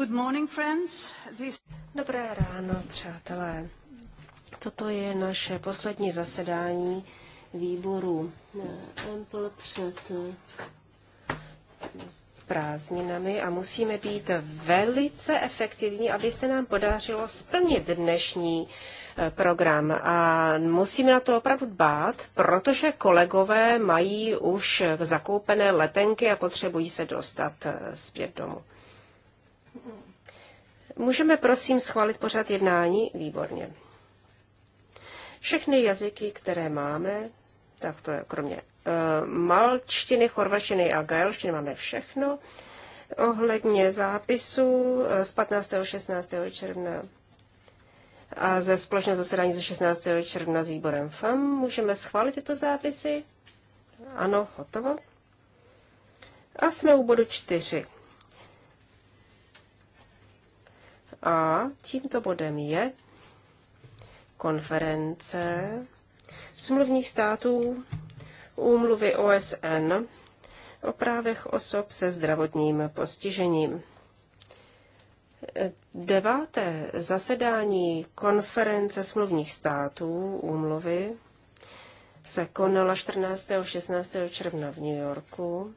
Good morning, friends. This... Dobré ráno, přátelé. Toto je naše poslední zasedání výboru eh, Ample před eh, prázdninami a musíme být velice efektivní, aby se nám podařilo splnit dnešní eh, program. A musíme na to opravdu dbát, protože kolegové mají už zakoupené letenky a potřebují se dostat zpět domů. Můžeme prosím schválit pořád jednání? Výborně. Všechny jazyky, které máme, tak to je kromě eh, malčtiny, chorvačtiny a gaelštiny máme všechno. Ohledně zápisu eh, z 15. 16. června a ze společného zasedání ze 16. června s výborem FAM můžeme schválit tyto zápisy. Ano, hotovo. A jsme u bodu 4. A tímto bodem je konference smluvních států úmluvy OSN o právech osob se zdravotním postižením. Deváté zasedání konference smluvních států úmluvy se konala 14. a 16. června v New Yorku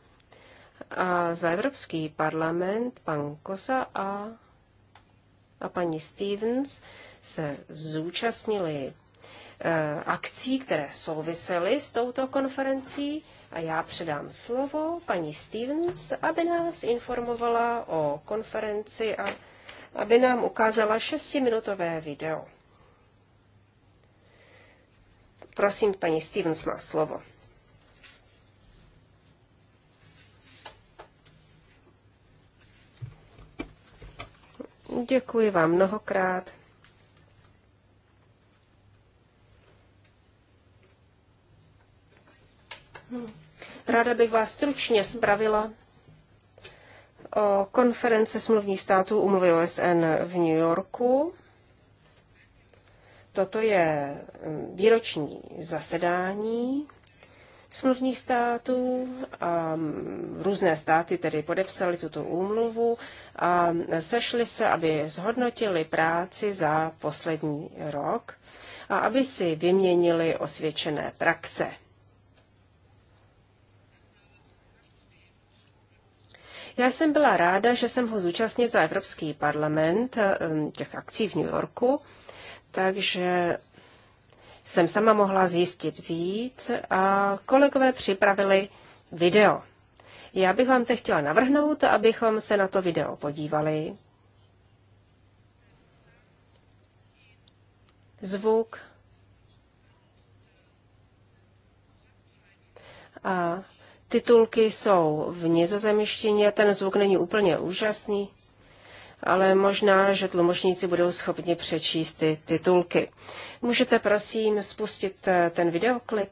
a za Evropský parlament pan Kosa a a paní Stevens se zúčastnili eh, akcí, které souvisely s touto konferencí a já předám slovo paní Stevens, aby nás informovala o konferenci a aby nám ukázala šestiminutové video. Prosím, paní Stevens má slovo. Děkuji vám mnohokrát. Ráda bych vás stručně zpravila o konference smluvních států umluvy OSN v New Yorku. Toto je mm, výroční zasedání smluvních států. A různé státy tedy podepsali tuto úmluvu a sešli se, aby zhodnotili práci za poslední rok a aby si vyměnili osvědčené praxe. Já jsem byla ráda, že jsem ho zúčastnit za Evropský parlament eh, těch akcí v New Yorku, takže jsem sama mohla zjistit víc a kolegové připravili video. Já bych vám to chtěla navrhnout, abychom se na to video podívali. Zvuk. A titulky jsou v nizozemštině, ten zvuk není úplně úžasný ale možná, že tlumočníci budou schopni přečíst ty titulky. Můžete prosím spustit eh, ten videoklip?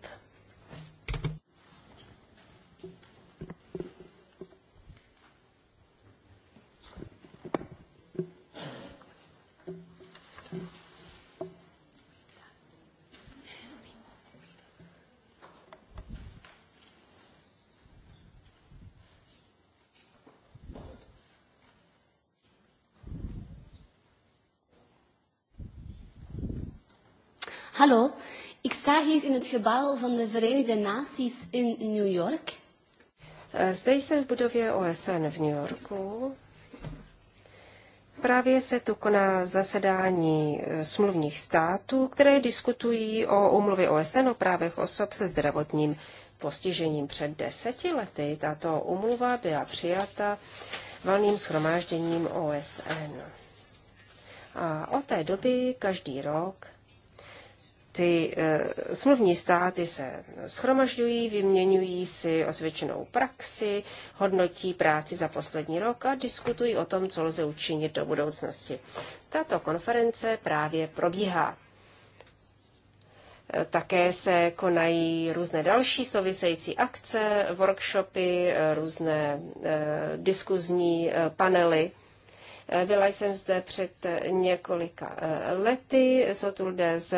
Hallo, ik sta hier in het gebouw van de Verenigde Naties in New York. Eh, zde jsem v budově OSN v New Yorku. Právě se tu koná zasedání eh, smluvních států, které diskutují o umluvě OSN o právech osob se zdravotním postižením. Před deseti lety tato umluva byla přijata valným schromážděním OSN. A od té doby každý rok ty eh, smluvní státy se schromažďují, vyměňují si osvědčenou praxi, hodnotí práci za poslední rok a diskutují o tom, co lze učinit do budoucnosti. Tato konference právě probíhá. Eh, také se konají různé další související akce, workshopy, eh, různé diskuzní panely. Byla jsem zde před několika eh, lety. Jsou tu lidé s,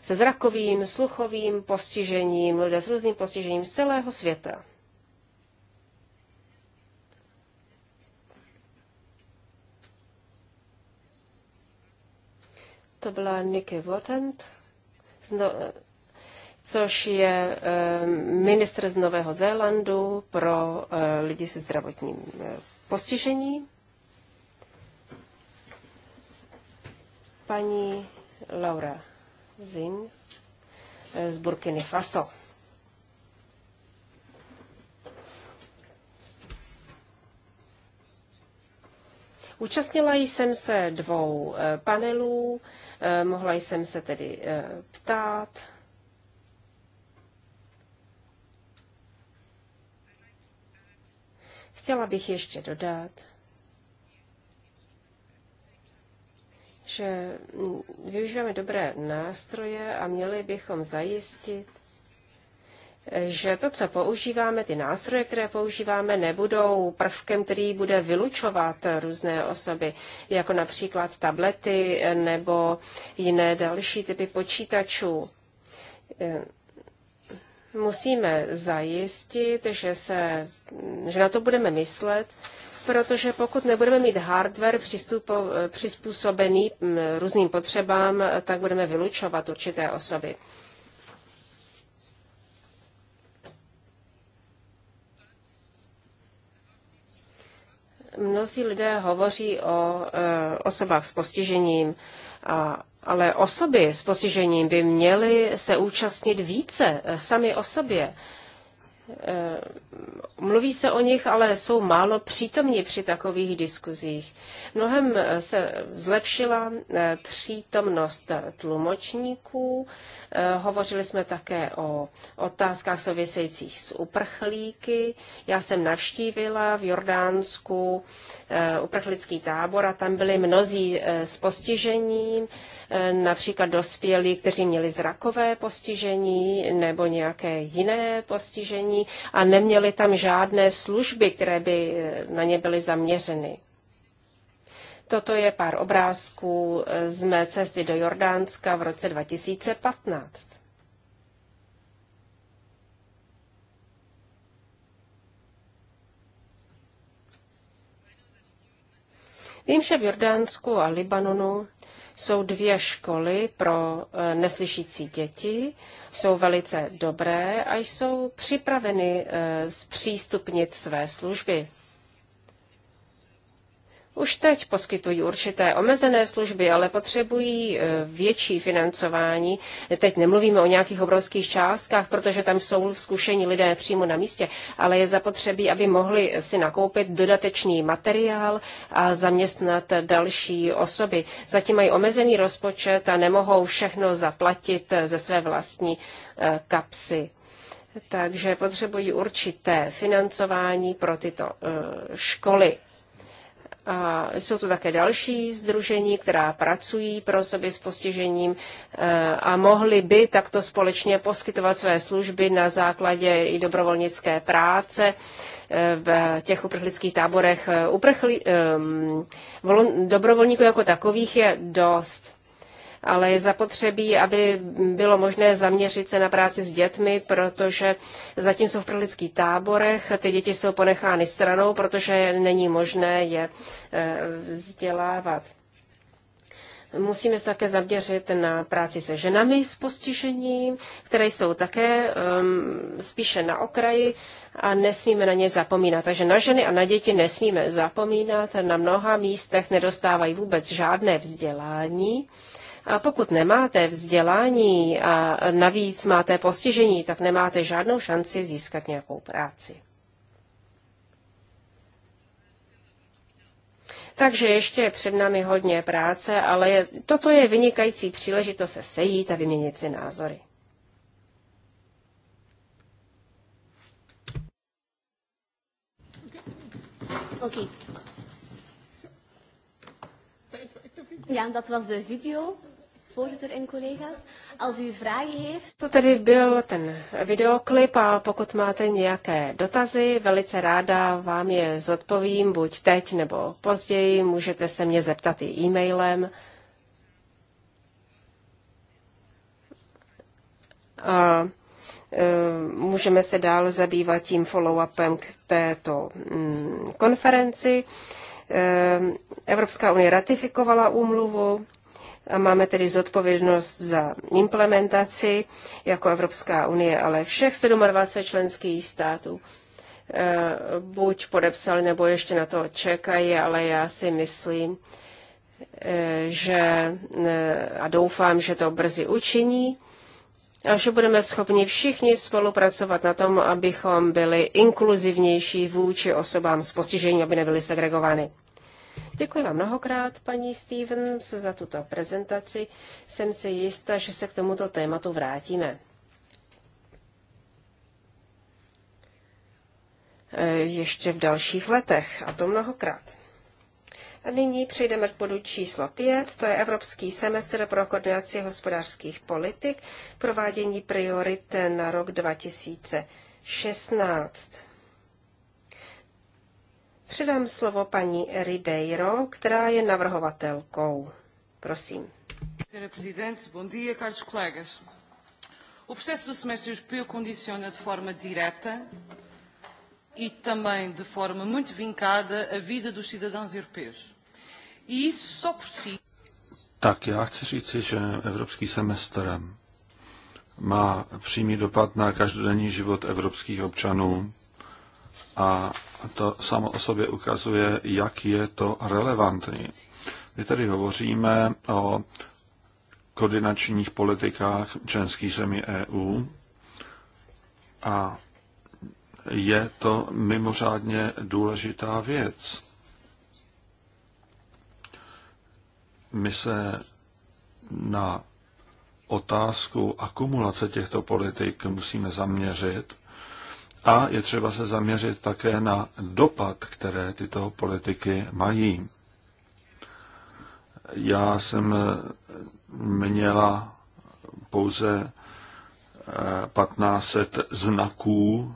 se zrakovým, sluchovým postižením, lidé s různým postižením z celého světa. To byla Nicky Votent, což je eh, ministr z Nového Zélandu pro eh, lidi se zdravotním postižením. paní Laura Zin z Burkiny Faso. Účastnila jsem se dvou eh, panelů, eh, mohla jsem se tedy eh, ptát. Chtěla bych ještě dodat, že využíváme dobré nástroje a měli bychom zajistit, že to, co používáme, ty nástroje, které používáme, nebudou prvkem, který bude vylučovat různé osoby, jako například tablety nebo jiné další typy počítačů. Musíme zajistit, že, se, že na to budeme myslet, protože pokud nebudeme mít hardware přistupo, přizpůsobený mm, různým potřebám, tak budeme vylučovat určité osoby. Mnozí lidé hovoří o e, osobách s postižením, a, ale osoby s postižením by měly se účastnit více eh, sami o sobě. E, Eh, mluví se o nich, ale jsou málo přítomní při takových diskuzích. Mnohem eh, se zlepšila eh, přítomnost tlumočníků. Hovořili jsme také o otázkách souvisejících s uprchlíky. Já jsem navštívila v Jordánsku uprchlický tábor a tam byli mnozí s postižením, například dospělí, kteří měli zrakové postižení nebo nějaké jiné postižení a neměli tam žádné služby, které by eh, na ně byly zaměřeny. Toto je pár obrázků eh, z mé cesty do Jordánska v roce 2015. Vím, že v Jordánsku a Libanonu jsou dvě školy pro eh, neslyšící děti, jsou velice dobré a jsou připraveny eh, zpřístupnit své služby už teď poskytují určité omezené služby, ale potřebují e, větší financování. Teď nemluvíme o nějakých obrovských částkách, protože tam jsou zkušení lidé přímo na místě, ale je zapotřebí, aby mohli si nakoupit dodatečný materiál a zaměstnat další osoby. Zatím mají omezený rozpočet a nemohou všechno zaplatit e, ze své vlastní e, kapsy. Takže potřebují určité financování pro tyto školy. A jsou tu také další združení, která pracují pro osoby s postižením eh, a mohly by takto společně poskytovat své služby na základě i dobrovolnické práce eh, v těch uprchlických táborech. Eh, Uprchlí, um, ehm, dobrovolníků jako takových je dost ale je zapotřebí, aby bylo možné zaměřit se na práci s dětmi, protože zatím jsou v prolických táborech ty děti jsou ponechány stranou, protože není možné je eh, vzdělávat. Musíme se také zaměřit na práci se ženami s postižením, které jsou také um, spíše na okraji a nesmíme na ně zapomínat. Takže na ženy a na děti nesmíme zapomínat. Na mnoha místech nedostávají vůbec žádné vzdělání. A pokud nemáte vzdělání a navíc máte postižení, tak nemáte žádnou šanci získat nějakou práci. Takže ještě je před námi hodně práce, ale je, toto je vynikající příležitost se sejít a vyměnit si názory. Okay. Ja, das was video. Voorzitter en collega's, als u vragen heeft... To tedy byl ten videoklip a pokud máte nějaké dotazy, velice ráda vám je zodpovím, buď teď nebo později, můžete se mě zeptat i e-mailem. A e, můžeme se dál zabývat tím follow-upem k této mm, konferenci. E, Evropská unie ratifikovala úmluvu a máme tedy zodpovědnost za implementaci jako Evropská unie, ale všech 27 členských států eh, buď podepsali, nebo ještě na to čekají, ale já si myslím, eh, že eh, a doufám, že to brzy učiní a že budeme schopni všichni spolupracovat na tom, abychom byli inkluzivnější vůči osobám s postižením, aby nebyly segregovány. Děkuji vám mnohokrát, paní Stevens, za tuto prezentaci. Jsem si jistá, že se k tomuto tématu vrátíme. E, ještě v dalších letech, a to mnohokrát. A nyní přejdeme k bodu číslo 5, to je Evropský semestr pro koordinaci hospodářských politik, provádění priorit na rok 2016. Předám slovo paní Ribeiro, která je navrhovatelkou. Prosím. Senhora Presidente, bom dia, caros colegas. O processo do semestre europeu condiciona de forma direta e também de forma muito vincada a vida dos cidadãos europeus. E isso só por si. Tak já chci říci, že evropský semestr má přímý dopad na každodenní život evropských občanů a to samo o sobě ukazuje, jak je to relevantní. My tady hovoříme o koordinačních politikách členských zemí EU a je to mimořádně důležitá věc. My se na otázku akumulace těchto politik musíme zaměřit a je třeba se zaměřit také na dopad, které tyto politiky mají. Já jsem měla pouze 1500 eh, znaků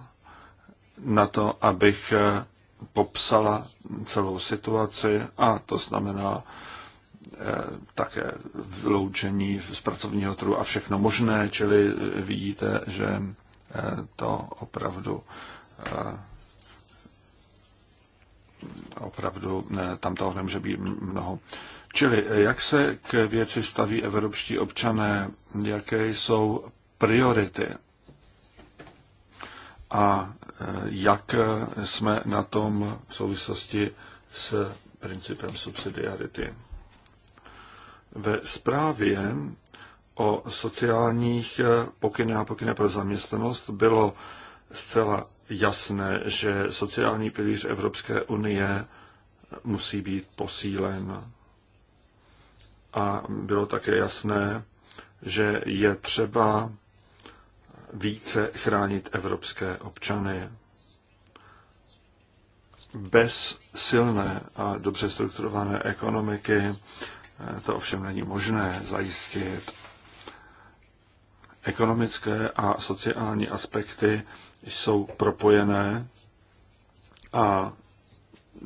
na to, abych eh, popsala celou situaci a to znamená eh, také vyloučení z pracovního trhu a všechno možné, čili vidíte, že to opravdu eh, opravdu tam toho nemůže být mnoho. Čili jak se k věci staví evropští občané, jaké jsou priority a eh, jak jsme na tom v souvislosti s principem subsidiarity. Ve zprávě o sociálních eh, pokynech a pokynech pro zaměstnanost bylo zcela jasné, že sociální pilíř Evropské unie musí být posílen. A bylo také jasné, že je třeba více chránit evropské občany. Bez silné a dobře strukturované ekonomiky eh, to ovšem není možné zajistit. Ekonomické a sociální aspekty jsou propojené a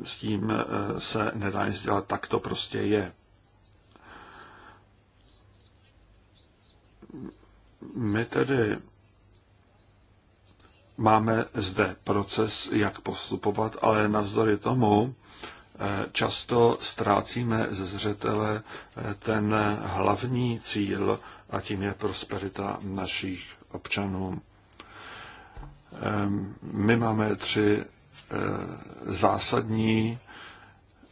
s tím eh, se nedá nic dělat, tak to prostě je. My tedy máme zde proces, jak postupovat, ale navzdory tomu eh, často ztrácíme ze zřetele eh, ten hlavní cíl, a tím je prosperita našich občanů. My máme tři eh, zásadní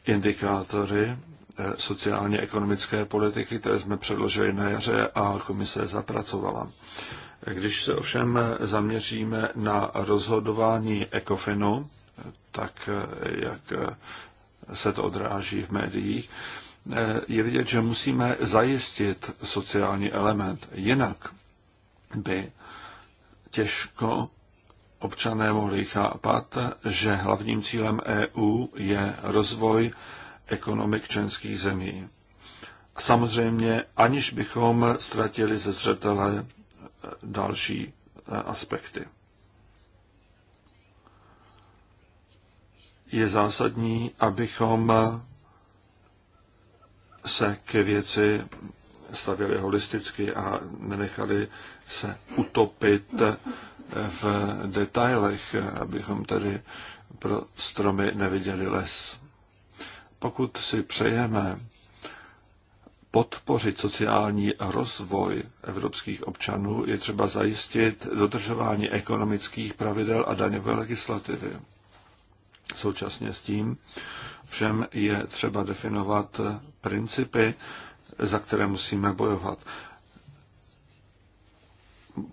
indikátory eh, sociálně-ekonomické politiky, které jsme předložili na jaře a komise zapracovala. Když se ovšem zaměříme na rozhodování ECOFINu, tak eh, jak se to odráží v médiích, Eh, je vidět, že musíme zajistit sociální element. Jinak by těžko občané mohli chápat, že hlavním cílem EU je rozvoj ekonomik členských zemí. Samozřejmě, aniž bychom ztratili ze zřetele eh, další eh, aspekty. Je zásadní, abychom se k věci stavěli holisticky a nenechali se utopit v detailech, abychom tedy pro stromy neviděli les. Pokud si přejeme podpořit sociální rozvoj evropských občanů, je třeba zajistit dodržování ekonomických pravidel a daňové legislativy. Současně s tím všem je třeba definovat principy, za které musíme bojovat.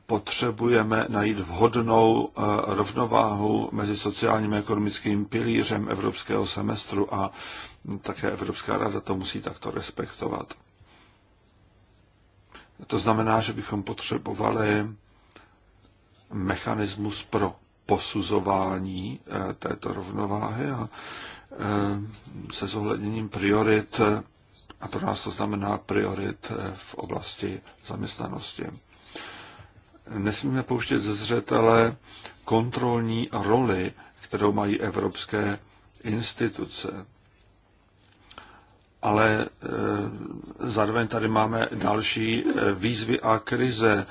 Potřebujeme najít vhodnou eh, rovnováhu mezi sociálním a ekonomickým pilířem evropského semestru a také Evropská rada to musí takto respektovat. To znamená, že bychom potřebovali mechanismus pro posuzování eh, této rovnováhy a eh, se zohledněním priorit a pro nás to znamená priorit eh, v oblasti zaměstnanosti. Nesmíme pouštět ze zřetele kontrolní roli, kterou mají evropské instituce. Ale eh, zároveň tady máme další eh, výzvy a krize,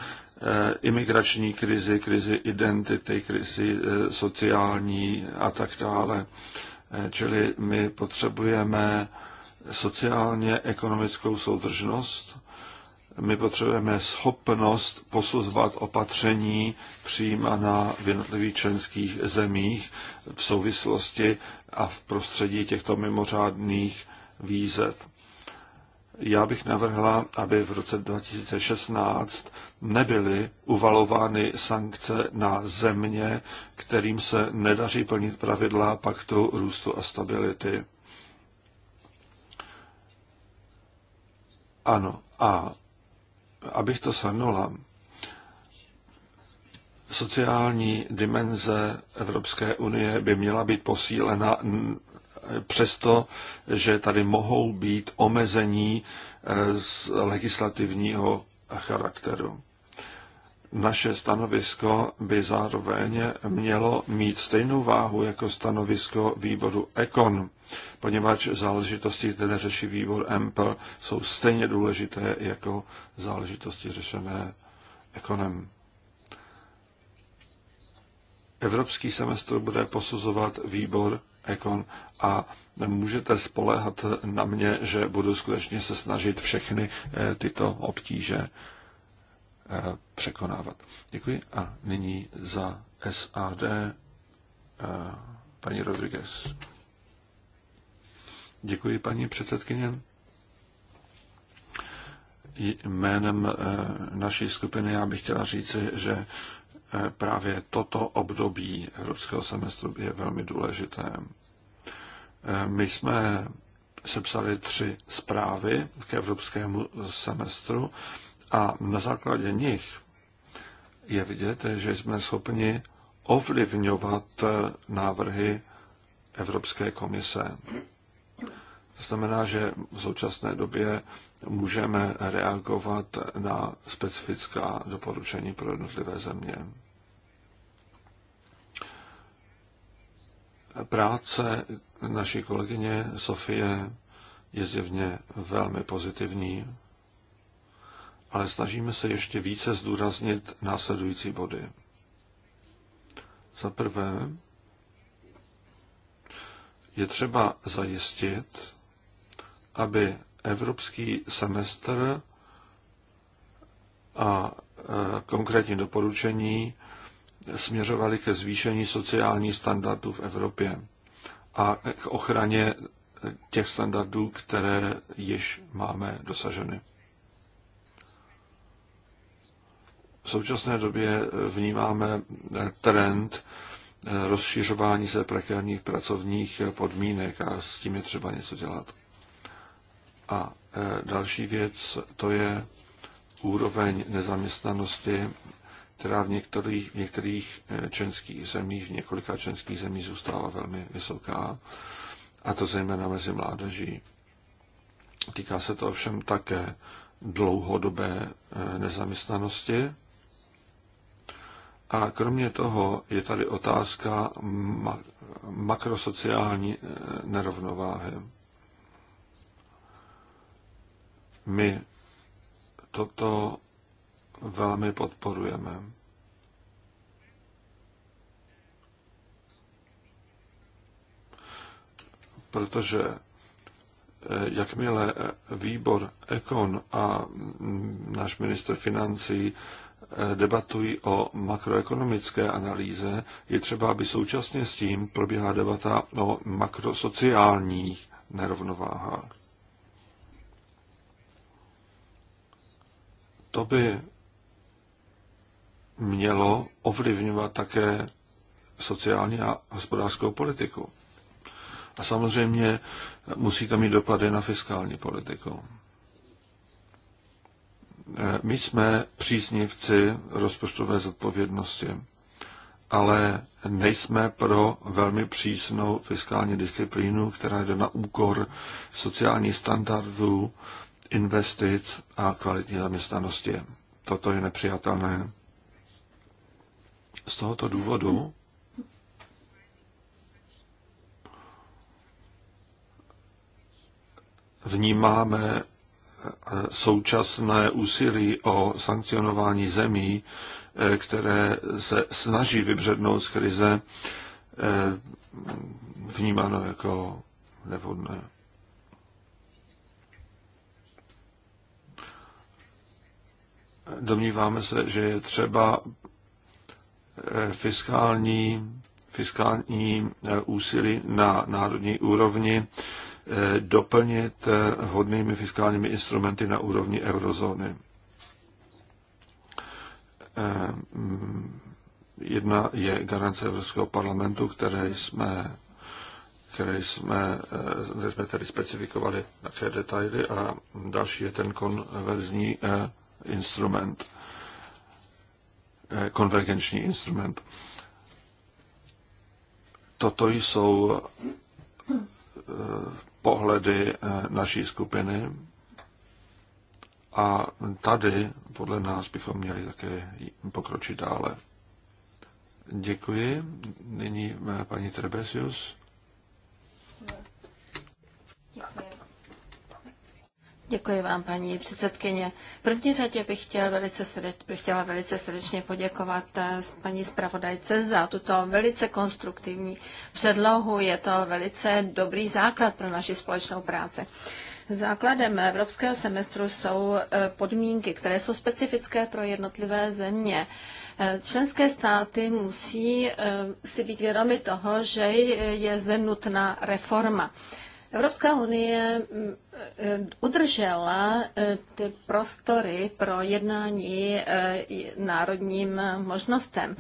imigrační krizi, krizi identity, krizi sociální a tak dále. Čili my potřebujeme sociálně ekonomickou soudržnost. My potřebujeme schopnost posuzovat opatření přijímaná v jednotlivých členských zemích v souvislosti a v prostředí těchto mimořádných výzev. Já bych navrhla, aby v roce 2016 nebyly uvalovány sankce na země, kterým se nedaří plnit pravidla paktu růstu a stability. Ano, a abych to shrnula, sociální dimenze Evropské unie by měla být posílena přesto, že tady mohou být omezení eh, z legislativního charakteru naše stanovisko by zároveň mělo mít stejnou váhu jako stanovisko výboru ECON, poněvadž záležitosti, které řeší výbor EMPL, jsou stejně důležité jako záležitosti řešené ECONem. Evropský semestr bude posuzovat výbor ECON a můžete spolehat na mě, že budu skutečně se snažit všechny eh, tyto obtíže Eh, překonávat. Děkuji. A nyní za SAD eh, paní Rodriguez. Děkuji, paní předsedkyně. Jménem eh, naší skupiny já bych chtěla říci, že právě toto období evropského semestru je velmi důležité. My jsme sepsali tři zprávy k evropskému semestru a na základě nich je vidět, že jsme schopni ovlivňovat návrhy Evropské komise. To znamená, že v současné době můžeme reagovat na specifická doporučení pro jednotlivé země. Práce naší kolegyně Sofie je zjevně velmi pozitivní ale snažíme se ještě více zdůraznit následující body. Za prvé, je třeba zajistit, aby evropský semestr a e, konkrétní doporučení směřovaly ke zvýšení sociálních standardů v Evropě a k ochraně těch standardů, které již máme dosaženy. V současné době eh, vnímáme eh, trend eh, rozšiřování se prekérních pracovních podmínek a s tím je třeba něco dělat. A další věc, to je úroveň nezaměstnanosti, která v některých, v některých členských zemích, v několika členských zemích zůstává velmi vysoká, a to zejména mezi mládeží. Týká se to ovšem také dlouhodobé nezaměstnanosti a kromě toho je tady otázka makrosociální eh, nerovnováhy. My toto velmi podporujeme. Protože eh, jakmile eh, výbor Ekon a mm, náš minister financí debatují o makroekonomické analýze, je třeba, aby současně s tím probíhá debata o makrosociálních nerovnováhách. To by mělo ovlivňovat také sociální a hospodářskou politiku. A samozřejmě musí to mít dopady na fiskální politiku. Eh, my jsme příznivci rozpočtové zodpovědnosti, ale nejsme pro velmi přísnou fiskální disciplínu, která jde na úkor sociálních standardů, investic a kvalitní zaměstnanosti. Toto je nepřijatelné. Z tohoto důvodu vnímáme současné úsilí o sankcionování zemí, eh, které se snaží vybřednout z krize, eh, vnímáno jako nevhodné. Domníváme se, že je třeba eh, fiskální, fiskální úsilí na národní úrovni Eh, doplnit eh, vhodnými fiskálními instrumenty na úrovni eurozóny. Eh, mm, jedna je garance Evropského parlamentu, které jsme, které jsme, které jsme tady specifikovali také detaily a další je ten konverzní instrument, konvergenční instrument. Toto jsou pohledy eh, naší skupiny. A tady podle nás bychom měli také pokročit dále. Děkuji. Nyní eh, paní Trebesius. Děkuji. Děkuji vám, paní předsedkyně. V první řadě bych, velice chtěla velice srdečně poděkovat eh, paní zpravodajce za tuto velice konstruktivní předlohu. Je to velice dobrý základ pro naši společnou práci. Základem evropského semestru jsou eh, podmínky, které jsou specifické pro jednotlivé země. Eh, členské státy musí si být vědomi toho, že je zde nutná reforma. Evropská unie mm, eh, udržela eh, ty prostory pro jednání eh, národním možnostem.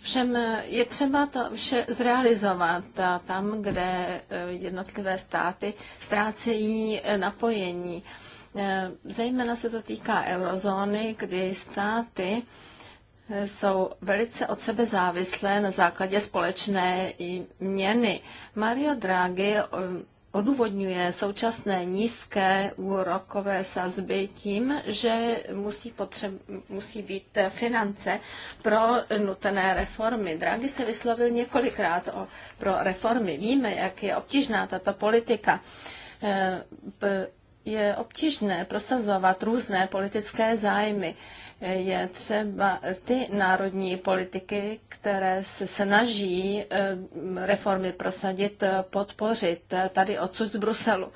Všem je třeba to vše zrealizovat a tam, kde jednotlivé státy ztrácejí napojení. Zejména se to týká eurozóny, kdy státy jsou velice od sebe závislé na základě společné měny. Mario Draghi odůvodňuje současné nízké úrokové sazby tím, že musí, potřeb, musí být finance pro nutné reformy. Draghi se vyslovil několikrát o, pro reformy. Víme, jak je obtížná tato politika. Eh, je obtížné prosazovat různé politické zájmy je třeba ty národní politiky, které se snaží eh, reformy prosadit, eh, podpořit eh, tady odsud z Bruselu.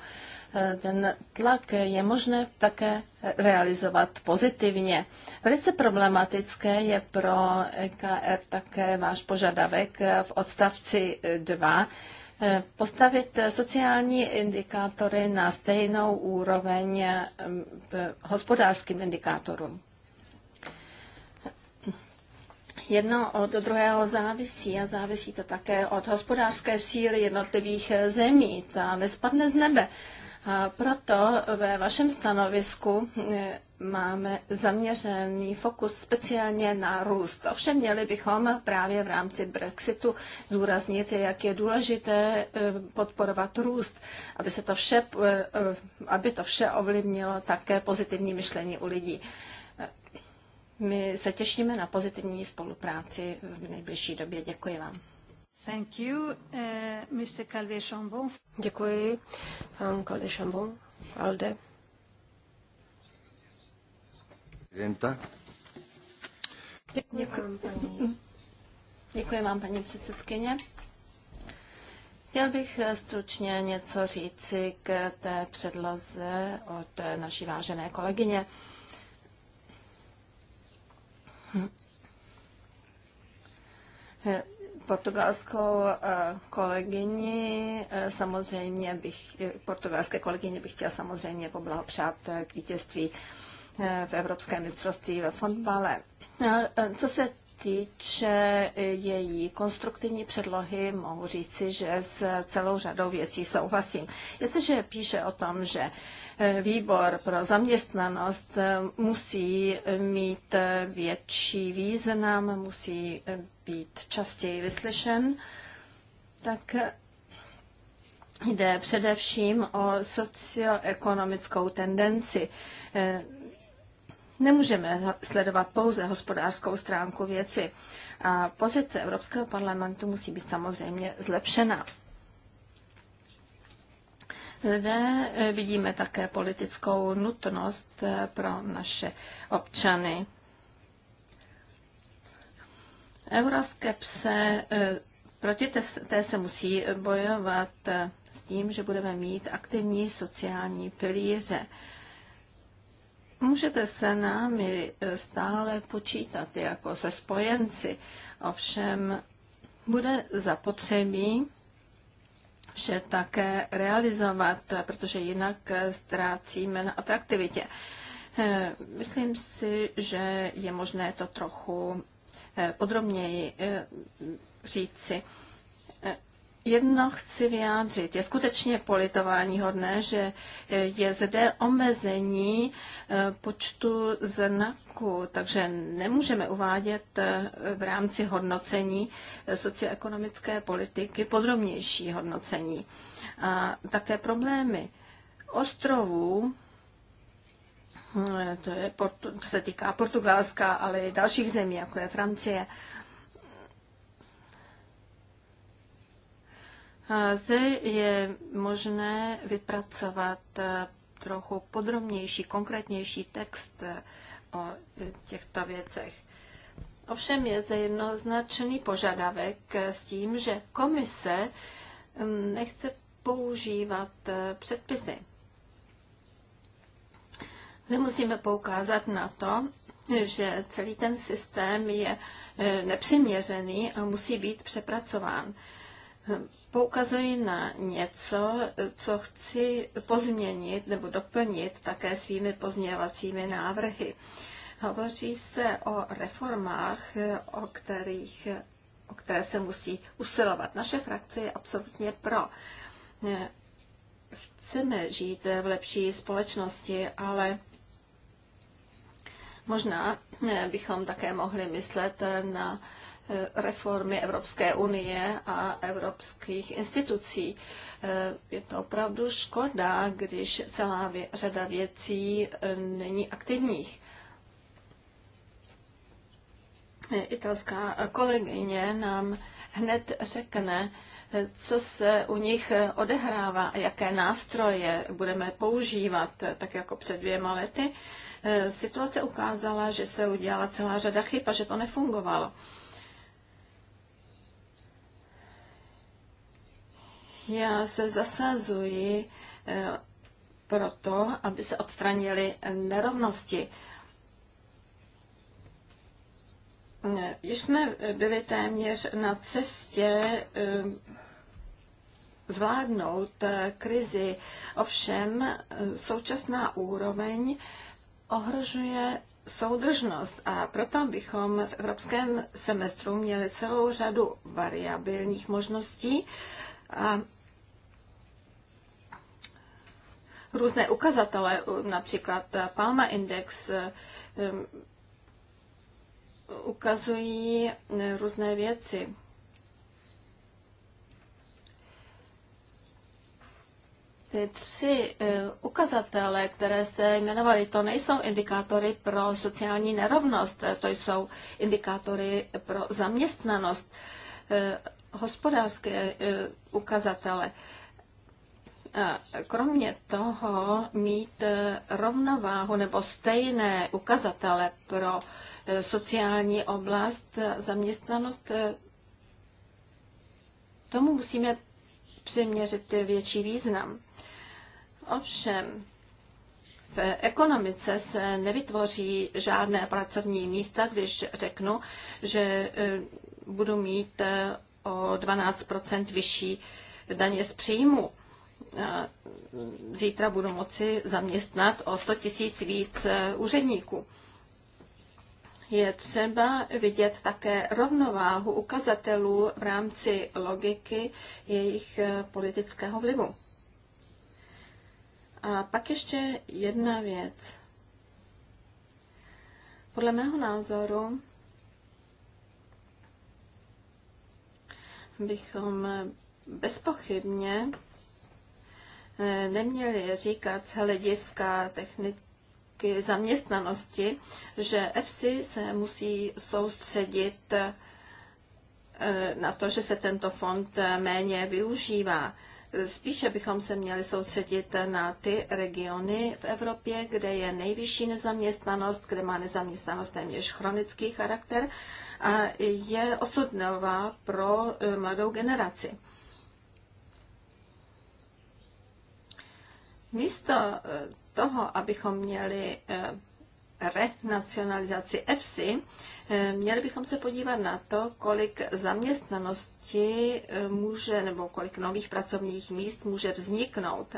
Ten tlak je možné také realizovat pozitivně. Velice problematické je pro EKR také váš požadavek v odstavci 2, postavit sociální indikátory na stejnou úroveň hospodářským indikátorům jedno od druhého závisí a závisí to také od hospodářské síly jednotlivých eh, zemí. Ta nespadne z nebe. A proto ve vašem stanovisku eh, máme zaměřený fokus speciálně na růst. Ovšem měli bychom právě v rámci Brexitu zúraznit, jak je důležité eh, podporovat růst, aby, se to, vše, aby to vše ovlivnilo také pozitivní myšlení u lidí. My se těšíme na pozitivní spolupráci v nejbližší době. Děkuji vám. Thank you, uh, Mr. Calvé-Chambon. Děkuji, pan Calvé-Chambon. Alde. Děkuji Děkuji vám, paní předsedkyně. Chtěl bych eh, stručně něco říci k té předloze od naší vážené kolegyně portugalskou eh, kolegyni eh, samozřejmě bych, eh, portugalské kolegyně bych chtěla samozřejmě poblahopřát k vítězství v Evropském mistrovství ve fotbale. Co se týče její konstruktivní předlohy, mohu říci, že s celou řadou věcí souhlasím. Jestliže píše o tom, že eh, výbor pro zaměstnanost eh, musí mít eh, větší význam, musí být častěji vyslyšen, tak jde především o socioekonomickou tendenci Nemůžeme sledovat pouze hospodářskou stránku věci. A pozice Evropského parlamentu musí být samozřejmě zlepšena. Zde e, vidíme také politickou nutnost e, pro naše občany. Euroskepse, e, proti té se musí bojovat s tím, že budeme mít aktivní sociální pilíře. Můžete se námi eh, stále počítat jako se spojenci, ovšem bude zapotřebí vše také realizovat, protože jinak eh, ztrácíme na atraktivitě. Eh, myslím si, že je možné to trochu podrobněji říci jedno chci vyjádřit. Je skutečně politování hodné, že eh, je zde omezení eh, počtu znaků, takže nemůžeme uvádět eh, v rámci hodnocení socioekonomické politiky podrobnější hodnocení. A také problémy ostrovů, hm, to, je, to se týká Portugalska, ale i dalších zemí, jako je Francie, Zde je možné vypracovat eh, trochu podrobnější, konkrétnější text eh, o eh, těchto věcech. Ovšem je zde jednoznačný požadavek s tím, že komise mm, nechce používat předpisy. Zde musíme poukázat na to, že celý ten systém je nepřiměřený a musí být přepracován poukazuji na něco, co chci pozměnit nebo doplnit také svými pozměvacími návrhy. Hovoří se o reformách, o kterých o které se musí usilovat. Naše frakce je absolutně pro. Chceme žít v lepší společnosti, ale možná bychom také mohli myslet na Eh, reformy Evropské unie a evropských institucí. Eh, je to opravdu škoda, když celá řada věcí eh, není aktivních. Italská kolegyně nám hned řekne, co se u nich odehrává a jaké nástroje budeme používat, tak jako před dvěma lety. Situace ukázala, že se udělala celá řada chyb a že to nefungovalo. Já se zasazuji eh, pro to, aby se odstranily eh, nerovnosti. Eh, již jsme byli téměř na cestě zvládnout krizi, ovšem současná úroveň ohrožuje soudržnost a proto bychom v evropském semestru měli celou řadu variabilních možností a různé ukazatele, například Palma Index, um, ukazují um, různé věci. Ty tři uh, ukazatele, které se jmenovaly, to nejsou indikátory pro sociální nerovnost, to jsou indikátory pro zaměstnanost, uh, hospodářské uh, ukazatele kromě toho mít e, rovnováhu nebo stejné ukazatele pro e, sociální oblast, e, zaměstnanost, tomu musíme přiměřit větší význam. Ovšem, v ekonomice se nevytvoří žádné pracovní místa, když řeknu, že budu mít o 12 vyšší daně z příjmu zítra budu moci zaměstnat o 100 tisíc víc e, úředníků. Je třeba vidět také rovnováhu ukazatelů v rámci logiky jejich e, politického vlivu. A pak ještě jedna věc. Podle mého názoru bychom bezpochybně Eh, neměli říkat z hlediska techniky zaměstnanosti, že EFSI se musí soustředit eh, na to, že se tento fond eh, méně využívá. Spíše bychom se měli soustředit na ty regiony v Evropě, kde je nejvyšší nezaměstnanost, kde má nezaměstnanost téměř chronický charakter a je osudnová pro mladou generaci. Místo eh, toho, abychom měli eh, renacionalizaci EFSI, eh, měli bychom se podívat na to, kolik zaměstnanosti může nebo kolik nových pracovních míst může vzniknout.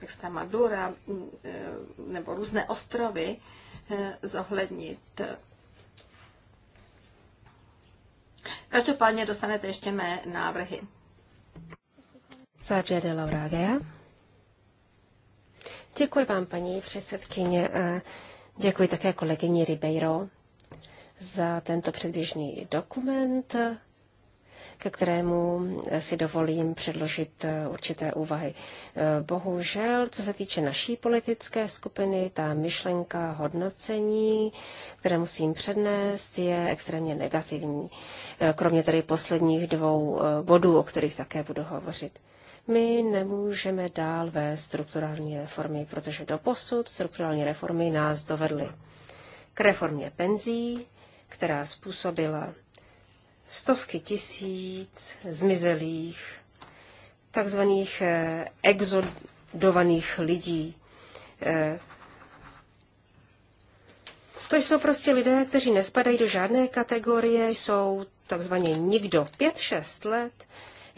Extremadura mm, nebo různé ostrovy zohlednit. Každopádně dostanete ještě mé návrhy. Sajab Laura Gea. Děkuji vám, paní předsedkyně, a děkuji také kolegyni Ribeiro za tento předběžný dokument, ke kterému si dovolím předložit e, určité úvahy. E, bohužel, co se týče naší politické skupiny, ta myšlenka hodnocení, které musím přednést, je extrémně negativní. E, kromě tedy posledních dvou bodů, o kterých také budu hovořit. My nemůžeme dál vést strukturální reformy, protože do posud strukturální reformy nás dovedly k reformě penzí, která způsobila stovky tisíc zmizelých, takzvaných eh, exodovaných lidí. Eh, to jsou prostě lidé, kteří nespadají do žádné kategorie, jsou takzvaně nikdo. Pět, šest let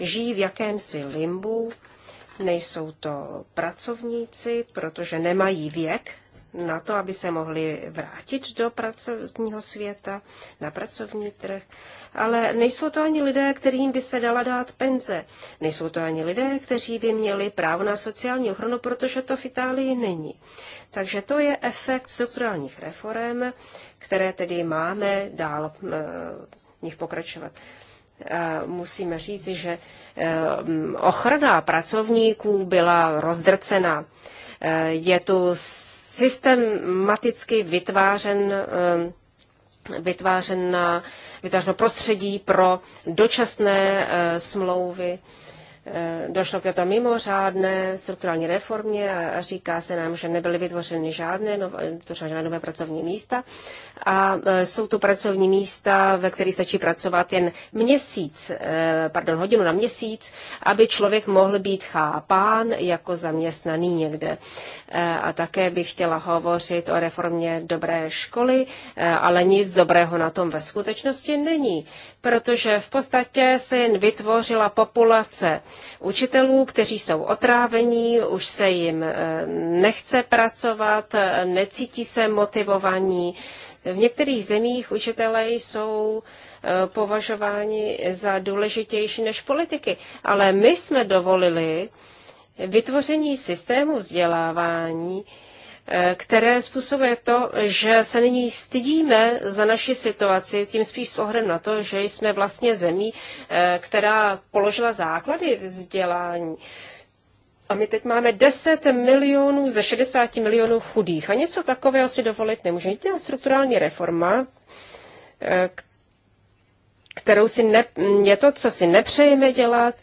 žijí v jakémsi limbu, nejsou to pracovníci, protože nemají věk na to, aby se mohli vrátit do pracovního světa, na pracovní trh. Ale nejsou to ani lidé, kterým by se dala dát penze. Nejsou to ani lidé, kteří by měli právo na sociální ochranu, protože to v Itálii není. Takže to je efekt strukturálních reform, které tedy máme dál eh, v nich pokračovat musíme říci, že eh, ochrana pracovníků byla rozdrcena. Eh, je tu systematicky vytvářen eh, vytvářeno prostředí pro dočasné smlouvy Eh, došlo k této mimořádné strukturální reformě a říká se nám, že nebyly vytvořeny žádné nové, žádné nové pracovní místa. A eh, jsou to pracovní místa, ve kterých stačí pracovat jen měsíc, eh, pardon, hodinu na měsíc, aby člověk mohl být chápán jako zaměstnaný někde. A také bych chtěla hovořit o reformě dobré školy, ale nic dobrého na tom ve skutečnosti není protože v podstatě se jen vytvořila populace učitelů, kteří jsou otrávení, už se jim eh, nechce pracovat, eh, necítí se motivovaní. V některých zemích učitelé jsou eh, považováni za důležitější než politiky, ale my jsme dovolili vytvoření systému vzdělávání, Eh, které způsobuje to, že se nyní stydíme za naši situaci, tím spíš s ohledem na to, že jsme vlastně zemí, eh, která položila základy vzdělání. A my teď máme 10 milionů ze 60 milionů chudých. A něco takového si dovolit nemůžeme. To strukturální reforma, eh, kterou si ne, je to, co si nepřejeme dělat,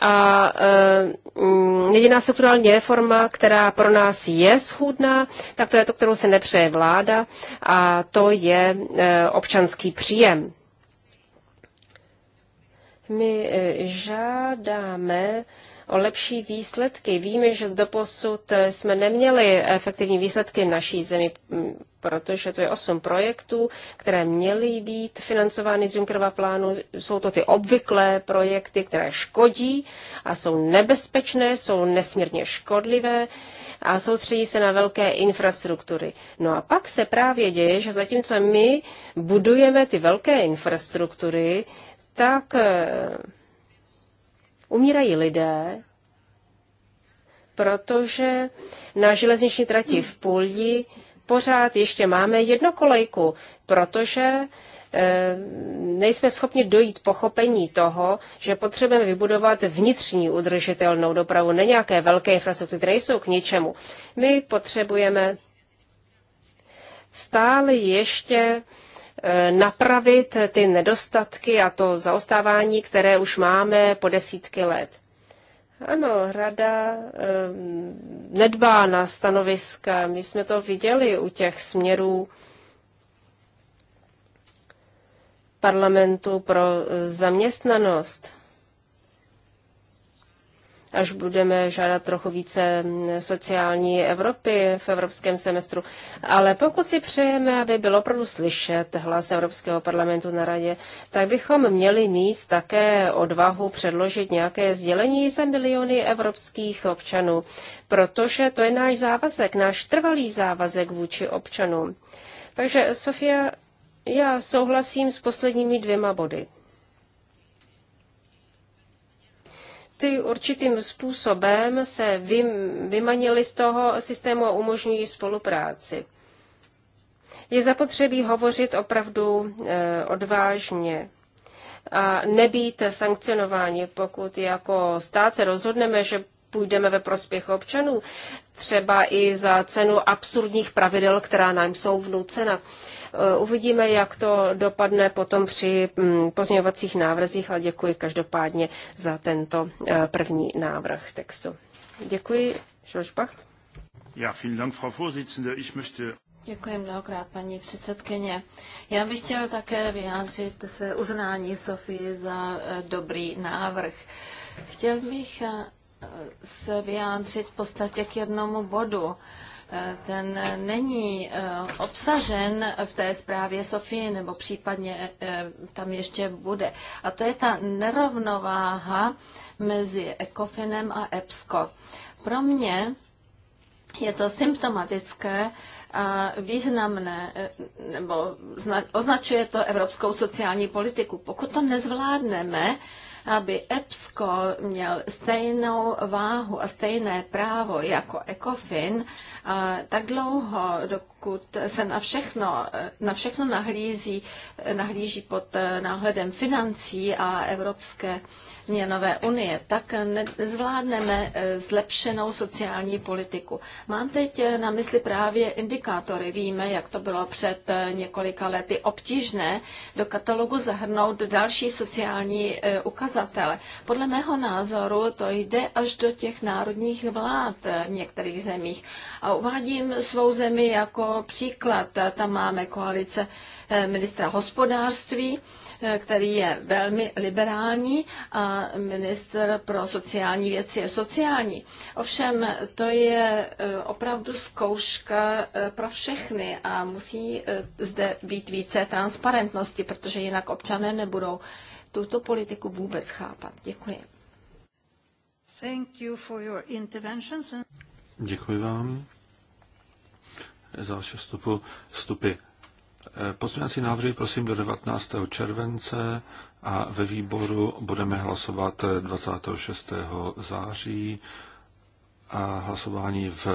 a eh, jediná strukturální reforma, která pro nás je schůdná, tak to je to, kterou se nepřeje vláda a to je eh, občanský příjem. My eh, žádáme o lepší výsledky. Víme, že doposud jsme neměli efektivní výsledky naší zemi, protože to je osm projektů, které měly být financovány z Junckerova plánu. Jsou to ty obvyklé projekty, které škodí a jsou nebezpečné, jsou nesmírně škodlivé a soustředí se na velké infrastruktury. No a pak se právě děje, že zatímco my budujeme ty velké infrastruktury, tak eh, Umírají lidé, protože na železniční trati v Půlí pořád ještě máme jedno kolejku, protože eh, nejsme schopni dojít pochopení toho, že potřebujeme vybudovat vnitřní udržitelnou dopravu, ne nějaké velké infrastruktury, které jsou k ničemu. My potřebujeme stále ještě Eh, napravit ty nedostatky a to zaostávání, které už máme po desítky let. Ano, rada eh, nedbá na stanoviska. My jsme to viděli u těch směrů parlamentu pro zaměstnanost až budeme žádat trochu více sociální Evropy v evropském semestru. Ale pokud si přejeme, aby bylo opravdu slyšet hlas Evropského parlamentu na radě, tak bychom měli mít také odvahu předložit nějaké sdělení za miliony evropských občanů, protože to je náš závazek, náš trvalý závazek vůči občanům. Takže, Sofia, já souhlasím s posledními dvěma body. ty určitým způsobem se vymanili z toho systému a umožňují spolupráci. Je zapotřebí hovořit opravdu e, odvážně a nebýt sankcionováni, pokud jako stát se rozhodneme, že půjdeme ve prospěch občanů, třeba i za cenu absurdních pravidel, která nám jsou vnucena. Eh, uvidíme, jak to dopadne potom při mm, pozměňovacích návrzích, ale děkuji každopádně za tento eh, první návrh textu. Děkuji, Šošbach. Ja, vielen Dank, Frau Vorsitzende. Ich möchte Děkuji mnohokrát, paní předsedkyně. Já bych chtěl také vyjádřit své uznání Sofii za eh, dobrý návrh. Chtěl bych se vyjádřit v podstatě k jednomu bodu ten není eh, obsažen v té zprávě Sofie, nebo případně eh, tam ještě bude. A to je ta nerovnováha mezi ECOFINem a EPSCO. Pro mě je to symptomatické a významné, eh, nebo označuje to evropskou sociální politiku. Pokud to nezvládneme, aby EPSCO měl stejnou váhu a stejné právo jako ECOFIN, tak dlouho, dokud pokud se na všechno, na všechno nahlíží nahlíží pod eh, náhledem financí a Evropské měnové unie, tak nezvládneme eh, zlepšenou sociální politiku. Mám teď eh, na mysli právě indikátory. Víme, jak to bylo před několika lety obtížné do katalogu zahrnout další sociální ukazatele. Podle mého názoru to jde až do těch národních vlád v některých zemích. A uvádím svou zemi jako příklad. Tam máme koalice eh, ministra hospodářství, eh, který je velmi liberální a minister pro sociální věci je sociální. Ovšem, to je eh, opravdu zkouška pro všechny a musí zde být více transparentnosti, protože jinak občané nebudou tuto politiku vůbec chápat. Děkuji. Thank you for your interventions. Děkuji vám z dalšího vstupu vstupy. Eh, pozměňovací návrhy prosím do 19. července a ve výboru budeme hlasovat 26. Eh, září a hlasování v eh,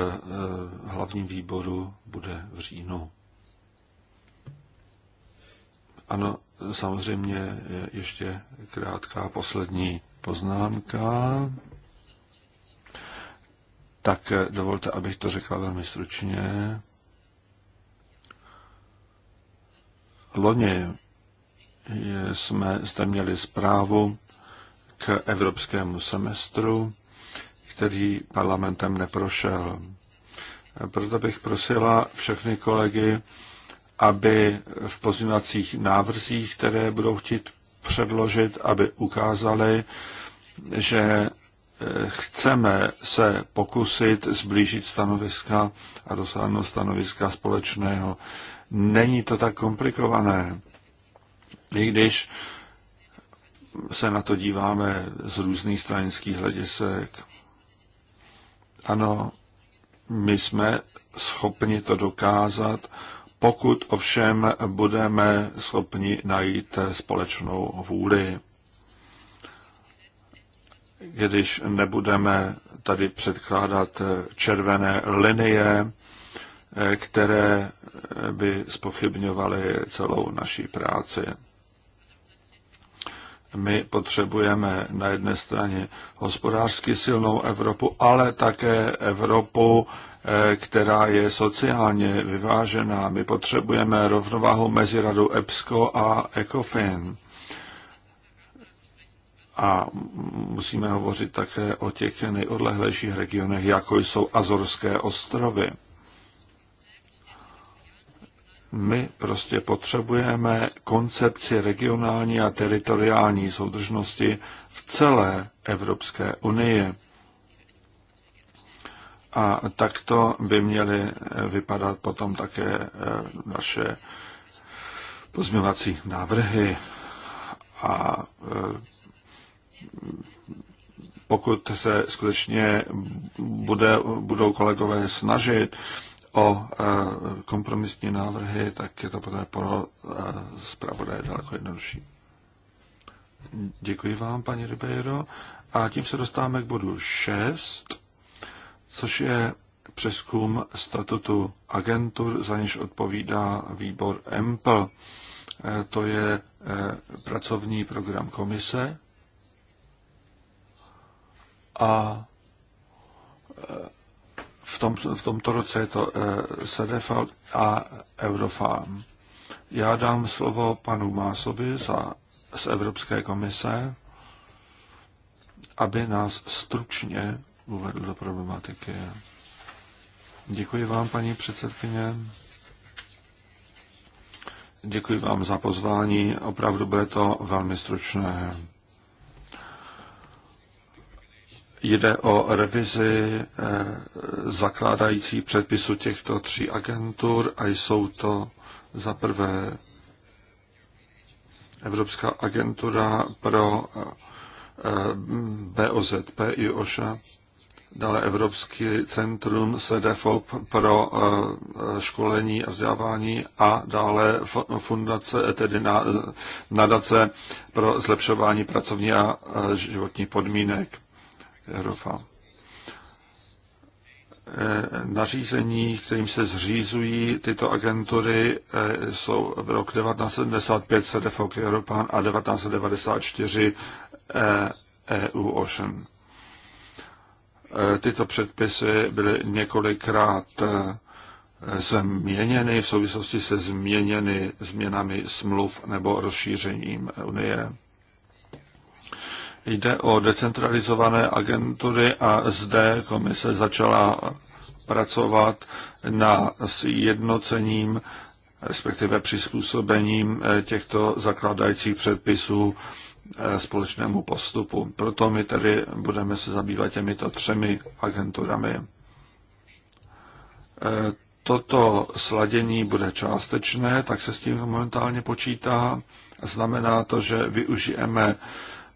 hlavním výboru bude v říjnu. Ano, samozřejmě ještě krátká poslední poznámka. Tak dovolte, abych to řekla velmi stručně. Loni jsme zde měli zprávu k evropskému semestru, který parlamentem neprošel. Proto bych prosila všechny kolegy, aby v pozměňovacích návrzích, které budou chtít předložit, aby ukázali, že eh, chceme se pokusit zblížit stanoviska a dosáhnout stanoviska společného. Není to tak komplikované. I když se na to díváme z různých stranických hledisek. Ano, my jsme schopni to dokázat, pokud ovšem budeme schopni najít společnou vůli. Když nebudeme tady předkládat červené linie, které by spochybňovaly celou naší práci. My potřebujeme na jedné straně hospodářsky silnou Evropu, ale také Evropu, eh, která je sociálně vyvážená. My potřebujeme rovnováhu mezi radou EPSCO a ECOFIN. A musíme hovořit také o těch nejodlehlejších regionech, jako jsou Azorské ostrovy. My prostě potřebujeme koncepci regionální a teritoriální soudržnosti v celé Evropské unii. A takto by měly vypadat potom také eh, naše pozměvací návrhy. A eh, pokud se skutečně bude, budou kolegové snažit o e, kompromisní návrhy, tak je to poté pro e, zpravodaje daleko jednodušší. Děkuji vám, paní Ribeiro. A tím se dostáváme k bodu 6, což je přeskum statutu agentur, za něž odpovídá výbor EMPL. E, to je pracovní program komise a v, tom, v tomto roce je to eh, Sedefal a Eurofarm. Já dám slovo panu Másovi za, z Evropské komise, aby nás stručně uvedl do problematiky. Děkuji vám, paní předsedkyně. Děkuji vám za pozvání. Opravdu bude to velmi stručné. Jde o revizi eh, zakládající předpisu těchto tří agentur a jsou to za prvé Evropská agentura pro eh, BOZP i OŠA, dále Evropský centrum SEDEFOP pro eh, školení a vzdělávání a dále fundace, tedy nadace pro zlepšování pracovní a životních podmínek katastrofa. Eh, nařízení, kterým se zřízují tyto agentury, eh, jsou v rok 1975 CDFOK Europan a 1994 EU eh, e Ocean. Tyto předpisy byly několikrát změněny v souvislosti se změněny, změnami smluv nebo rozšířením Unie. Jde o decentralizované agentury a zde komise začala pracovat na sjednocením, respektive přizpůsobením eh, těchto zakládajících předpisů eh, společnému postupu. Proto my tedy budeme se zabývat těmito třemi agenturami. Eh, toto sladění bude částečné, tak se s tím momentálně počítá. Znamená to, že využijeme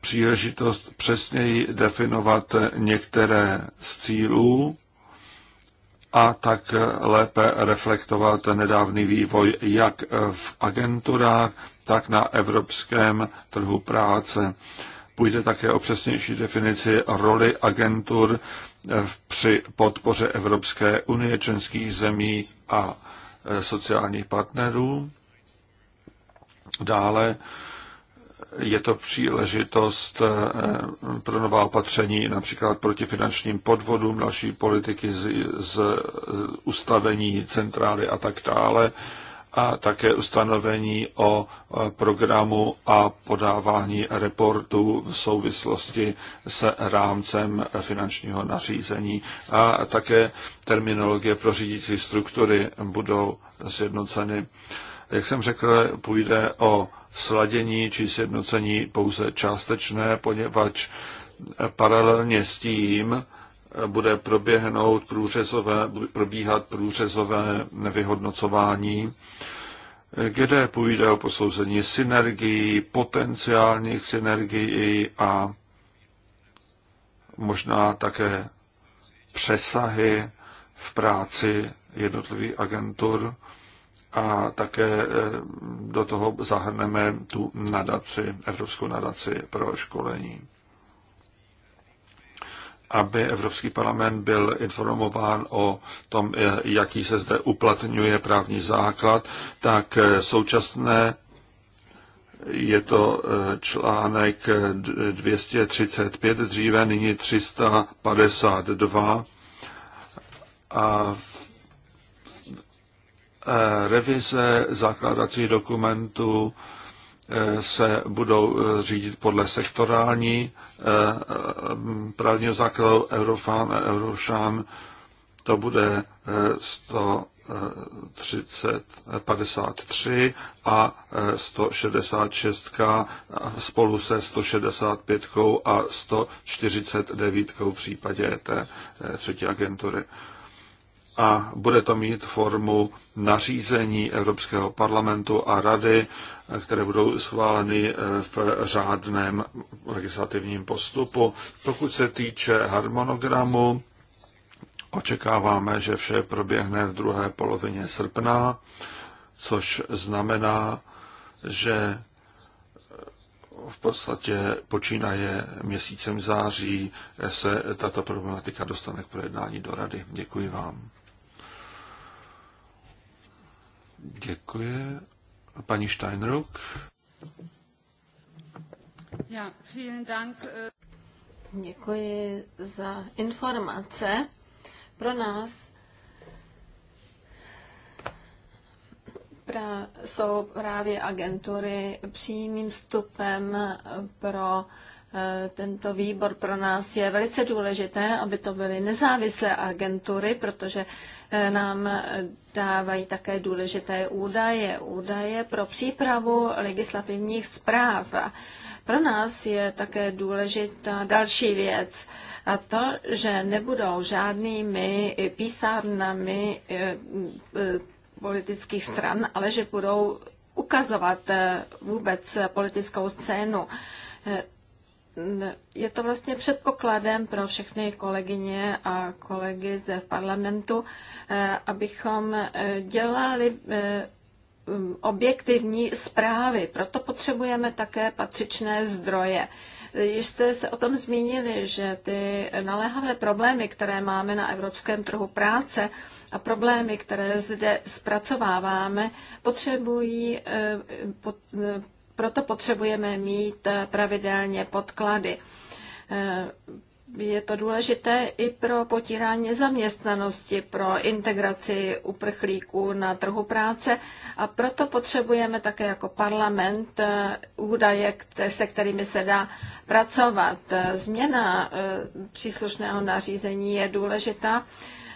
příležitost přesněji definovat některé z cílů a tak lépe reflektovat nedávný vývoj jak v agenturách, tak na evropském trhu práce. Půjde také o přesnější definici roli agentur při podpoře Evropské unie, členských zemí a e, sociálních partnerů. Dále je to příležitost eh, pro nová opatření, například proti finančním podvodům, další politiky z, z ustavení centrály a tak dále, a také ustanovení o eh, programu a podávání reportů v souvislosti s rámcem finančního nařízení. A také terminologie pro řídící struktury budou sjednoceny. Jak jsem řekl, půjde o sladění či sjednocení pouze částečné, poněvadž paralelně s tím bude proběhnout průřezové, probíhat průřezové vyhodnocování, kde půjde o posouzení synergií, potenciálních synergií a možná také přesahy v práci jednotlivých agentur a také eh, do toho zahrneme tu nadaci, Evropskou nadaci pro školení. Aby Evropský parlament byl informován o tom, eh, jaký se zde uplatňuje právní základ, tak eh, současné je to článek 235, dříve nyní 352 a v Eh, revize zakládacích dokumentů eh, se budou eh, řídit podle sektorální právního základu Eurofan a Eurošan. To bude 130, 53 a 166 spolu se 165 a 149 v případě té třetí agentury a bude to mít formu nařízení Evropského parlamentu a rady, které budou schváleny eh, v řádném legislativním postupu. Pokud se týče harmonogramu, očekáváme, že vše proběhne v druhé polovině srpna, což znamená, že eh, v podstatě počínaje měsícem září eh, se tato problematika dostane k projednání do rady. Děkuji vám. Děkuji. Paní Steinruck. Ja, vielen Dank. Eh. Děkuji za informace. Pro nás pra, jsou právě agentury přímým vstupem pro Eh, tento výbor pro nás je velice důležité, aby to byly nezávislé agentury, protože eh, nám dávají také důležité údaje, údaje pro přípravu legislativních zpráv. Pro nás je také důležitá další věc, a to, že nebudou žádnými písárnami eh, politických stran, ale že budou ukazovat vůbec politickou scénu je to vlastně předpokladem pro všechny kolegyně a kolegy zde v parlamentu, eh, abychom eh, dělali eh, objektivní zprávy. Proto potřebujeme také patřičné zdroje. Již jste se o tom zmínili, že ty naléhavé problémy, které máme na evropském trhu práce a problémy, které zde zpracováváme, potřebují proto potřebujeme mít eh, pravidelně podklady. Eh, je to důležité i pro potírání zaměstnanosti, pro integraci uprchlíků na trhu práce a proto potřebujeme také jako parlament eh, údaje, se kterými se dá pracovat. Změna příslušného nařízení je důležitá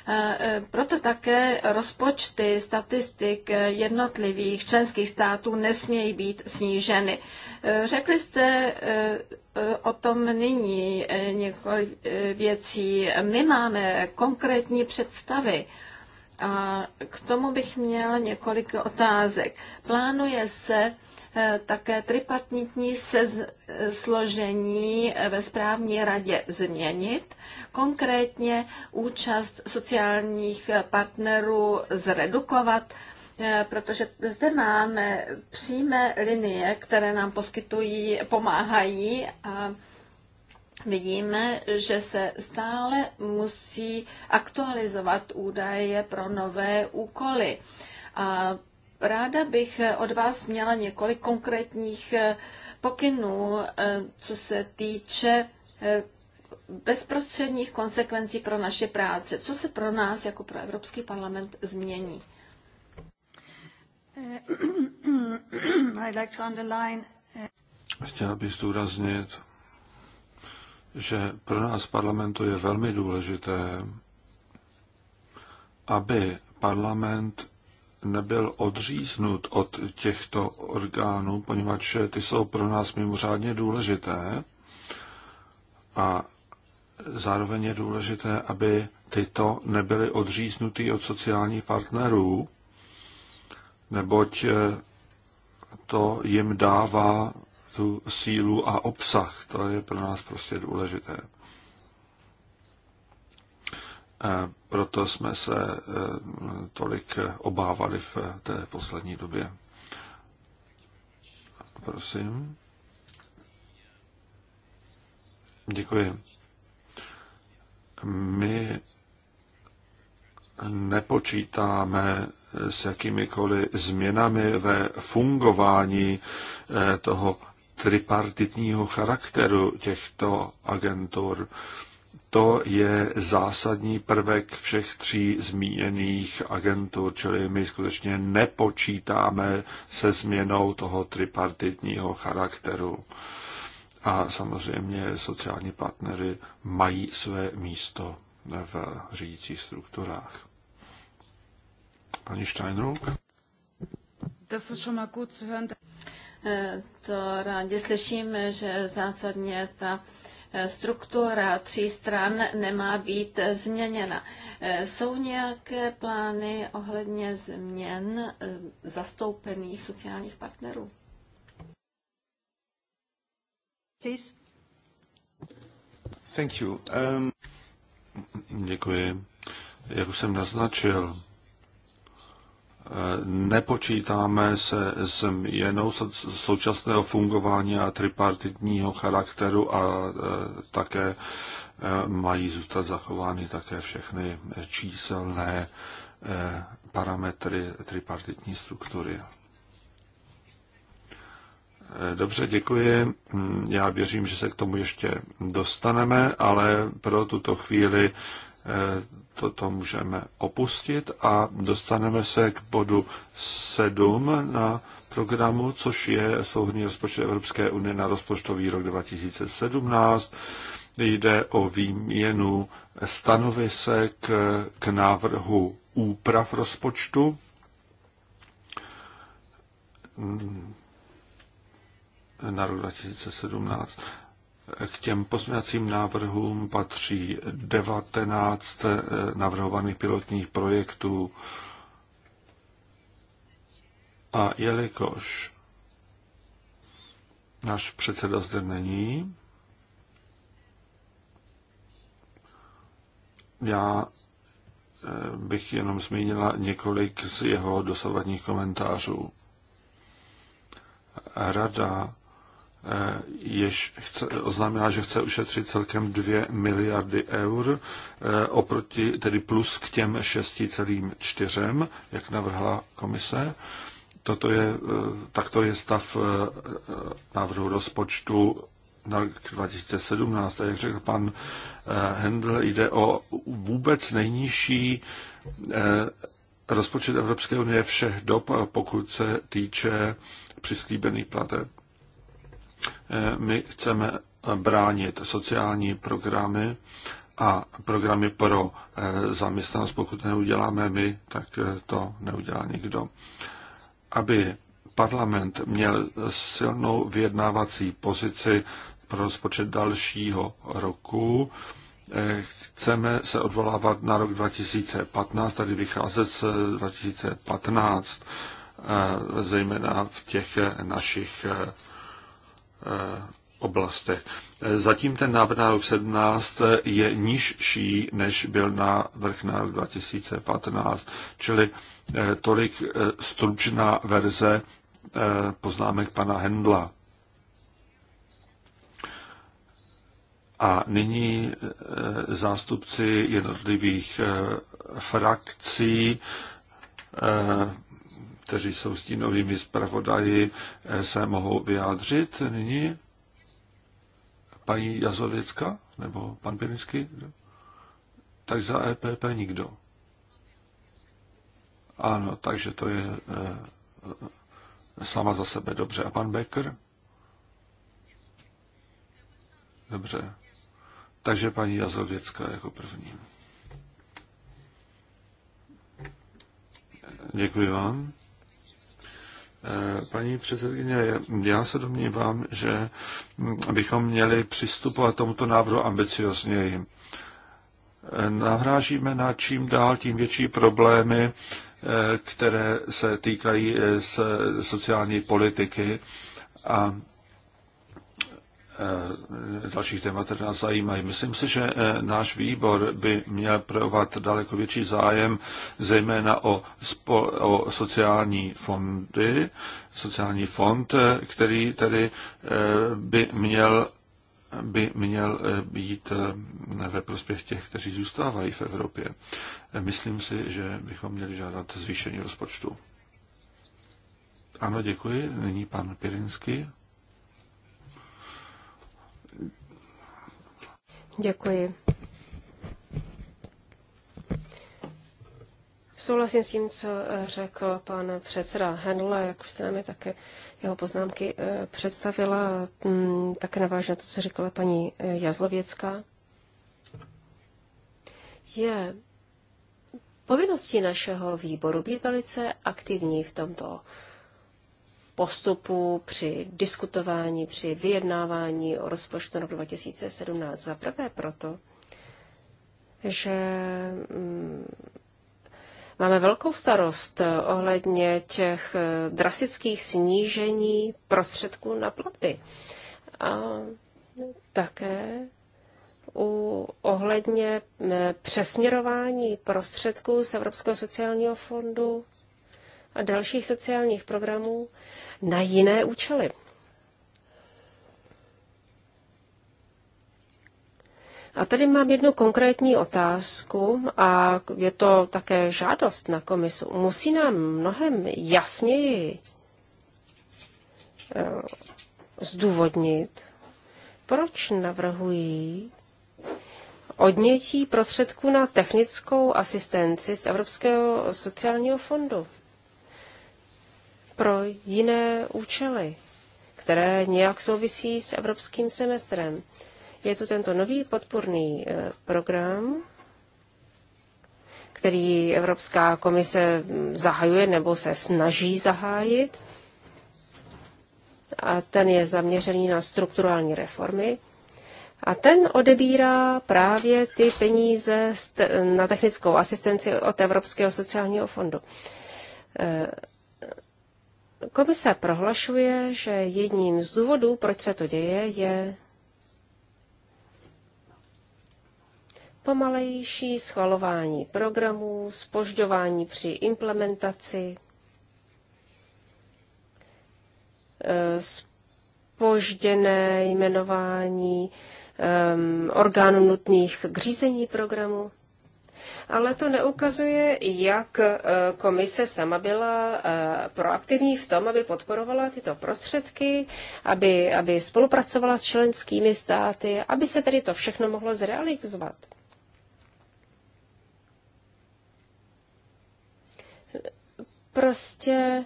Eh, eh, proto také rozpočty statistik eh, jednotlivých členských států nesmějí být sníženy. Řekli jste o tom nyní několik věcí. My máme konkrétní představy. A k tomu bych měla několik otázek. Plánuje se Eh, také tripartitní složení eh, ve správní radě změnit, konkrétně účast sociálních eh, partnerů zredukovat, protože zde máme přímé linie, které nám poskytují, pomáhají a vidíme, že se stále musí aktualizovat údaje pro nové úkoly. A Ráda bych od vás měla několik konkrétních eh, pokynů, eh, co se týče eh, bezprostředních konsekvencí pro naše práce. Co se pro nás jako pro Evropský parlament změní? Chtěla bych zdůraznit, že pro nás parlamentu je velmi důležité, aby parlament nebyl odříznut od těchto orgánů, poněvadž ty jsou pro nás mimořádně důležité a zároveň je důležité, aby tyto nebyly odříznuty od sociálních partnerů, neboť eh, to jim dává tu sílu a obsah. To je pro nás prostě důležité proto jsme se e, tolik obávali v té poslední době. Prosím. Děkuji. My nepočítáme s jakýmikoliv změnami ve fungování e, toho tripartitního charakteru těchto agentur to je zásadní prvek všech tří zmíněných agentů, čili my skutečně nepočítáme se změnou toho tripartitního charakteru. A samozřejmě sociální partnery mají své místo v řídících strukturách. Pani Steinruck? Das ist schon mal gut zu hören. Eh, to rádi slyším, že zásadně ta struktura tří stran nemá být změněna. Jsou nějaké plány ohledně změn eh, zastoupených sociálních partnerů? Please. Thank you. Um... Děkuji. Jak už jsem naznačil, nepočítáme se změnou současného fungování a tripartitního charakteru a e, také e, mají zůstat zachovány také všechny číselné e, parametry tripartitní struktury. Dobře, děkuji. Já věřím, že se k tomu ještě dostaneme, ale pro tuto chvíli toto můžeme opustit a dostaneme se k bodu 7 na programu, což je souhrný rozpočet Evropské unie na rozpočtový rok 2017. Jde o výměnu stanovisek k návrhu úprav rozpočtu. Na rok 2017. K těm pozměňovacím návrhům patří 19 navrhovaných pilotních projektů. A jelikož náš předseda zde není, já eh, bych jenom zmínila několik z jeho dosavadních komentářů. Rada Eh, jež chce, oznámila, že chce ušetřit celkem 2 miliardy eur, eh, oproti tedy plus k těm 6,4, jak navrhla komise. Toto je, eh, takto je stav návrhu rozpočtu na 2017. A jak řekl pan Hendl, jde o vůbec nejnižší rozpočet Evropské unie všech dob, pokud se týče přislíbených plateb. Eh, my chceme bránit sociální programy a programy pro eh, zaměstnanost. Pokud neuděláme my, tak eh, to neudělá nikdo. Aby parlament měl silnou vyjednávací pozici pro rozpočet dalšího roku, chceme se odvolávat na rok 2015, tady vycházet z 2015, zejména v těch našich Eh, oblastech. Zatím ten návrh na rok 17 je nižší, než byl na vrch na rok 2015, čili eh, tolik eh, stručná verze poznámek pana Hendla. A nyní zástupci jednotlivých frakcí kteří jsou stínovými zpravodaji, eh, se mohou vyjádřit nyní? Paní Jazověcka nebo pan Pirinsky? Tak za EPP nikdo. Ano, takže to je eh, sama za sebe. Dobře. A pan Becker? Dobře. Takže paní Jazověcka jako první. Děkuji vám. Paní předsedkyně, já se domnívám, že bychom měli přistupovat tomuto návrhu ambiciozněji. Nahrážíme na čím dál tím větší problémy, eh, které se týkají eh, sociální politiky a Eh, dalších témat, které nás zajímají. Myslím si, že eh, náš výbor by měl projevovat daleko větší zájem, zejména o, spol, o sociální fondy, sociální fond, eh, který tedy by měl by měl být ve prospěch těch, kteří zůstávají v Evropě. Myslím si, že bychom měli žádat zvýšení rozpočtu. Ano, děkuji. Nyní pan Pirinsky. Děkuji. Souhlasím s tím, co eh, řekl pan předseda Henle, jak jste nám je také jeho poznámky eh, představila. Mm, také navážu na to, co říkala paní eh, Jazlověcká. Je povinností našeho výboru být velice aktivní v tomto postupu při diskutování, při vyjednávání o rozpočtu roku 2017. Za prvé proto, že mm, máme velkou starost ohledně těch drastických snížení prostředků na platby. A také u ohledně mm, přesměrování prostředků z Evropského sociálního fondu a dalších sociálních programů na jiné účely. A tady mám jednu konkrétní otázku a je to také žádost na komisu. Musí nám mnohem jasněji eh, zdůvodnit, proč navrhují odnětí prostředků na technickou asistenci z Evropského sociálního fondu pro jiné účely, které nějak souvisí s evropským semestrem. Je tu tento nový podporný eh, program, který Evropská komise hm, zahajuje nebo se snaží zahájit. A ten je zaměřený na strukturální reformy. A ten odebírá právě ty peníze na technickou asistenci od Evropského sociálního fondu. Eh, Komise prohlašuje, že jedním z důvodů, proč se to děje, je pomalejší schvalování programů, spožďování při implementaci, spožděné eh, jmenování ehm, orgánů nutných k řízení programu ale to neukazuje, jak eh, komise sama byla eh, proaktivní v tom, aby podporovala tyto prostředky, aby, aby spolupracovala s členskými státy, aby se tedy to všechno mohlo zrealizovat. Prostě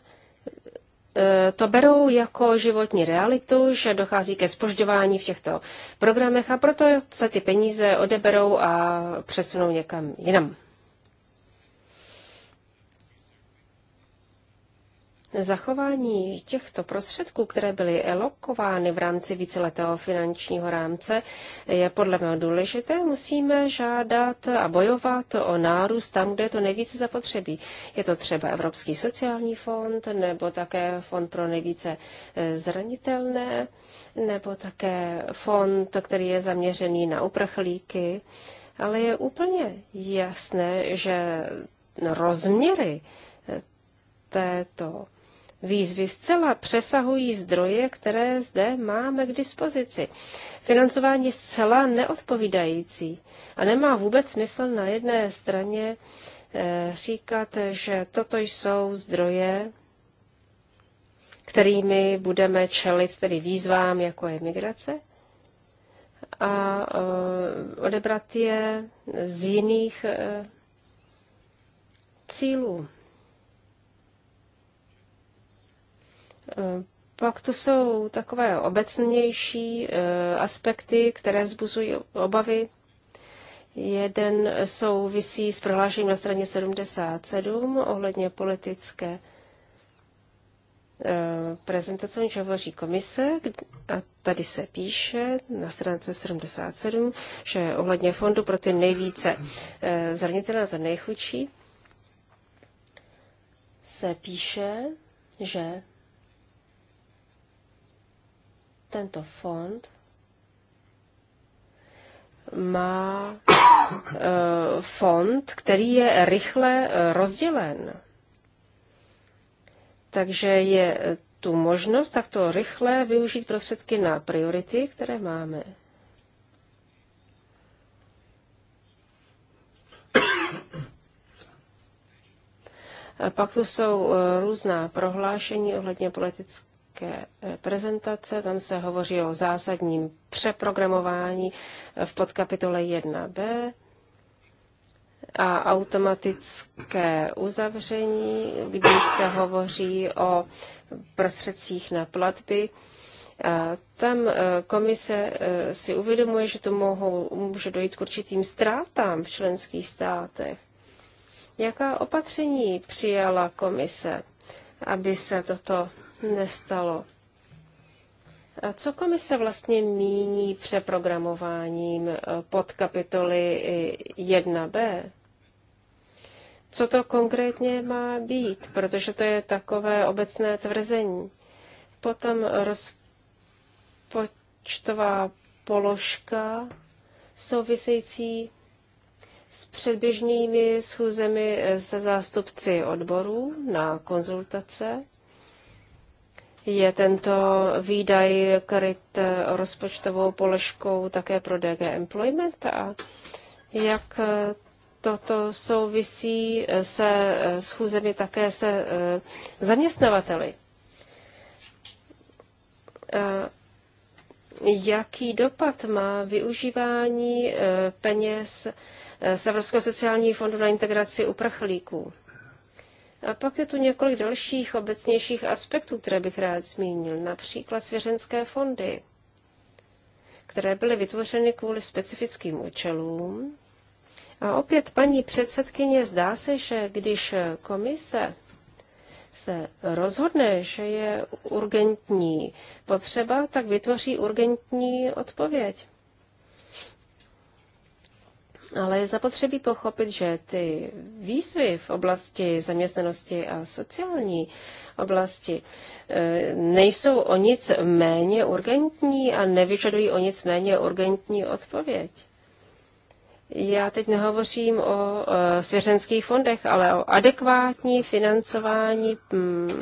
Eh, to berou jako životní realitu, že dochází ke spožďování v těchto programech a proto se ty peníze odeberou a přesunou někam jinam. Zachování těchto prostředků, které byly elokovány v rámci víceletého finančního rámce, je podle mě důležité. Musíme žádat a bojovat o nárůst tam, kde je to nejvíce zapotřebí. Je to třeba Evropský sociální fond, nebo také fond pro nejvíce e, zranitelné, nebo také fond, který je zaměřený na uprchlíky. Ale je úplně jasné, že rozměry e, této výzvy zcela přesahují zdroje, které zde máme k dispozici. Financování je zcela neodpovídající a nemá vůbec smysl na jedné straně eh, říkat, že toto jsou zdroje, kterými budeme čelit tedy výzvám, jako je migrace, a eh, odebrat je z jiných eh, cílů. Eh, pak to jsou takové obecnější eh, aspekty, které zbuzují obavy. Jeden souvisí s prohlášením na straně 77 ohledně politické eh, prezentace, o níž hovoří komise, a tady se píše na stránce 77, že ohledně fondu pro ty nejvíce zranitelné a nejchudší se píše, že tento fond má eh, fond, který je rychle eh, rozdělen. Takže je tu možnost takto rychle využít prostředky na priority, které máme. A pak tu jsou eh, různá prohlášení ohledně politické také eh, prezentace. Tam se hovoří o zásadním přeprogramování eh, v podkapitole 1b a automatické uzavření, když se hovoří o prostředcích na platby. tam eh, komise si uvědomuje, že to mohou, může dojít k určitým ztrátám v členských státech. Jaká opatření přijala komise, aby se toto nestalo. A co komise vlastně míní přeprogramováním e, podkapitoly 1b? Co to konkrétně má být? Protože to je takové obecné tvrzení. Potom rozpočtová položka související s předběžnými schůzemi se zástupci odborů na konzultace je tento výdaj kryt rozpočtovou položkou také pro DG Employment a jak toto souvisí se schůzemi také se eh, zaměstnavateli. Eh, jaký dopad má využívání eh, peněz z Evropského sociálního fondu na integraci uprchlíků? A pak je tu několik dalších obecnějších aspektů, které bych rád zmínil, například svěřenské fondy, které byly vytvořeny kvůli specifickým účelům. A opět, paní předsedkyně, zdá se, že když komise se rozhodne, že je urgentní potřeba, tak vytvoří urgentní odpověď. Ale je zapotřebí pochopit, že ty výzvy v oblasti zaměstnanosti a sociální oblasti eh, nejsou o nic méně urgentní a nevyžadují o nic méně urgentní odpověď. Já teď nehovořím o eh, svěřenských fondech, ale o adekvátní financování mm,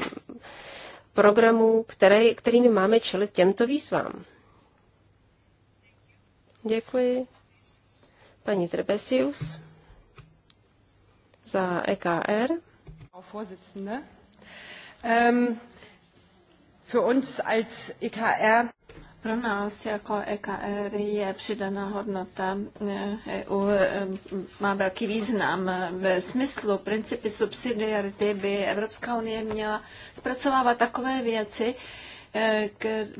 programů, které, kterými máme čelit těmto výzvám. Děkuji. Paní Trebesius za EKR. Ähm, e Pro nás jako EKR je přidaná hodnota eh, EU, eh, má velký význam. Ve smyslu principy subsidiarity by Evropská unie měla zpracovávat takové věci,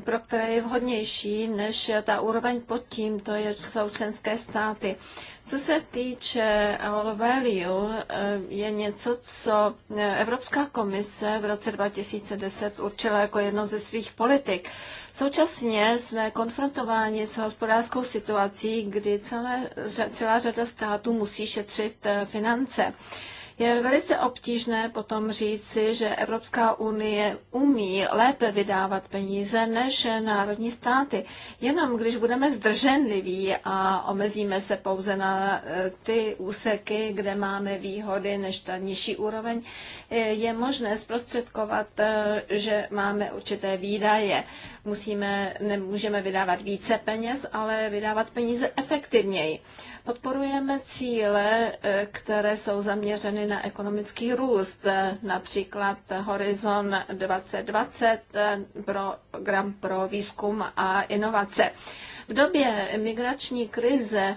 pro které je vhodnější než ta úroveň pod tím, to je, jsou členské státy. Co se týče eh, value, eh, je něco, co eh, Evropská komise v roce 2010 určila jako jednou ze svých politik. Současně jsme konfrontováni s hospodářskou situací, kdy celé, celá řada států musí šetřit finance. Je velice obtížné potom říci, že Evropská unie umí lépe vydávat peníze než národní státy. Jenom když budeme zdrženliví a omezíme se pouze na e, ty úseky, kde máme výhody než ta nižší úroveň, e, je možné zprostředkovat, e, že máme určité výdaje. Musíme, nemůžeme vydávat více peněz, ale vydávat peníze efektivněji. Podporujeme cíle, eh, které jsou zaměřeny na ekonomický růst, eh, například Horizon 2020, eh, program pro výzkum a inovace. V době migrační krize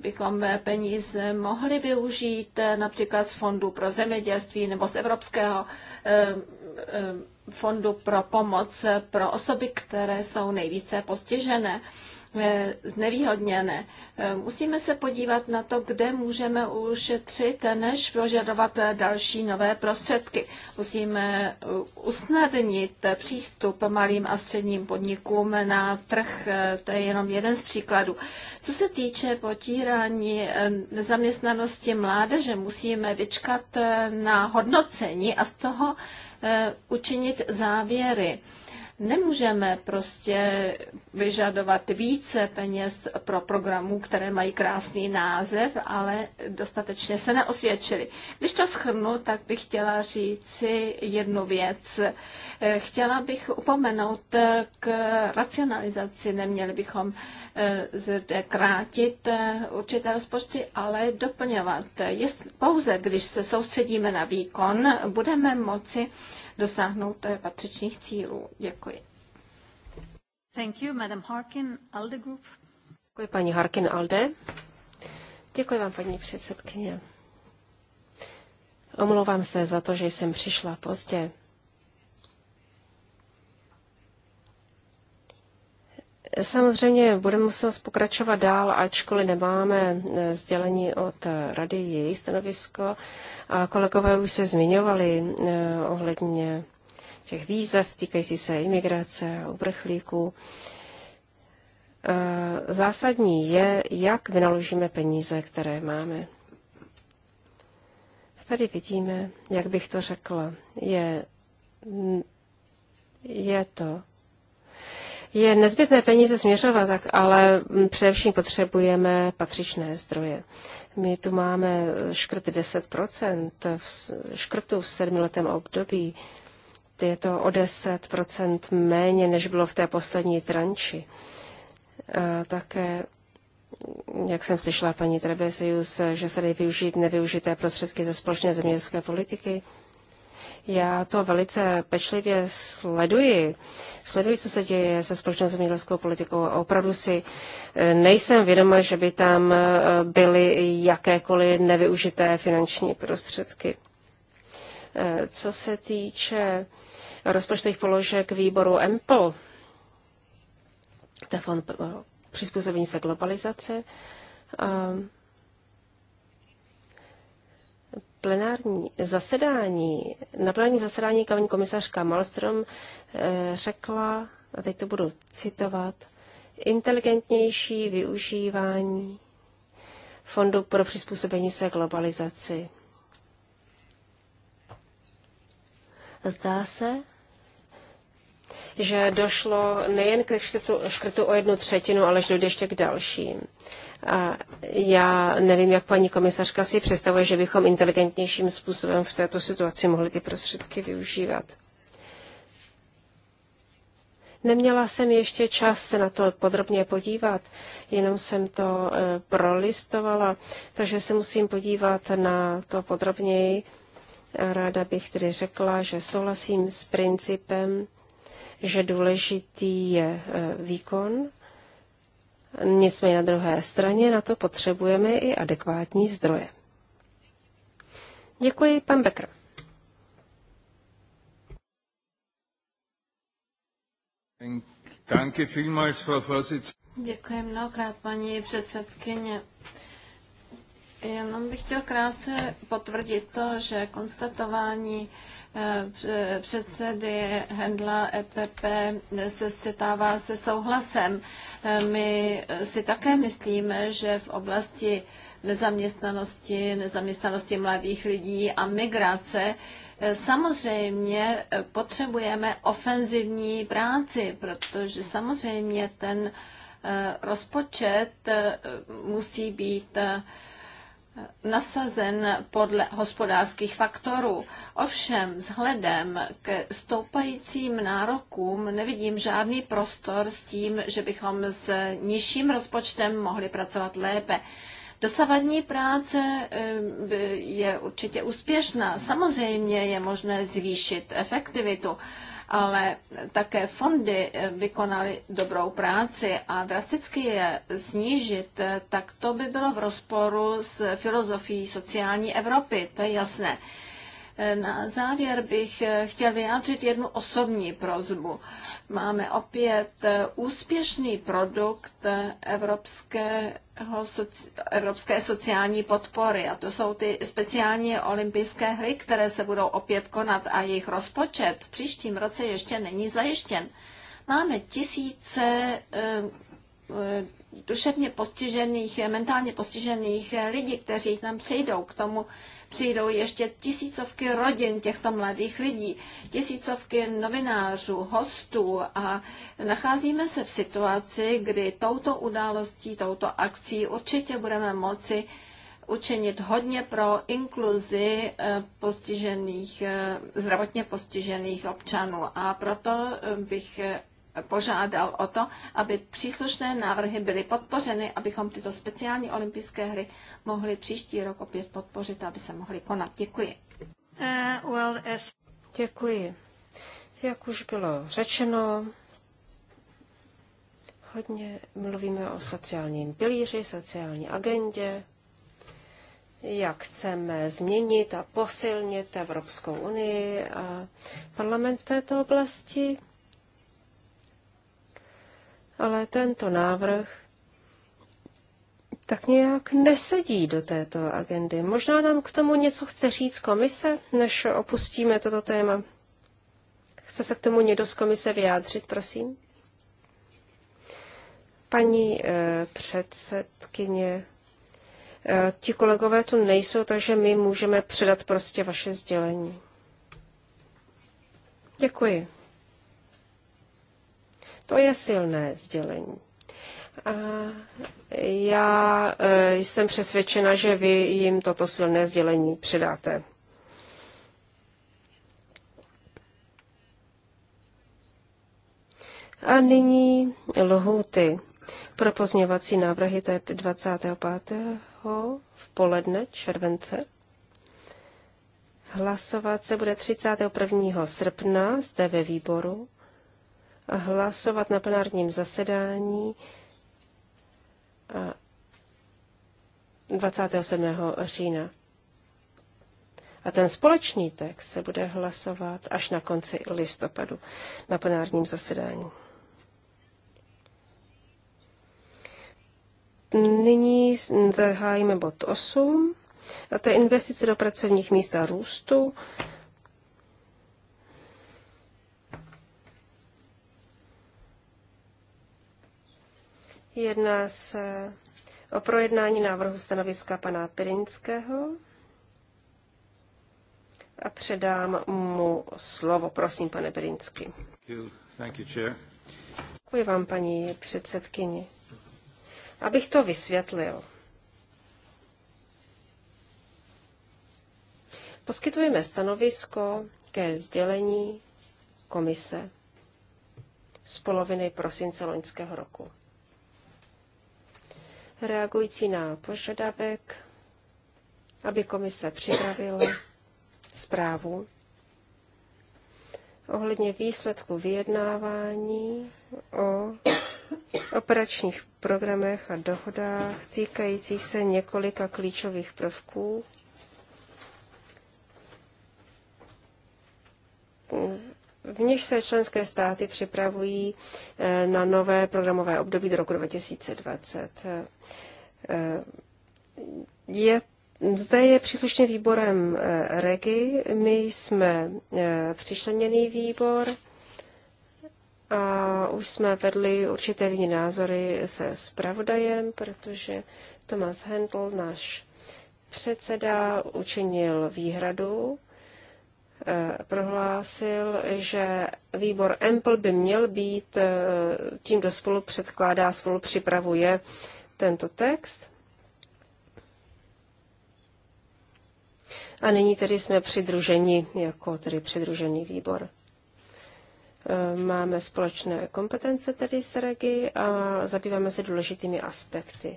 bychom peníze mohli využít například z Fondu pro zemědělství nebo z Evropského fondu pro pomoc pro osoby, které jsou nejvíce postižené. Eh, znevýhodněné. Eh, musíme se podívat na to, kde můžeme ušetřit, než požadovat eh, další nové prostředky. Musíme usnadnit přístup malým a středním podnikům na trh. To je jenom jeden z příkladů. Co se týče potírání nezaměstnanosti mládeže, musíme vyčkat na hodnocení a z toho učinit závěry. Nemůžeme prostě vyžadovat více peněz pro programů, které mají krásný název, ale dostatečně se neosvědčily. Když to schrnu, tak bych chtěla říci jednu věc. Chtěla bych upomenout k racionalizaci. Neměli bychom eh, zde krátit eh, určité rozpočty, ale doplňovat. Jest, pouze když se soustředíme na výkon, budeme moci dosáhnout eh, patřičných cílů. Děkuji. Thank you, Madam Harkin, ALDE Group. Děkuji, paní Harkin, ALDE. Děkuji vám, paní předsedkyně. Omlouvám se za to, že jsem přišla pozdě. Samozřejmě budeme muset pokračovat dál, ačkoliv nemáme eh, sdělení od eh, rady její stanovisko. A kolegové už se zmiňovali eh, ohledně těch výzev týkající se imigrace a uprchlíků. Zásadní je, jak vynaložíme peníze, které máme. Tady vidíme, jak bych to řekla, je, je to je nezbytné peníze směřovat, tak, ale mm, především potřebujeme patřičné zdroje. My tu máme eh, škrty 10%, v škrtu v sedmiletém období. Je to o 10% méně, než bylo v té poslední tranči. A také mm, jak jsem slyšela paní Trebesius, že se dají využít nevyužité prostředky ze společné zemědělské politiky. Já to velice pečlivě sleduji. Sleduji, co se děje se společnou zemědělskou politikou. Opravdu si eh, nejsem vědoma, že by tam eh, byly jakékoliv nevyužité finanční prostředky. Eh, co se týče rozpočtových položek výboru EMPL, to fond přizpůsobení se globalizaci, plenární zasedání, na plenární zasedání paní komisařka Malmström eh, řekla, a teď to budu citovat, inteligentnější využívání fondu pro přizpůsobení se globalizaci. Zdá se, že došlo nejen k škrtu o jednu třetinu, ale že dojde ještě k dalším. A já nevím, jak paní komisařka si představuje, že bychom inteligentnějším způsobem v této situaci mohli ty prostředky využívat. Neměla jsem ještě čas se na to podrobně podívat, jenom jsem to e, prolistovala, takže se musím podívat na to podrobněji. Ráda bych tedy řekla, že souhlasím s principem, že důležitý je e, výkon Nicméně na druhé straně na to potřebujeme i adekvátní zdroje. Děkuji, pan Becker. Děkuji mnohokrát, paní předsedkyně. Jenom bych chtěl krátce potvrdit to, že konstatování Eh, předsedy Hendla EPP se střetává se souhlasem. Eh, my si také myslíme, že v oblasti nezaměstnanosti, nezaměstnanosti mladých lidí a migrace eh, samozřejmě potřebujeme ofenzivní práci, protože samozřejmě ten rozpočet musí být nasazen podle hospodářských faktorů. Ovšem vzhledem k stoupajícím nárokům nevidím žádný prostor s tím, že bychom s nižším rozpočtem mohli pracovat lépe. Dosavadní práce eh, je určitě úspěšná. Samozřejmě je možné zvýšit efektivitu, ale také fondy eh, vykonaly dobrou práci a drasticky je snížit, eh, tak to by bylo v rozporu s filozofií sociální Evropy, to je jasné. Eh, na závěr bych chtěl vyjádřit jednu osobní prozbu. Máme opět úspěšný produkt Evropské evropské sociální podpory. A to jsou ty speciální olympijské hry, které se budou opět konat a jejich rozpočet v příštím roce ještě není zajištěn. Máme tisíce eh, eh, duševně postižených, mentálně postižených lidí, kteří tam přijdou. K tomu přijdou ještě tisícovky rodin těchto mladých lidí, tisícovky novinářů, hostů a nacházíme se v situaci, kdy touto událostí, touto akcí určitě budeme moci učinit hodně pro inkluzi eh, postižených, eh, zdravotně postižených občanů. A proto eh, bych požádal o to, aby příslušné návrhy byly podpořeny, abychom tyto speciální olympijské hry mohli příští rok opět podpořit, aby se mohly konat. Děkuji. Uh, well, as... Děkuji. Jak už bylo řečeno, hodně mluvíme o sociálním pilíři, sociální agendě, jak chceme změnit a posilnit Evropskou unii. A parlament v této oblasti ale tento návrh tak nějak nesedí do této agendy. Možná nám k tomu něco chce říct komise, než opustíme toto téma. Chce se k tomu někdo z komise vyjádřit, prosím? Paní eh, předsedkyně, eh, ti kolegové tu nejsou, takže my můžeme předat prostě vaše sdělení. Děkuji. To je silné sdělení. A já e, jsem přesvědčena, že vy jim toto silné sdělení předáte. A nyní lhůty pro pozněvací návrhy, to je 25. v poledne července. Hlasovat se bude 31. srpna zde ve výboru hlasovat na plenárním zasedání 27. října. A ten společný text se bude hlasovat až na konci listopadu na plenárním zasedání. Nyní zahájíme bod 8, a to je investice do pracovních míst a růstu. Jedná se o projednání návrhu stanoviska pana Pirinského a předám mu slovo. Prosím, pane Pirinsky. Děkuji vám, paní předsedkyni. Abych to vysvětlil. Poskytujeme stanovisko ke sdělení komise z poloviny prosince loňského roku reagující na požadavek, aby komise připravila zprávu ohledně výsledku vyjednávání o operačních programech a dohodách týkajících se několika klíčových prvků v níž se členské státy připravují eh, na nové programové období do roku 2020. Eh, je zde je příslušný výborem eh, REGI, my jsme přišleněný výbor a už jsme vedli určité vní názory se spravodajem, protože Thomas Hendl, náš předseda, učinil výhradu Eh, prohlásil, že výbor EMPL by měl být eh, tím, kdo spolu předkládá, spolu připravuje tento text. A nyní tedy jsme přidruženi jako tedy přidružený výbor. Eh, máme společné kompetence tedy s REGI a zabýváme se důležitými aspekty.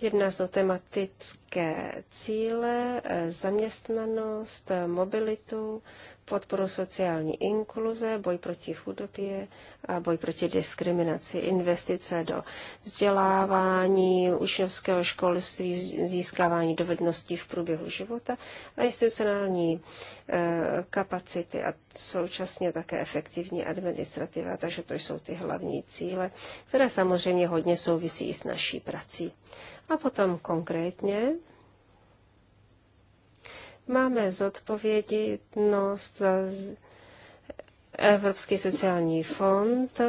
Jedná se o tematické cíle, eh, zaměstnanost, eh, mobilitu, podporu sociální inkluze, boj proti chudobě a boj proti diskriminaci, investice do vzdělávání, učňovského školství, získávání dovedností v průběhu života a institucionální eh, kapacity a současně také efektivní administrativa. Takže to jsou ty hlavní cíle, které samozřejmě hodně souvisí s naší prací. A potom konkrétně máme zodpovědnost za Evropský sociální fond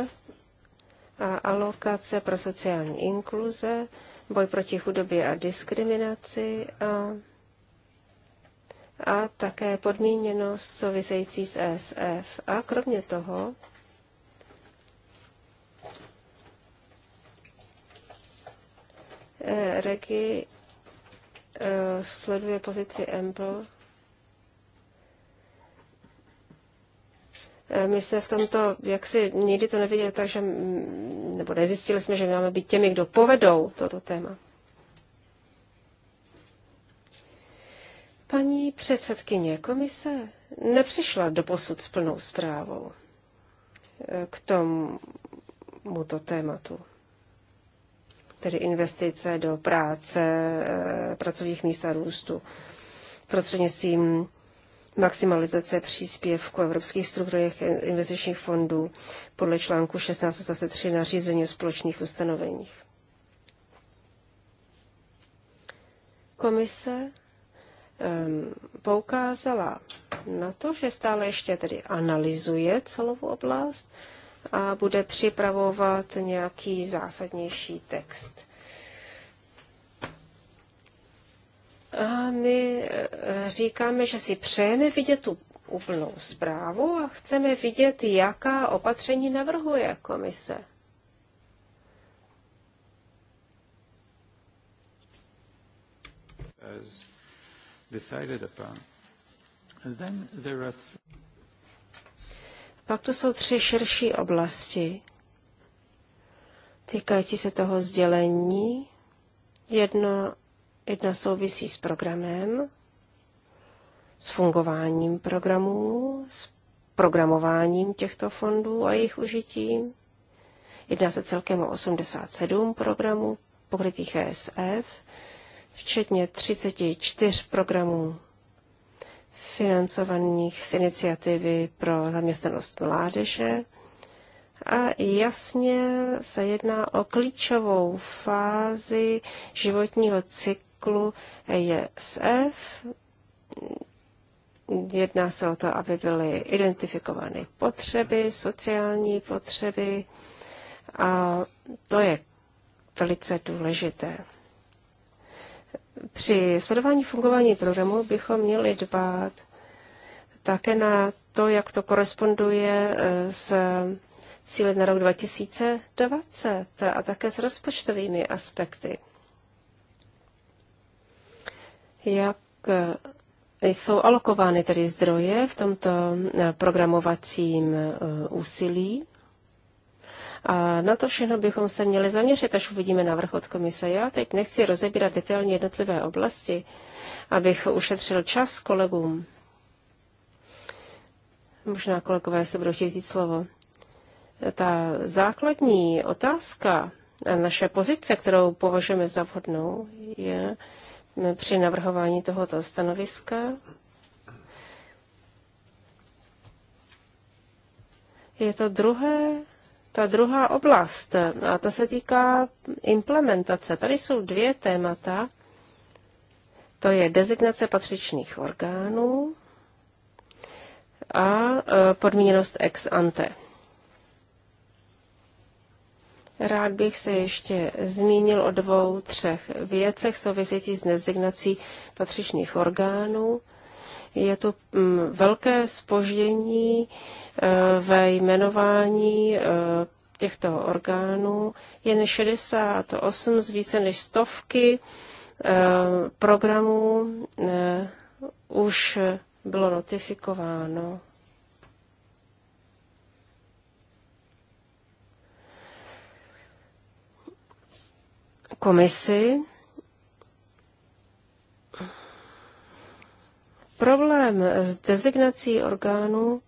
a alokace pro sociální inkluze, boj proti chudobě a diskriminaci a, a také podmíněnost související s ESF. A kromě toho Eh, Reky eh, sleduje pozici Ample. Eh, my jsme v tomto, jak si nikdy to neviděli, takže, nebo nezjistili jsme, že máme být těmi, kdo povedou toto téma. Paní předsedkyně komise nepřišla do posud s plnou zprávou k tomuto tématu tedy investice do práce, eh, pracovních míst a růstu prostřednictvím maximalizace příspěvku evropských strukturálních investičních fondů podle článku 1603 nařízení o společných ustanoveních. Komise um, poukázala na to, že stále ještě tedy analyzuje celou oblast, a bude připravovat nějaký zásadnější text. A my eh, říkáme, že si přejeme vidět tu úplnou zprávu a chceme vidět, jaká opatření navrhuje komise. As decided upon. And then there are pak tu jsou tři širší oblasti týkající se toho sdělení. Jedno, jedna souvisí s programem, s fungováním programů, s programováním těchto fondů a jejich užitím. Jedná se celkem o 87 programů pokrytých ESF, včetně 34 programů financovaných z iniciativy pro zaměstnanost mládeže. A jasně se jedná o klíčovou fázi životního cyklu ESF. Jedná se o to, aby byly identifikovány potřeby, sociální potřeby. A to je velice důležité. Při sledování fungování programu bychom měli dbát také na to, jak to koresponduje eh, s cíly na rok 2020 a také s rozpočtovými aspekty. Jak eh, jsou alokovány tedy zdroje v tomto eh, programovacím úsilí? A na to všechno bychom se měli zaměřit, až uvidíme návrh od komise. Já teď nechci rozebírat detailně jednotlivé oblasti, abych ušetřil čas kolegům. Možná kolegové se budou chtít vzít slovo. Ta základní otázka a naše pozice, kterou považujeme za vhodnou, je při navrhování tohoto stanoviska je to druhé ta druhá oblast, a ta se týká implementace. Tady jsou dvě témata. To je designace patřičných orgánů a e, podmíněnost ex ante. Rád bych se ještě zmínil o dvou, třech věcech souvisejících s designací patřičných orgánů. Je tu mm, velké spoždění eh, ve jmenování eh, těchto orgánů. Jen 68 z více než stovky eh, programů už bylo notifikováno. Komisi Problém s designací orgánů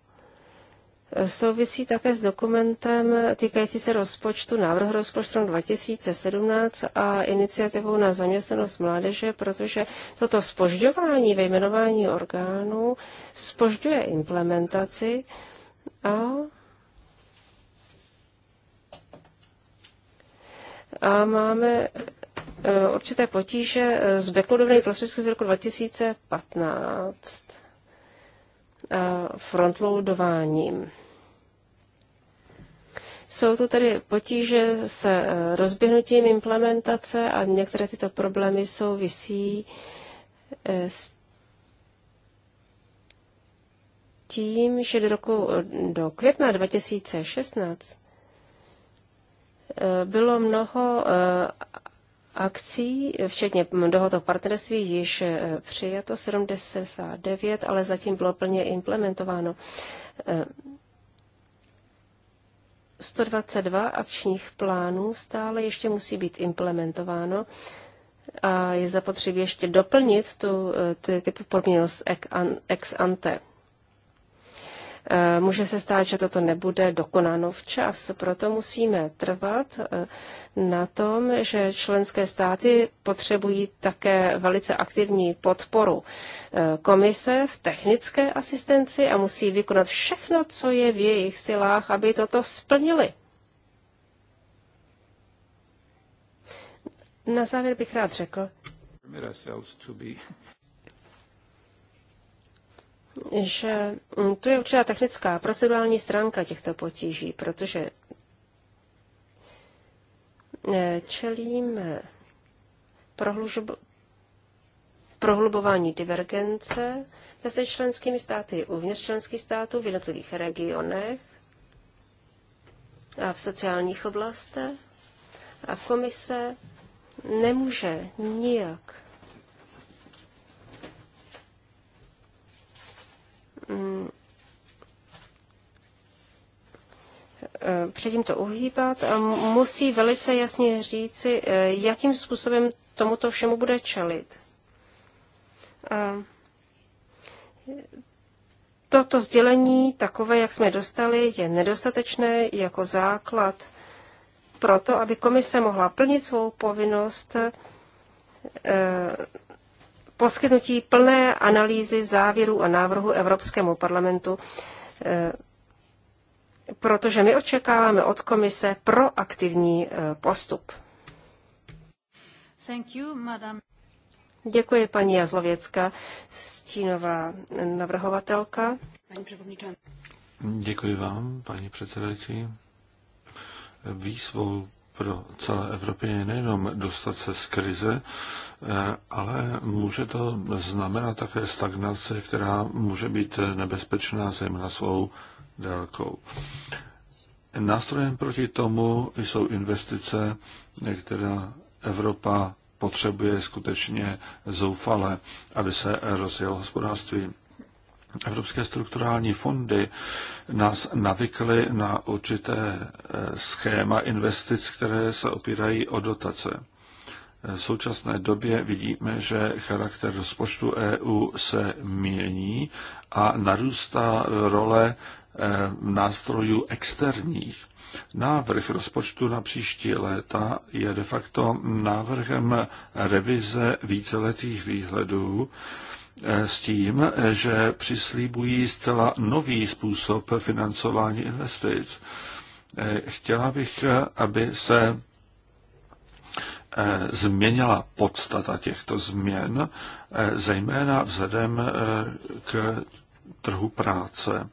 eh, souvisí také s dokumentem týkající se rozpočtu, návrh rozpočtu 2017 a iniciativou na zaměstnanost mládeže, protože toto spožďování ve jmenování orgánů spožďuje implementaci a a máme Eh, určité potíže s eh, backloadovanými prostředky z roku 2015 eh, frontloadováním. Jsou tu tedy potíže se rozběhnutím implementace a některé tyto problémy souvisí s tím, že do, roku, do května 2016 bylo mnoho akcí, včetně dohod o partnerství, již eh, přijato 79, ale zatím bylo plně implementováno. 122 eh, akčních plánů stále ještě musí být implementováno a je zapotřebí ještě doplnit tu, eh, ty, podmínost ex ante. Eh, může se stát, že toto nebude dokonáno včas. Proto musíme trvat eh, na tom, že členské státy potřebují také velice aktivní podporu eh, komise v technické asistenci a musí vykonat všechno, co je v jejich silách, aby toto splnili. Na závěr bych rád řekl, že mm, tu je určitá technická procedurální stránka těchto potíží, protože e, čelíme prohlubování divergence mezi členskými státy uvnitř členských států v jednotlivých regionech a v sociálních oblastech. A komise nemůže nijak Mm. předtím to uhýbat, musí velice jasně říci, jakým způsobem tomuto všemu bude čelit. A toto sdělení, takové, jak jsme dostali, je nedostatečné jako základ pro to, aby komise mohla plnit svou povinnost eh, poskytnutí plné analýzy závěrů a návrhu Evropskému parlamentu, eh, protože my očekáváme od komise proaktivní eh, postup. Thank you, madam. Děkuji, paní Jazlověcka, stínová navrhovatelka. Děkuji vám, paní předsedající. Výzvou pro celé Evropě nejenom dostat se z krize, eh, ale může to znamenat také stagnaci, která může být nebezpečná zejména svou délkou. Nástrojem proti tomu jsou investice, které Evropa potřebuje skutečně zoufale, aby se rozjel hospodářství. Evropské strukturální fondy nás navykly na určité eh, schéma investic, které se opírají o dotace. V současné době vidíme, že charakter rozpočtu EU se mění a narůstá role eh, nástrojů externích. Návrh rozpočtu na příští léta je de facto návrhem revize víceletých výhledů, Eh, s tím, že přislíbují zcela nový způsob financování investic. Eh, chtěla bych, eh, aby se změnila podstata těchto změn, zejména vzhledem k trhu práce.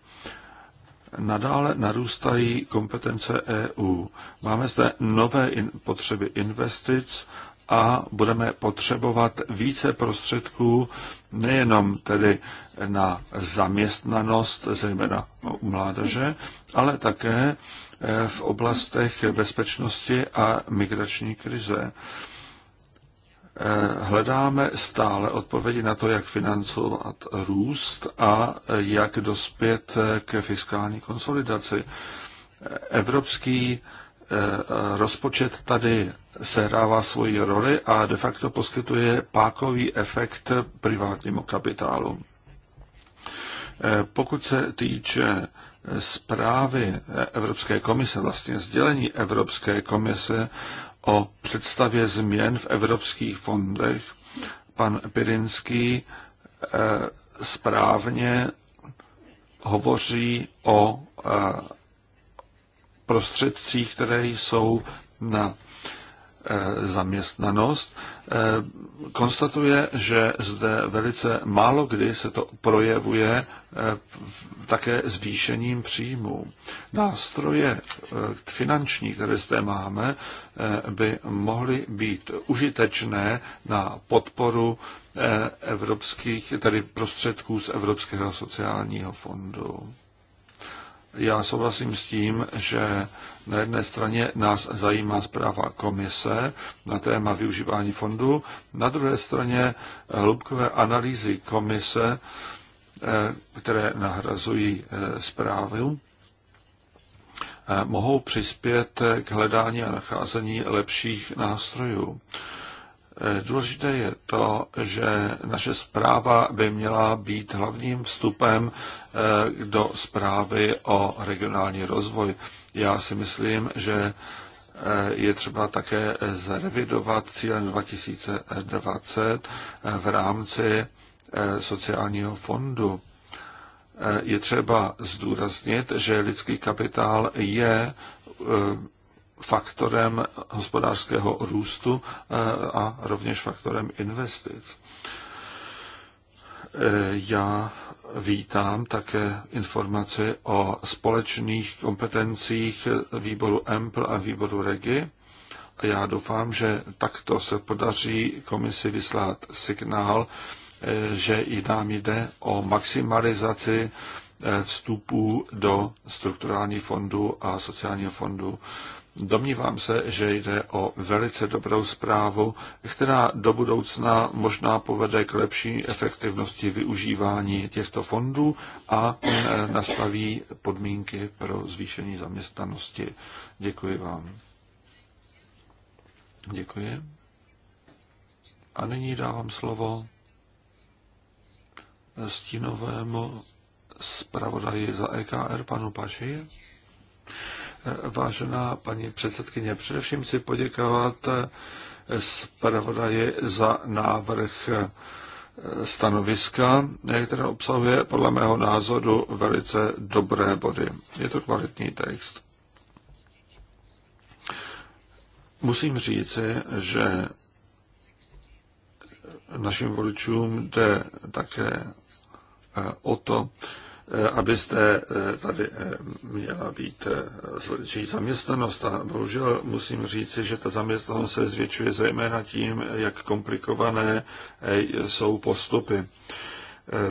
Nadále narůstají kompetence EU. Máme zde nové potřeby investic, a budeme potřebovat více prostředků nejenom tedy na zaměstnanost, zejména u mládeže, ale také eh, v oblastech bezpečnosti a migrační krize. Eh, hledáme stále odpovědi na to, jak financovat růst a jak dospět k fiskální konsolidaci. Evropský Eh, rozpočet tady sehrává svoji roli a de facto poskytuje pákový efekt privátnímu kapitálu. Eh, pokud se týče zprávy Evropské komise, vlastně sdělení Evropské komise o představě změn v evropských fondech, pan Pirinský eh, správně hovoří o prostředcích, které jsou na eh, zaměstnanost, eh, konstatuje, že zde velice málo kdy se to projevuje eh, také zvýšením příjmů. Nástroje finanční, které zde máme, by mohly být užitečné na podporu evropských, tedy prostředků z Evropského sociálního fondu já souhlasím s tím, že na jedné straně nás zajímá zpráva komise na téma využívání fondu, na druhé straně hloubkové analýzy komise, eh, které nahrazují eh, zprávu, eh, mohou přispět k hledání a nacházení lepších nástrojů. Eh, důležité je to, že naše zpráva by měla být hlavním vstupem eh, do zprávy o regionální rozvoj. Já si myslím, že eh, je třeba také zrevidovat cílem 2020 v rámci sociálního fondu. Je třeba zdůraznit, že lidský kapitál je faktorem hospodářského růstu eh, a rovněž faktorem investic. Eh, já vítám také informaci o společných kompetencích výboru EMPL a výboru REGI. Já doufám, že takto se podaří komisi vyslat signál, eh, že i nám jde o maximalizaci vstupů do strukturální fondu a sociálního fondu Domnívám se, že jde o velice dobrou zprávu, která do budoucna možná povede k lepší efektivnosti využívání těchto fondů a e, nastaví podmínky pro zvýšení zaměstnanosti. Děkuji vám. Děkuji. A nyní dávám slovo stínovému zpravodaji za EKR panu Paši. Vážená paní předsedkyně, především chci poděkovat zpravodaji za návrh stanoviska, které obsahuje podle mého názoru velice dobré body. Je to kvalitní text. Musím říci, že našim voličům jde také o to, Eh, abyste eh, tady eh, měla být lepší zaměstnanost. A bohužel musím říci, že ta zaměstnanost se zvětšuje zejména tím, jak komplikované jsou postupy.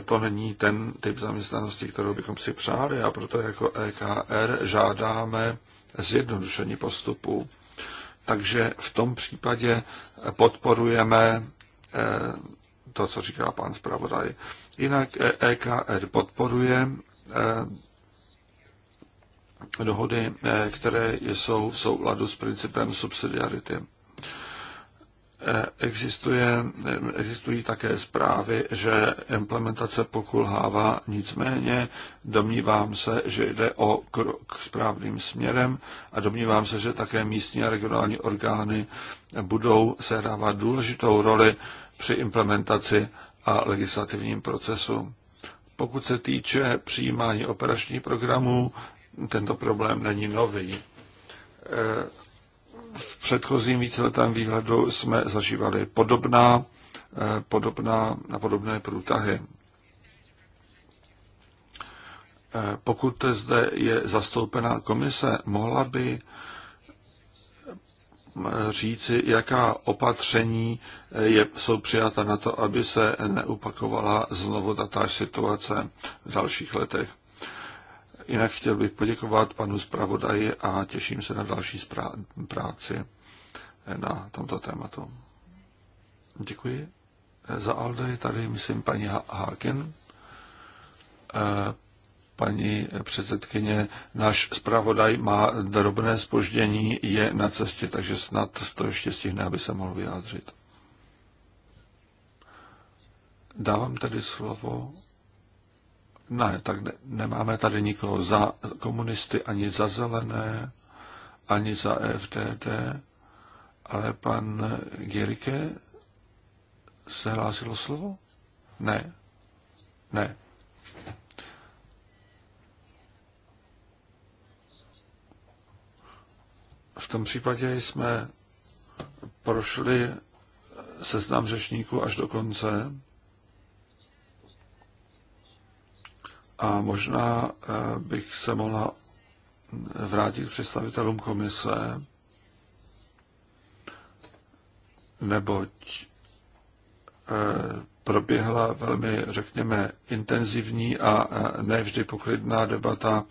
To není ten typ zaměstnanosti, kterou bychom si přáli a proto jako EKR žádáme zjednodušení postupů. Takže v tom případě podporujeme to, co říká pan zpravodaj. Jinak EKR e podporuje eh, dohody, eh, které jsou v souladu s principem subsidiarity. Eh, existuje, existují také zprávy, že implementace pokulhává, nicméně domnívám se, že jde o krok správným směrem a domnívám se, že také místní a regionální orgány budou sehrávat důležitou roli při implementaci a legislativním procesu. Pokud se týče přijímání operačních programů, tento problém není nový. E, v předchozím víceletém výhledu jsme zažívali podobná, e, podobná na podobné průtahy. E, pokud zde je zastoupená komise, mohla by říci, jaká opatření eh, je, jsou přijata na to, aby se neupakovala znovu tatáž situace v dalších letech. Jinak chtěl bych poděkovat panu zpravodaji a těším se na další práci eh, na tomto tématu. Děkuji. Eh, za Alde je tady, myslím, paní Háken paní předsedkyně, náš zpravodaj má drobné spoždění, je na cestě, takže snad to ještě stihne, aby se mohl vyjádřit. Dávám tedy slovo. Ne, tak ne, nemáme tady nikoho za komunisty, ani za zelené, ani za e FTT, ale pan Gerike se hlásilo slovo? Ne. Ne. V tom případě jsme prošli seznam řečníků až do konce. A možná eh, bych se mohla vrátit k představitelům komise, neboť eh, proběhla velmi, řekněme, intenzivní a eh, nevždy poklidná debata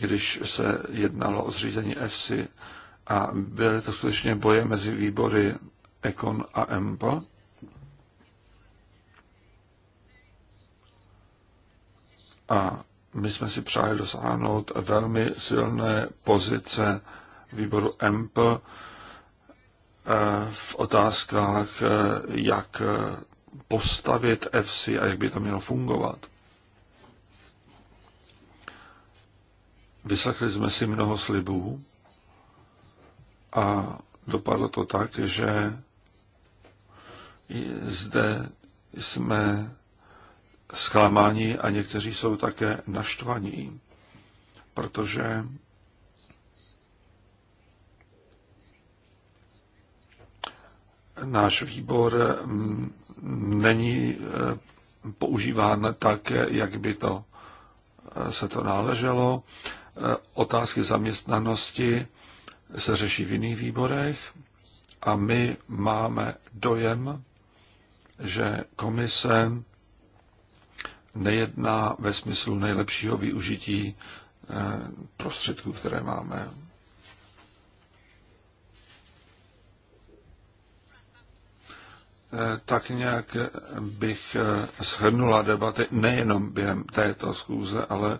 když se jednalo o zřízení EFSI a byly to skutečně boje mezi výbory Econ a EMPO. A my jsme si přáli dosáhnout velmi silné pozice výboru EMP eh, v otázkách, eh, jak postavit EFSI a jak by to mělo fungovat. Vyslechli jsme si mnoho slibů a dopadlo to tak, že zde jsme zklamáni a někteří jsou také naštvaní, protože náš výbor mm, není eh, používán tak, jak by to eh, se to náleželo. Eh, otázky zaměstnanosti se řeší v jiných výborech a my máme dojem, že komise nejedná ve smyslu nejlepšího využití eh, prostředků, které máme. Eh, tak nějak bych shrnula debaty nejenom během této schůze, ale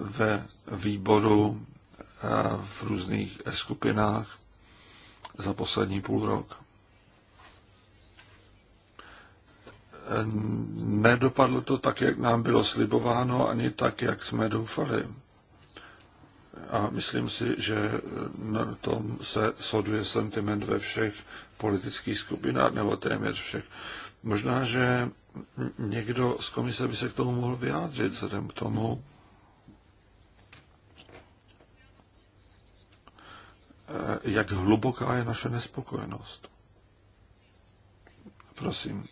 ve výboru eh, v různých skupinách za poslední půl rok. Nedopadlo to tak, jak nám bylo slibováno, ani tak, jak jsme doufali. A myslím si, že eh, na tom se shoduje sentiment ve všech politických skupinách, nebo téměř všech. Možná, že někdo z komise by se k tomu mohl vyjádřit, vzhledem k tomu, Eh, jak hluboká je naše nespokojenost. Prosím.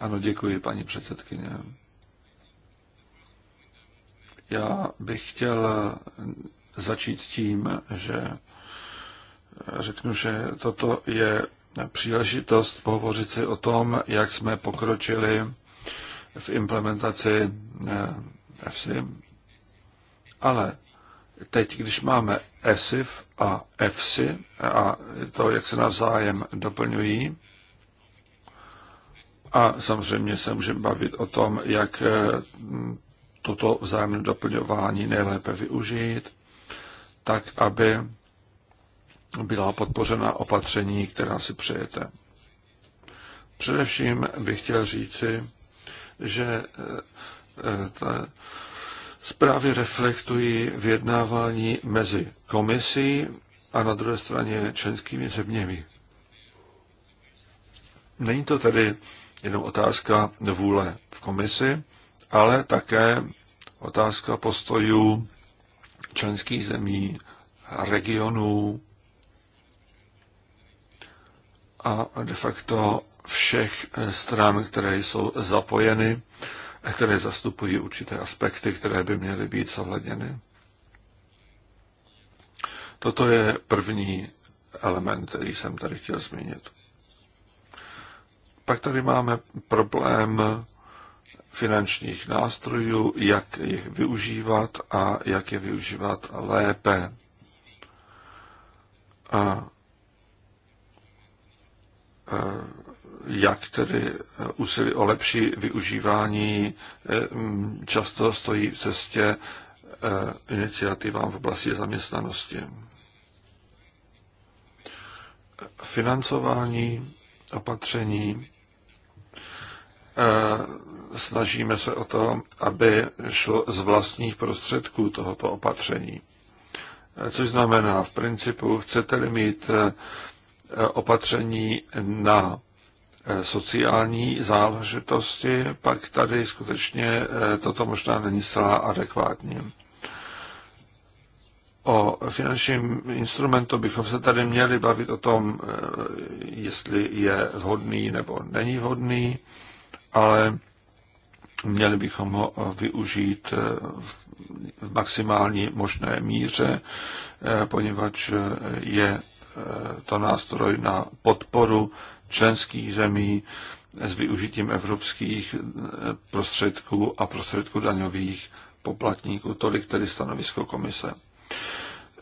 Ano, děkuji, paní předsedkyně. Já bych chtěl začít tím, že eh, řeknu, že toto je příležitost pohovořit si o tom, jak jsme pokročili v implementaci eh, FSI. Ale teď, když máme ESIF a EFSI a to, jak se navzájem doplňují, a samozřejmě se můžeme bavit o tom, jak eh, toto vzájemné doplňování nejlépe využít, tak aby byla podpořena opatření, která si přejete. Především bych chtěl říci, že eh, eh, ta Zprávy reflektují vyjednávání mezi komisí a na druhé straně členskými zeměmi. Není to tedy jenom otázka vůle v komisi, ale také otázka postojů členských zemí, regionů a de facto všech stran, které jsou zapojeny které zastupují určité aspekty, které by měly být zohledněny. Toto je první element, který jsem tady chtěl zmínit. Pak tady máme problém finančních nástrojů, jak je využívat a jak je využívat lépe. A, a jak tedy eh, úsilí o lepší využívání eh, mm, často stojí v cestě eh, iniciativám v oblasti zaměstnanosti. Financování opatření. Snažíme se o to, aby šlo z vlastních prostředků tohoto opatření. Což znamená, v principu, chcete-li mít opatření na Eh, sociální záležitosti, pak tady skutečně eh, toto možná není zcela adekvátní. O finančním instrumentu bychom se tady měli bavit o tom, eh, jestli je vhodný nebo není vhodný, ale měli bychom ho využít v maximální možné míře, poněvadž je to nástroj na podporu členských zemí s využitím evropských eh, prostředků a prostředků daňových poplatníků. Tolik tedy stanovisko komise.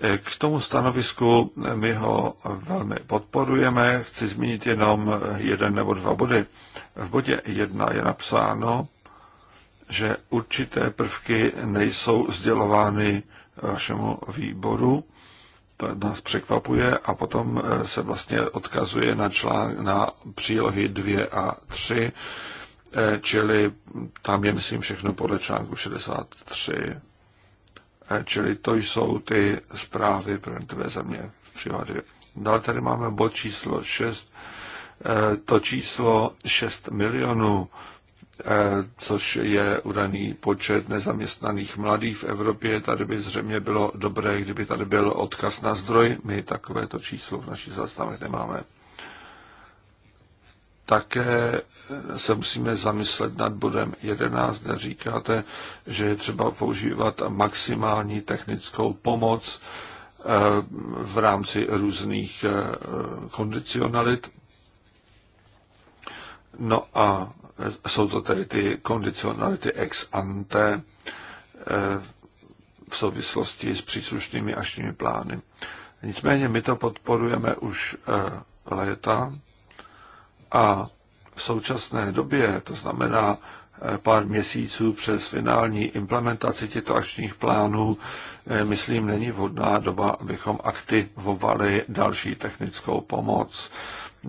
Eh, k tomu stanovisku eh, my ho velmi podporujeme. Chci zmínit jenom jeden nebo dva body. V bodě jedna je napsáno, že určité prvky nejsou sdělovány vašemu výboru to nás překvapuje a potom eh, se vlastně odkazuje na, člán, na přílohy 2 a 3, eh, čili tam je, myslím, všechno podle článku 63. Eh, čili to jsou ty zprávy pro jednotlivé země v přílohy Dále tady máme bod číslo 6, to číslo 6 milionů Eh, což je udaný počet nezaměstnaných mladých v Evropě. Tady by zřejmě bylo dobré, kdyby tady byl odkaz na zdroj. My takovéto číslo v našich zástavech nemáme. Také eh, se musíme zamyslet nad bodem 11, kde říkáte, že je třeba používat maximální technickou pomoc eh, v rámci různých kondicionalit. No a jsou to tedy ty kondicionality ex ante eh, v souvislosti s příslušnými ažními plány. Nicméně my to podporujeme už eh, léta a v současné době, to znamená eh, pár měsíců přes finální implementaci těchto akčních plánů, myslím, není vhodná doba, abychom aktivovali další technickou pomoc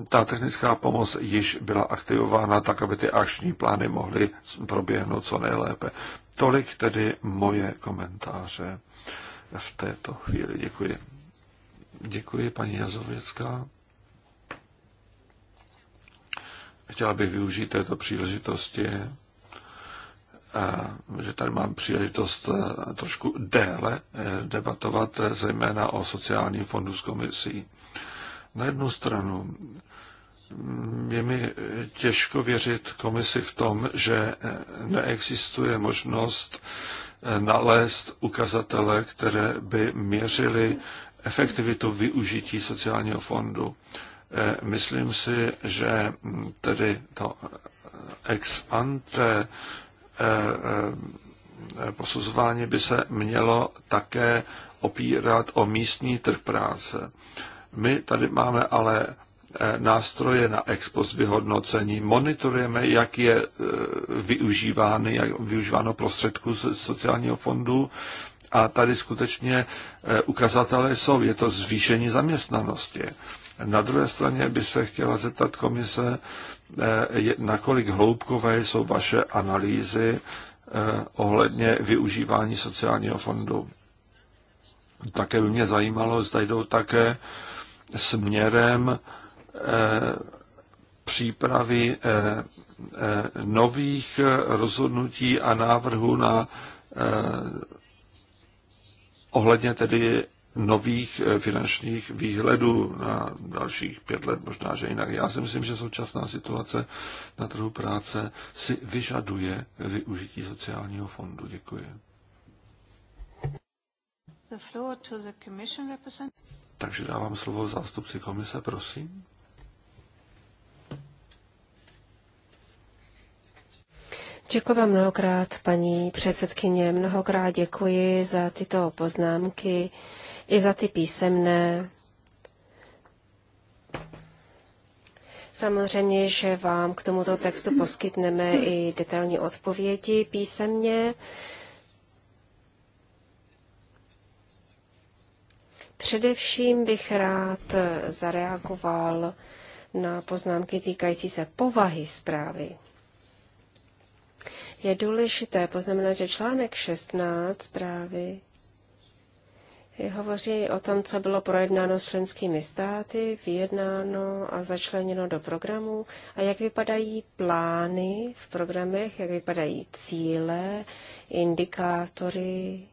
ta technická pomoc již byla aktivována tak, aby ty akční plány mohly proběhnout co nejlépe. Tolik tedy moje komentáře v této chvíli. Děkuji. Děkuji, paní Jazověcká. Chtěla bych využít této příležitosti, eh, že tady mám příležitost eh, trošku déle eh, debatovat, zejména o sociálním fondu s komisí. Na jednu stranu je mi těžko věřit komisi v tom, že neexistuje možnost nalézt ukazatele, které by měřily efektivitu využití sociálního fondu. Eh, myslím si, že tedy to ex ante eh, eh, posuzování by se mělo také opírat o místní trh práce. My tady máme ale eh, nástroje na expost vyhodnocení, monitorujeme, jak je eh, využívány, jak využíváno prostředku sociálního fondu a tady skutečně eh, ukazatele jsou, je to zvýšení zaměstnanosti. Na druhé straně by se chtěla zeptat komise, nakolik hloubkové jsou vaše analýzy ohledně využívání sociálního fondu. Také by mě zajímalo, zda jdou také směrem eh, přípravy eh, eh, nových rozhodnutí a návrhů na ohledně tedy nových finančních výhledů na dalších pět let, možná, že jinak. Já si myslím, že současná situace na trhu práce si vyžaduje využití sociálního fondu. Děkuji. Takže dávám slovo zástupci komise, prosím. Děkuji vám mnohokrát, paní předsedkyně. Mnohokrát děkuji za tyto poznámky i za ty písemné. Samozřejmě, že vám k tomuto textu poskytneme i detailní odpovědi písemně. Uh, Především bych rád eh, zareagoval na poznámky týkající se povahy zprávy. Je důležité poznamenat, že článek 16 zprávy hovoří o tom, co bylo projednáno s členskými státy, vyjednáno a začleněno do programu a jak vypadají plány v programech, jak vypadají cíle, indikátory,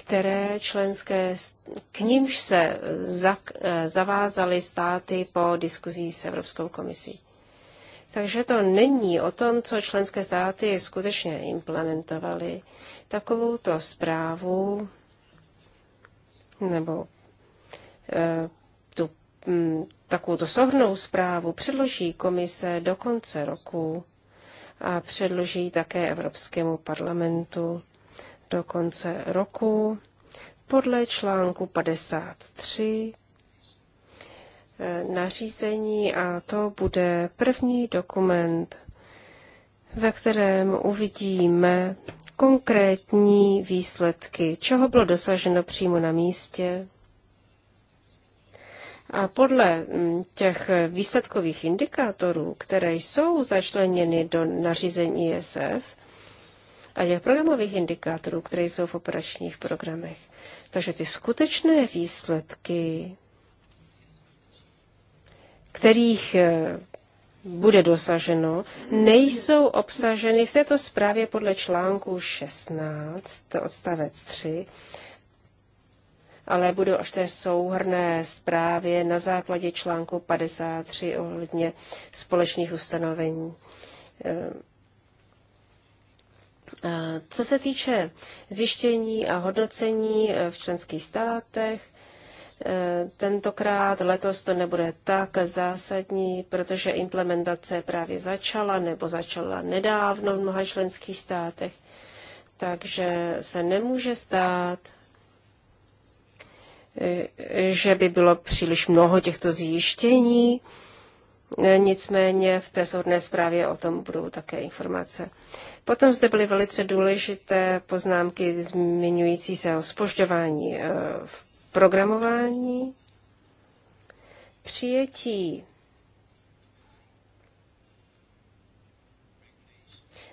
které členské, k nímž se eh, zavázaly státy po diskuzí s Evropskou komisí. Takže to není o tom, co členské státy skutečně implementovaly. to zprávu nebo eh, tu, hm, takovou to souhrnou zprávu předloží komise do konce roku a předloží také Evropskému parlamentu do konce roku podle článku 53 eh, nařízení a to bude první dokument, ve kterém uvidíme konkrétní výsledky, čeho bylo dosaženo přímo na místě. A podle mm, těch výsledkových indikátorů, které jsou začleněny do nařízení ISF, e a těch programových indikátorů, které jsou v operačních programech. Takže ty skutečné výsledky, kterých eh, bude dosaženo, nejsou obsaženy v této zprávě podle článku 16 odstavec 3, ale budou až té souhrné zprávě na základě článku 53 ohledně společných ustanovení eh, Eh, co se týče zjištění a hodnocení eh, v členských státech, eh, tentokrát letos to nebude tak zásadní, protože implementace právě začala nebo začala nedávno v mnoha členských státech, takže se nemůže stát, že by bylo příliš mnoho těchto zjištění. Nicméně v té soudné zprávě o tom budou také informace. Potom zde byly velice důležité poznámky zmiňující se o spožďování eh, v programování, přijetí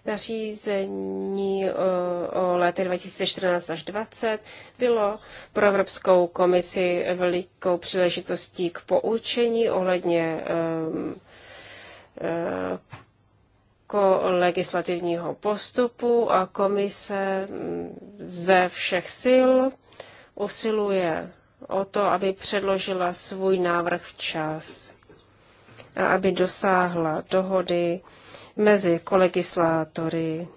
nařízení o, eh, o lety 2014 až 2020 bylo pro Evropskou komisi velikou příležitostí k poučení ohledně um, legislativního postupu a komise mm, ze všech sil usiluje o to, aby předložila svůj návrh včas a aby dosáhla dohody mezi kolegislátory,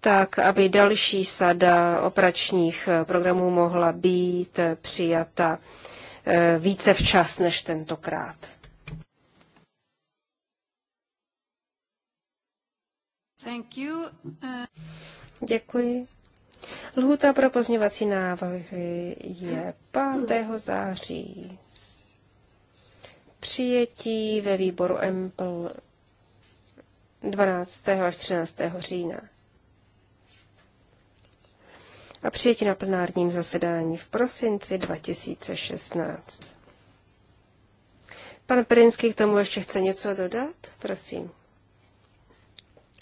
tak aby další sada operačních programů mohla být přijata eh, více včas než tentokrát. Thank you. Uh... Děkuji. Lhuta pro pozněvací návrhy je 5. září. Přijetí ve výboru EMPL 12. až 13. října. A přijetí na plenárním zasedání v prosinci 2016. Pan Prinsky k tomu ještě chce něco dodat? Prosím.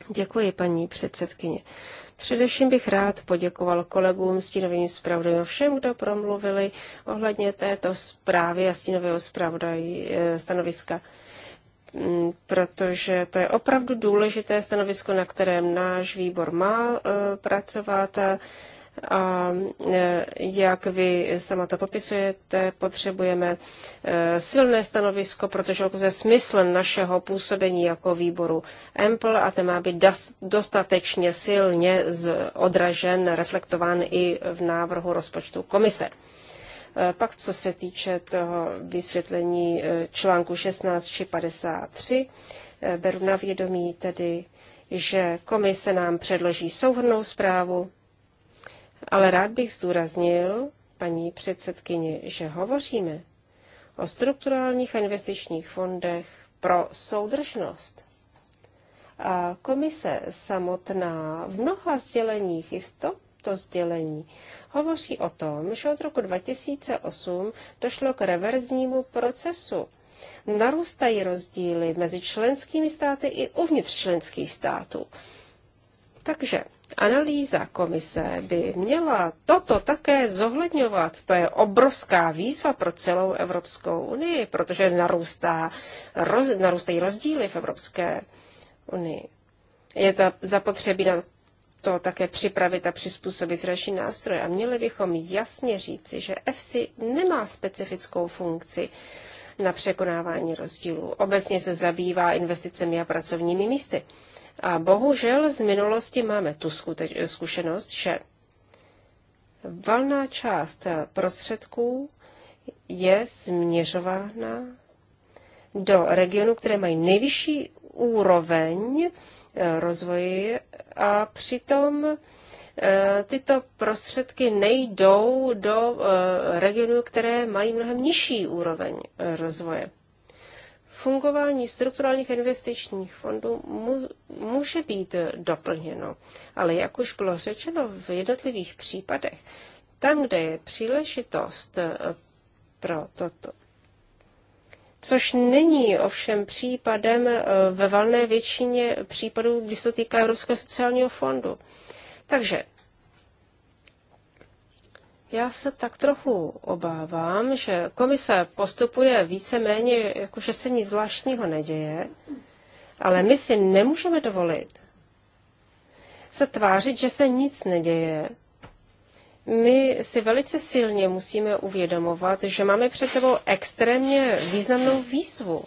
Děkuji, paní předsedkyně. Především bych rád poděkoval kolegům, stínovým zpravodajům, všem, kdo promluvili ohledně této zprávy a stínového zpravodaj eh, stanoviska mm, protože to je opravdu důležité stanovisko, na kterém náš výbor má eh, pracovat. a a e, jak vy sama to popisujete, potřebujeme e, silné stanovisko, protože je smyslem našeho působení jako výboru EMPL a ten má být dostatečně silně odražen, reflektován i v návrhu rozpočtu komise. E, pak co se týče toho vysvětlení článku 16 či 53, beru na vědomí tedy, že komise nám předloží souhrnou zprávu ale rád bych zdůraznil, paní předsedkyně, že hovoříme o strukturálních a investičních fondech pro soudržnost. A komise samotná v mnoha sděleních i v tomto sdělení hovoří o tom, že od roku 2008 došlo k reverznímu procesu. Narůstají rozdíly mezi členskými státy i uvnitř členských států. Takže Analýza komise by měla toto také zohledňovat. To je obrovská výzva pro celou Evropskou unii, protože narůstá, roz, narůstají rozdíly v Evropské unii. Je ta zapotřebí na to také připravit a přizpůsobit další nástroje. A měli bychom jasně říci, že EFSI nemá specifickou funkci na překonávání rozdílů. Obecně se zabývá investicemi a pracovními místy. A bohužel z minulosti máme tu zkušenost, že valná část prostředků je směřována do regionů, které mají nejvyšší úroveň eh, rozvoji a přitom eh, tyto prostředky nejdou do eh, regionů, které mají mnohem nižší úroveň rozvoje. Fungování strukturálních investičních fondů může být doplněno, ale jak už bylo řečeno v jednotlivých případech, tam, kde je příležitost eh, pro toto, což není ovšem případem eh, ve valné většině případů, kdy se to týká Evropského sociálního fondu. Takže já se tak trochu obávám, že komise postupuje víceméně, jako že se nic zvláštního neděje, ale my si nemůžeme dovolit se tvářit, že se nic neděje. My si velice silně musíme uvědomovat, že máme před sebou extrémně významnou výzvu.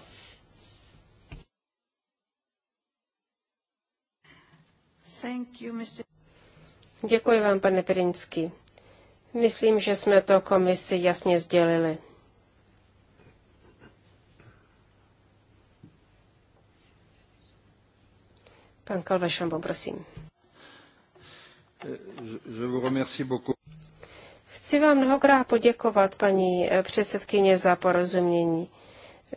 Děkuji vám, pane Pirinsky. Myslím, že jsme to komisi jasně sdělili. Pan Kalvešambon, prosím. Chci vám mnohokrát poděkovat, paní eh, předsedkyně, za porozumění.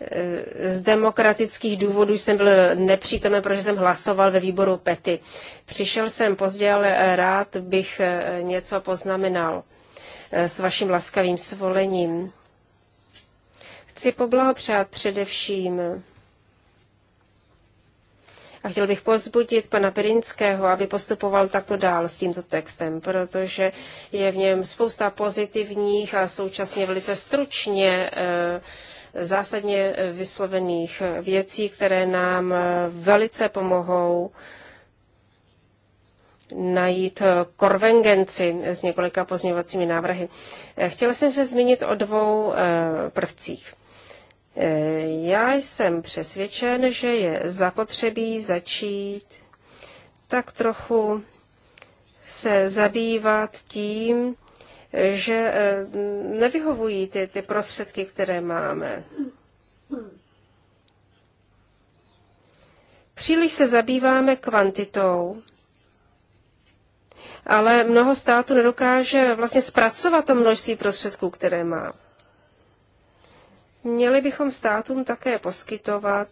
Eh, z demokratických důvodů jsem byl nepřítomen, protože jsem hlasoval ve výboru PETY. Přišel jsem pozdě, ale rád bych eh, něco poznamenal. Eh, s vaším laskavým svolením. Chci poblahopřát především a chtěl bych pozbudit pana Perinského, aby postupoval takto dál s tímto textem, protože je v něm spousta pozitivních a současně velice stručně eh, zásadně vyslovených věcí, které nám eh, velice pomohou najít eh, korvengenci s několika pozměňovacími návrhy. Eh, chtěla jsem se zmínit o dvou eh, prvcích. Já jsem přesvědčen, že je zapotřebí začít tak trochu se zabývat tím, že nevyhovují ty, ty prostředky, které máme. Příliš se zabýváme kvantitou ale mnoho států nedokáže vlastně zpracovat to množství prostředků, které má. Měli bychom státům také poskytovat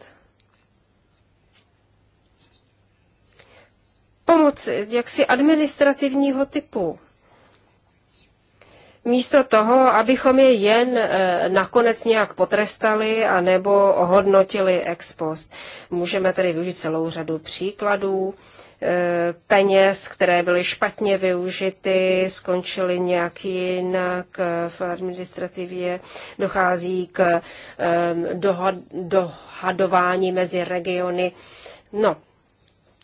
pomoc jaksi administrativního typu. Místo toho, abychom je jen e, nakonec nějak potrestali a nebo ohodnotili ex post. Můžeme tedy využít celou řadu příkladů peněz, které byly špatně využity, skončily nějak jinak v administrativě. Dochází k eh, dohadování mezi regiony. No,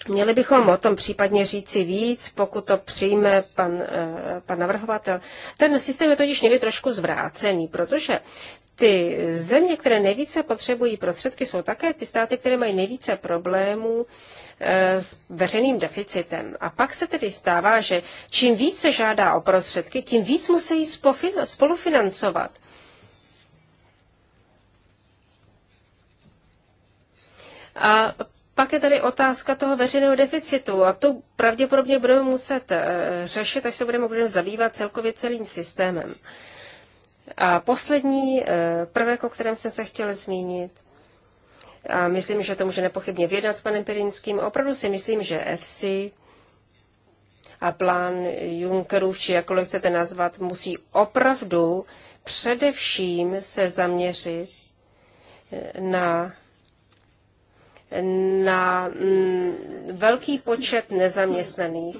Měli bychom o tom případně říci víc, pokud to přijme pan, eh, pan navrhovatel. Ten systém je totiž někdy trošku zvrácený, protože ty země, které nejvíce potřebují prostředky, jsou také ty státy, které mají nejvíce problémů eh, s veřejným deficitem. A pak se tedy stává, že čím více žádá o prostředky, tím víc musí spolufinancovat. A pak je tady otázka toho veřejného deficitu a to pravděpodobně budeme muset eh, řešit, až se budeme budeme zabývat celkově celým systémem. A poslední eh, prvek, o kterém jsem se chtěla zmínit, a myslím, že to může nepochybně vědět s panem Pirinským, opravdu si myslím, že FC a plán Junckerův, či jakkoliv chcete nazvat, musí opravdu především se zaměřit eh, na na mm, velký počet nezaměstnaných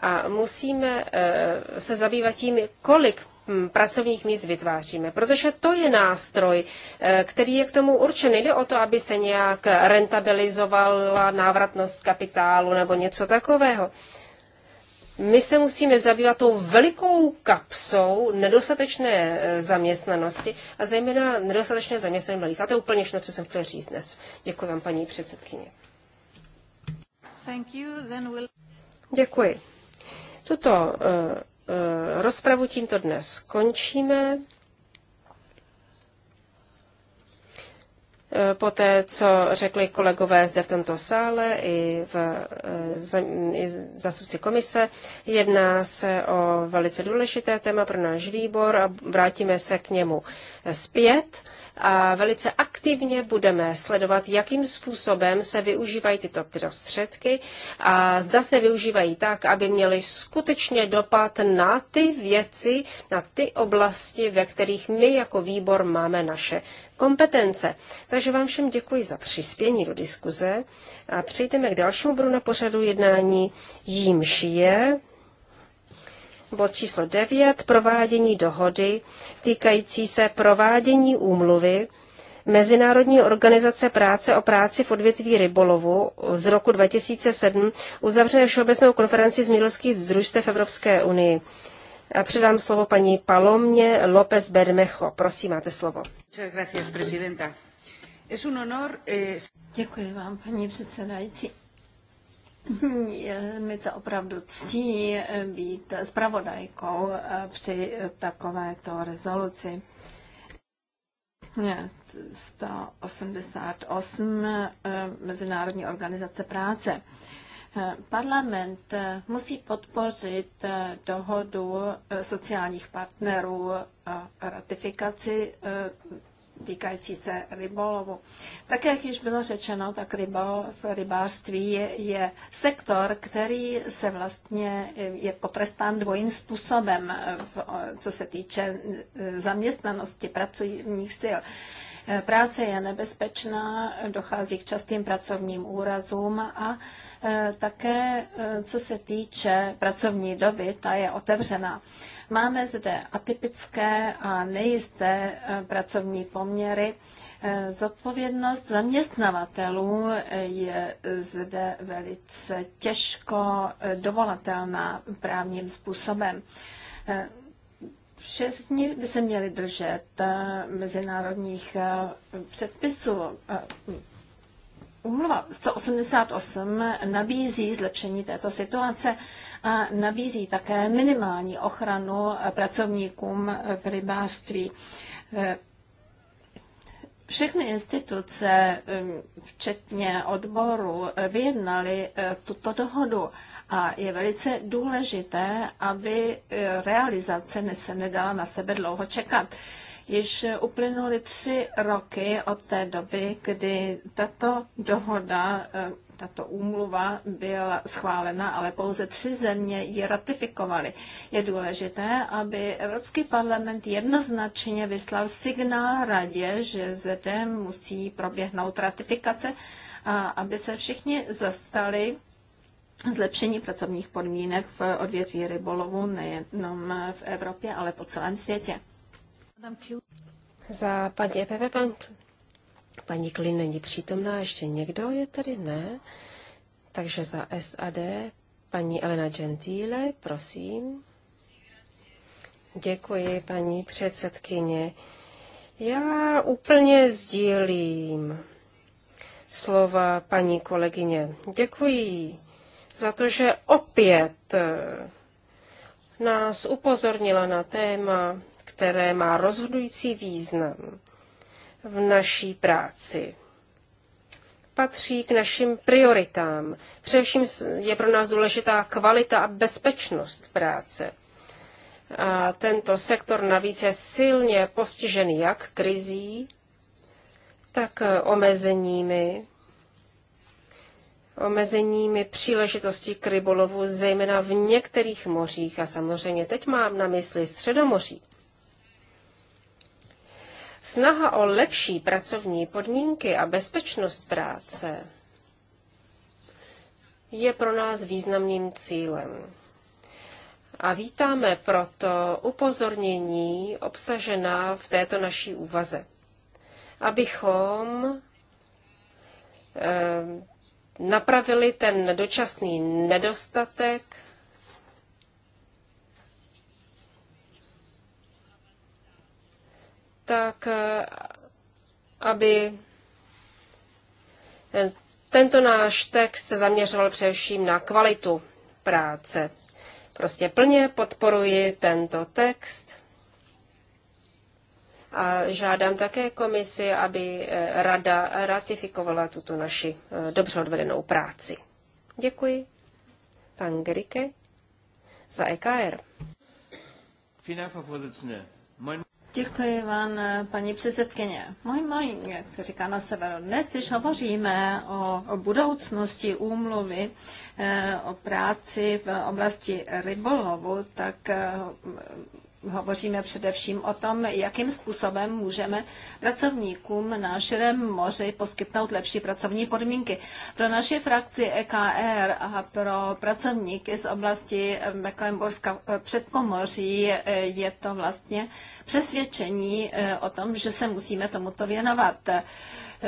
a musíme eh, se zabývat tím, kolik mm, pracovních míst vytváříme, protože to je nástroj, eh, který je k tomu určen. Jde o to, aby se nějak rentabilizovala návratnost kapitálu nebo něco takového my se musíme zabývat tou velikou kapsou nedostatečné e, zaměstnanosti a zejména nedostatečné zaměstnanosti mladých. A to je úplně všechno, co jsem chtěl říct dnes. Děkuji vám, paní předsedkyně. Thank you. Then we'll... Děkuji. Tuto uh, uh, rozpravu tímto dnes končíme. Eh, po té, co řekli kolegové zde v tomto sále i, v, eh, i zastupci komise. Jedná se o velice důležité téma pro náš výbor a vrátíme se k němu zpět a velice aktivně budeme sledovat, jakým způsobem se využívají tyto prostředky a zda se využívají tak, aby měly skutečně dopad na ty věci, na ty oblasti, ve kterých my jako výbor máme naše kompetence. Takže vám všem děkuji za přispění do diskuze a přejdeme k dalšímu bodu na pořadu jednání, jímž je Bod číslo 9. Provádění dohody týkající se provádění úmluvy Mezinárodní organizace práce o práci v odvětví rybolovu z roku 2007 uzavřené Všeobecnou konferenci zemědělských družstev Evropské unii. A předám slovo paní Palomě López Bermecho. Prosím, máte slovo. Eh, Děkuji vám, paní předsedající. Je mi to opravdu ctí eh, být zpravodajkou eh, při takovéto rezoluci. 188 eh, Mezinárodní organizace práce. Parlament musí podpořit dohodu sociálních partnerů ratifikaci týkající se rybolovu. Tak, jak již bylo řečeno, tak v rybářství je, je sektor, který se vlastně je potrestán dvojím způsobem, co se týče e, zaměstnanosti pracovních sil. E, práce je nebezpečná, dochází k častým pracovním úrazům a e, také, co se týče pracovní doby, ta je otevřená. Máme zde atypické a nejisté eh, pracovní poměry. Eh, zodpovědnost zaměstnavatelů eh, je zde velice těžko dovolatelná právním způsobem. Všichni by se měli držet mezinárodních předpisů Úmluva 188 nabízí zlepšení této situace a nabízí také minimální ochranu pracovníkům v rybářství. Všechny instituce, um, včetně odboru, vyjednali uh, tuto dohodu a je velice důležité, aby uh, realizace se nedala na sebe dlouho čekat. Již uplynuly tři roky od té doby, kdy tato dohoda, eh, tato úmluva byla schválena, ale pouze tři země ji ratifikovaly. Je důležité, aby Evropský parlament jednoznačně vyslal signál radě, že zde musí proběhnout ratifikace a aby se všichni zastali zlepšení pracovních podmínek v odvětví rybolovu nejenom v Evropě, ale po celém světě. Za paní EPP, pan, paní Klin není přítomná, ještě někdo je tady? Ne. Takže za SAD, paní Elena Gentile, prosím. Děkuji, paní předsedkyně. Já úplně sdílím slova paní kolegyně. Děkuji za to, že opět eh, nás upozornila na téma, které má rozhodující význam v naší práci. Patří k našim prioritám. Především je pro nás důležitá kvalita a bezpečnost práce. A tento sektor navíc je silně postižen jak krizí, tak eh, omezeními, omezeními příležitostí k rybolovu, zejména v některých mořích. A samozřejmě teď mám na mysli Středomoří. Snaha o lepší pracovní podmínky a bezpečnost práce je pro nás významným cílem. A vítáme proto upozornění obsažená v této naší úvaze, abychom eh, napravili ten dočasný nedostatek tak eh, aby tento náš text se zaměřoval především na kvalitu práce. Prostě plně podporuji tento text a žádám také komisi, aby eh, rada ratifikovala tuto naši eh, dobře odvedenou práci. Děkuji. Pan Gerike za EKR. Děkuji vám, paní předsedkyně. Moj, moj, jak se říká na severu, dnes, když hovoříme o, o budoucnosti úmluvy, eh, o práci v oblasti rybolovu, tak eh, hovoříme především o tom, jakým způsobem můžeme pracovníkům na širém moři poskytnout lepší pracovní podmínky. Pro naši frakci EKR a pro pracovníky z oblasti Mecklenburska předpomoří eh, je to vlastně přesvědčení eh, o tom, že se musíme tomuto věnovat.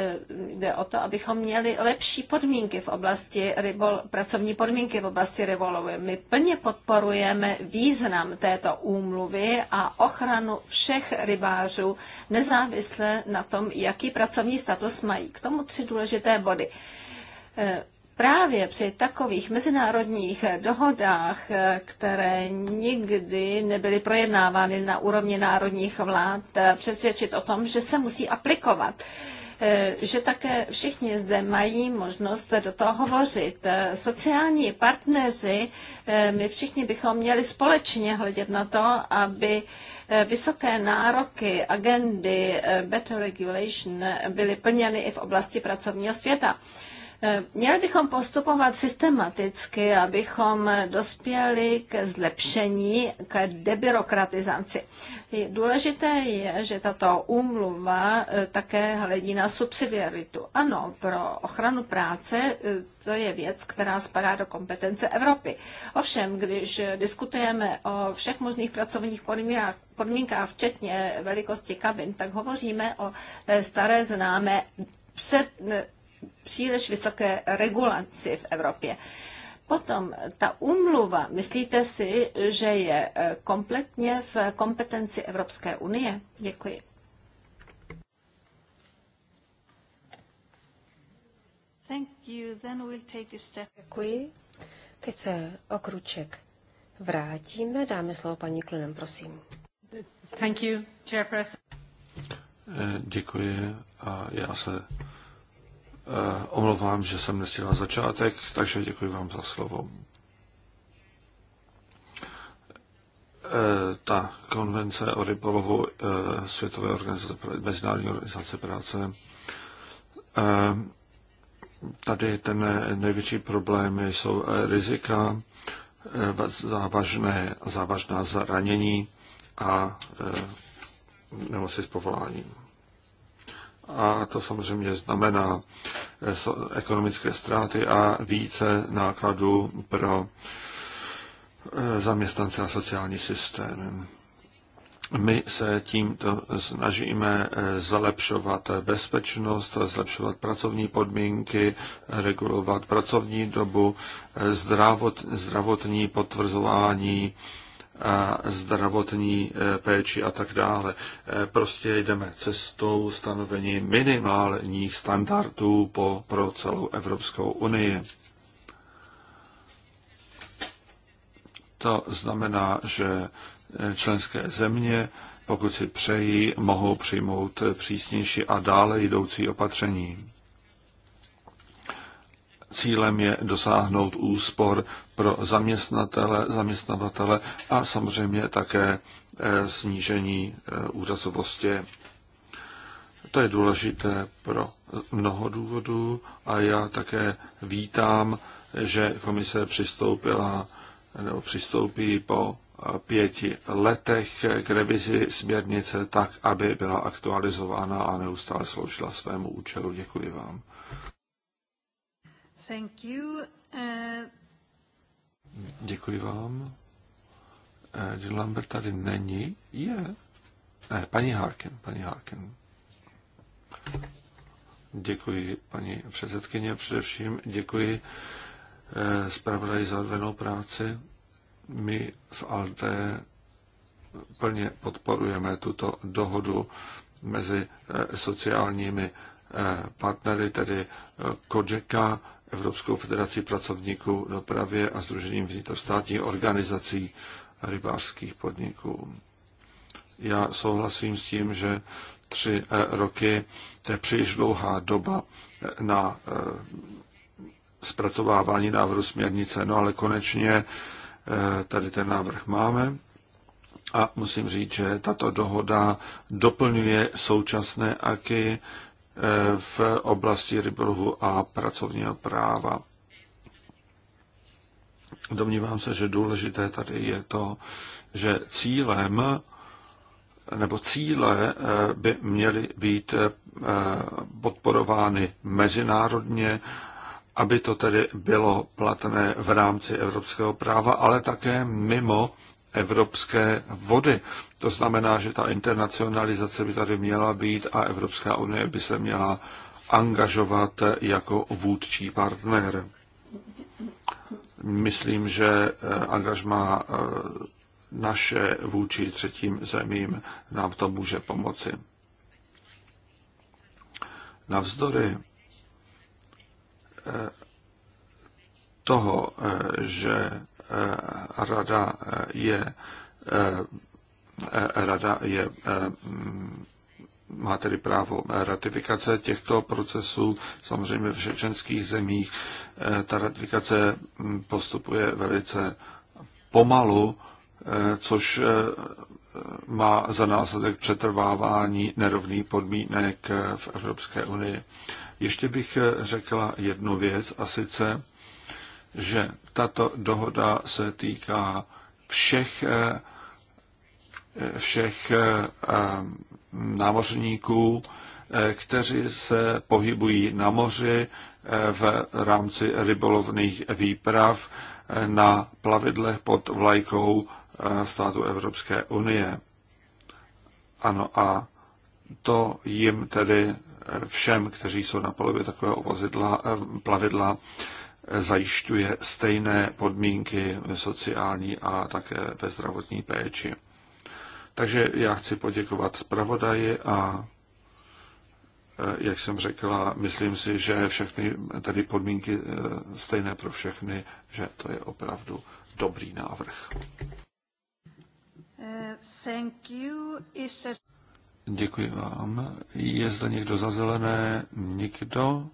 Eh, jde o to, abychom měli lepší podmínky v oblasti rybol, pracovní podmínky v oblasti rybolovu. My plně podporujeme význam této úmluvy a ochranu všech rybářů nezávisle na tom, jaký pracovní status mají. K tomu tři důležité body. Eh, právě při takových mezinárodních dohodách, eh, které nikdy nebyly projednávány na úrovni národních vlád, přesvědčit o tom, že se musí aplikovat Eh, že také všichni zde mají možnost do toho hovořit. Eh, sociální partneři, eh, my všichni bychom měli společně hledět na to, aby vysoké nároky agendy Better Regulation byly plněny i v oblasti pracovního světa. Eh, měli bychom postupovat systematicky, abychom dospěli k zlepšení, k debirokratizaci. Důležité je, že tato úmluva eh, také hledí na subsidiaritu. Ano, pro ochranu práce eh, to je věc, která spadá do kompetence Evropy. Ovšem, když diskutujeme o všech možných pracovních podmínkách, podmínkách, včetně velikosti kabin, tak hovoříme o staré známé před, příliš vysoké regulaci v Evropě. Potom ta umluva. myslíte si, že je eh, kompletně v kompetenci Evropské unie? Děkuji. Thank you. Then we'll take a step. Děkuji. Teď se o kruček vrátíme. Dáme slovo paní Klunem, prosím. Thank you, Chairperson. Eh, děkuji a já se Eh, omlouvám, že jsem na začátek, takže děkuji vám za slovo. Eh, ta konvence o rybolovu eh, Světové organizace, Mezinárodní organizace práce, tady ten největší problém jsou rizika, závažné, závažná zranění a nemoci s povoláním a to samozřejmě znamená eh, ekonomické ztráty a více nákladů pro eh, zaměstnance a sociální systém. My se tímto snažíme eh, zlepšovat bezpečnost, zlepšovat pracovní podmínky, regulovat pracovní dobu, zdravot, zdravotní potvrzování a zdravotní eh, péči a tak dále. Eh, prostě jdeme cestou stanovení minimálních standardů po, pro celou Evropskou unii. To znamená, že eh, členské země, pokud si přejí, mohou přijmout přísnější a dále jdoucí opatření. Cílem je dosáhnout úspor pro zaměstnatele, zaměstnavatele a samozřejmě také eh, snížení eh, úrazovosti. To je důležité pro mnoho důvodů a já také vítám, že komise přistoupila nebo přistoupí po eh, pěti letech k revizi směrnice tak, aby byla aktualizována a neustále sloužila svému účelu. Děkuji vám. Thank you. Uh, děkuji vám. Eh, Jill Lambert tady není. Je. Ne, paní Harkin, paní Harkin. Děkuji, paní předsedkyně. Především děkuji eh, zpravodaji za odvenou práci. My v ALDE plně podporujeme tuto dohodu mezi eh, sociálními partnery, tedy Kodžeka, Evropskou federací pracovníků dopravě a Združením vnitrostátních organizací rybářských podniků. Já souhlasím s tím, že tři eh, roky to je příliš dlouhá doba eh, na eh, zpracovávání návrhu směrnice. No ale konečně tady ten návrh máme a musím říct, že tato dohoda doplňuje současné aky v oblasti rybolovu a pracovního práva. Domnívám se, že důležité tady je to, že cílem nebo cíle eh, by měly být eh, podporovány mezinárodně, aby to tedy bylo platné v rámci evropského práva, ale také mimo evropské vody. To znamená, že ta internacionalizace by tady měla být a Evropská unie by se měla angažovat jako vůdčí partner. Myslím, že eh, angažma eh, naše vůči třetím zemím nám v tom může pomoci. Navzdory eh, toho, že Eh, rada je, eh, eh, rada je má tedy právo ratifikace těchto procesů, samozřejmě v čečenských zemích. Ta ratifikace hm, postupuje velice pomalu, což má za následek přetrvávání nerovných podmínek v Evropské unii. Ještě bych řekla jednu věc, a sice že tato dohoda se týká všech, eh, všech eh, eh, námořníků, kteří se pohybují na moři v rámci rybolovných výprav na plavidlech pod vlajkou státu Evropské unie. Ano a to jim tedy všem, kteří jsou na polově takového vozidla, plavidla, zajišťuje stejné podmínky sociální a také ve zdravotní péči. Takže já chci poděkovat zpravodaji a e, jak jsem řekla, myslím si, že všechny tady podmínky e, stejné pro všechny, že to je opravdu dobrý návrh. Uh, thank you. Is Děkuji vám. Je zde někdo za zelené? Nikdo.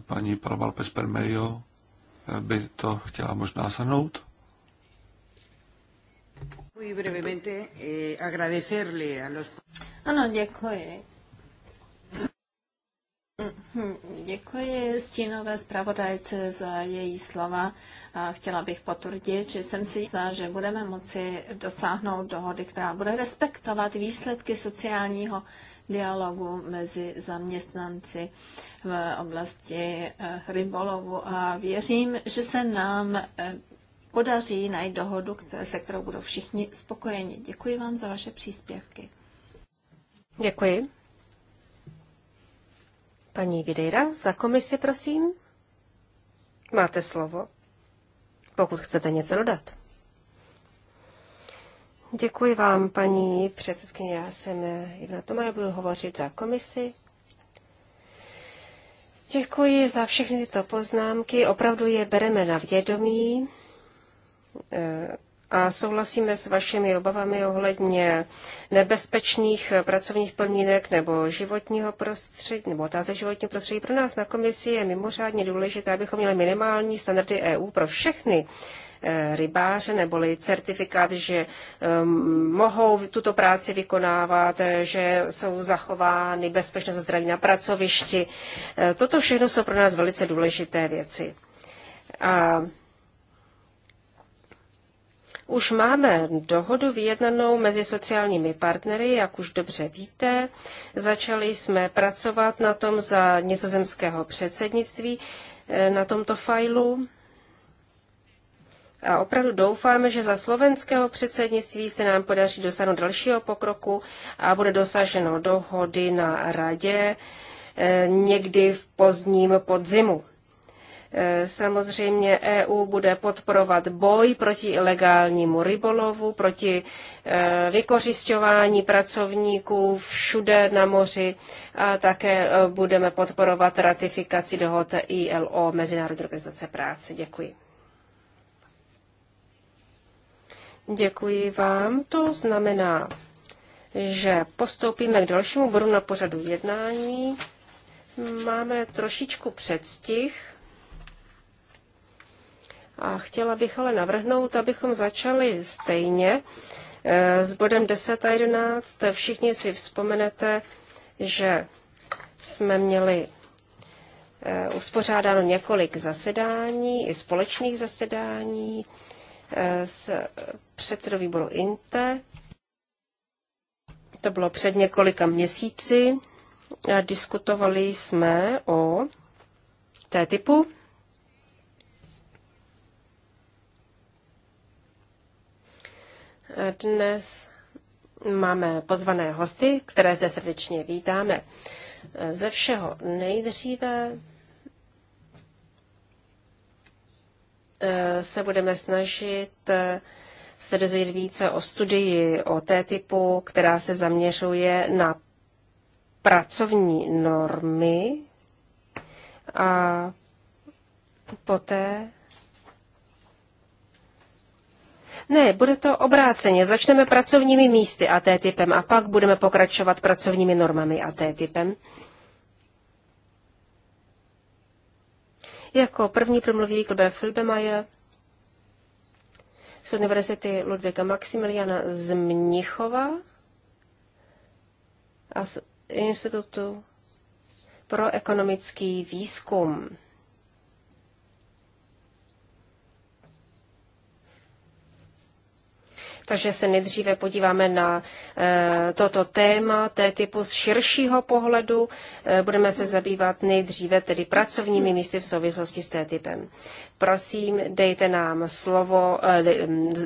Paní Palval Pespermejo by to chtěla možná shrnout. Eh, ano, děkuji. Mhm, děkuji stínové zpravodajce za její slova a chtěla bych potvrdit, že jsem si jistá, že budeme moci dosáhnout dohody, která bude respektovat výsledky sociálního dialogu mezi zaměstnanci v oblasti eh, rybolovu a věřím, že se nám eh, podaří najít dohodu, se kterou budou všichni spokojeni. Děkuji vám za vaše příspěvky. Děkuji. Paní Videra, za komisi, prosím. Máte slovo, pokud chcete něco dodat. Děkuji vám, paní předsedkyně. Já jsem Ivna Tomá, budu hovořit za komisi. Děkuji za všechny tyto poznámky. Opravdu je bereme na vědomí eh, a souhlasíme s vašimi obavami ohledně nebezpečných pracovních podmínek nebo životního prostředí, nebo otázek životního prostředí. Pro nás na komisi je mimořádně důležité, abychom měli minimální standardy EU pro všechny Eh, rybáře neboli certifikát, že ehm, mohou tuto práci vykonávat, eh, že jsou zachovány bezpečnost a zdraví na pracovišti. Eh, toto všechno jsou pro nás velice důležité věci. A už máme dohodu vyjednanou mezi sociálními partnery, jak už dobře víte. Začali jsme pracovat na tom za nizozemského předsednictví na tomto fajlu. A opravdu doufáme, že za slovenského předsednictví se nám podaří dosáhnout dalšího pokroku a bude dosaženo dohody na radě eh, někdy v pozdním podzimu. Eh, samozřejmě EU bude podporovat boj proti ilegálnímu rybolovu, proti eh, vykořišťování pracovníků všude na moři a také budeme podporovat ratifikaci dohod ILO e Mezinárodní organizace práce. Děkuji. Děkuji vám. To znamená, že postoupíme k dalšímu bodu na pořadu jednání. Máme trošičku předstih. A chtěla bych ale navrhnout, abychom začali stejně eh, s bodem 10 a 11. Všichni si vzpomenete, že jsme měli eh, uspořádáno několik zasedání, i společných zasedání Eh, s předsedou výboru INTE. To bylo před několika měsíci. Diskutovali jsme o té typu. Dnes máme pozvané hosty, které zde srdečně vítáme. Eh, ze všeho nejdříve Eh, se budeme snažit eh, se dozvědět více o studii, o té typu, která se zaměřuje na pracovní normy a poté ne, bude to obráceně. Začneme pracovními místy a té typem a pak budeme pokračovat pracovními normami a té typem. Jako první promluví Klbe Filbemaje z Univerzity Ludvíka Maximiliana z Mnichova a z Institutu pro ekonomický výzkum. Takže se nejdříve podíváme na eh, toto téma, té typu z širšího pohledu. Eh, budeme se zabývat nejdříve tedy pracovními místy v souvislosti s té typem. Prosím, dejte nám slovo, eh,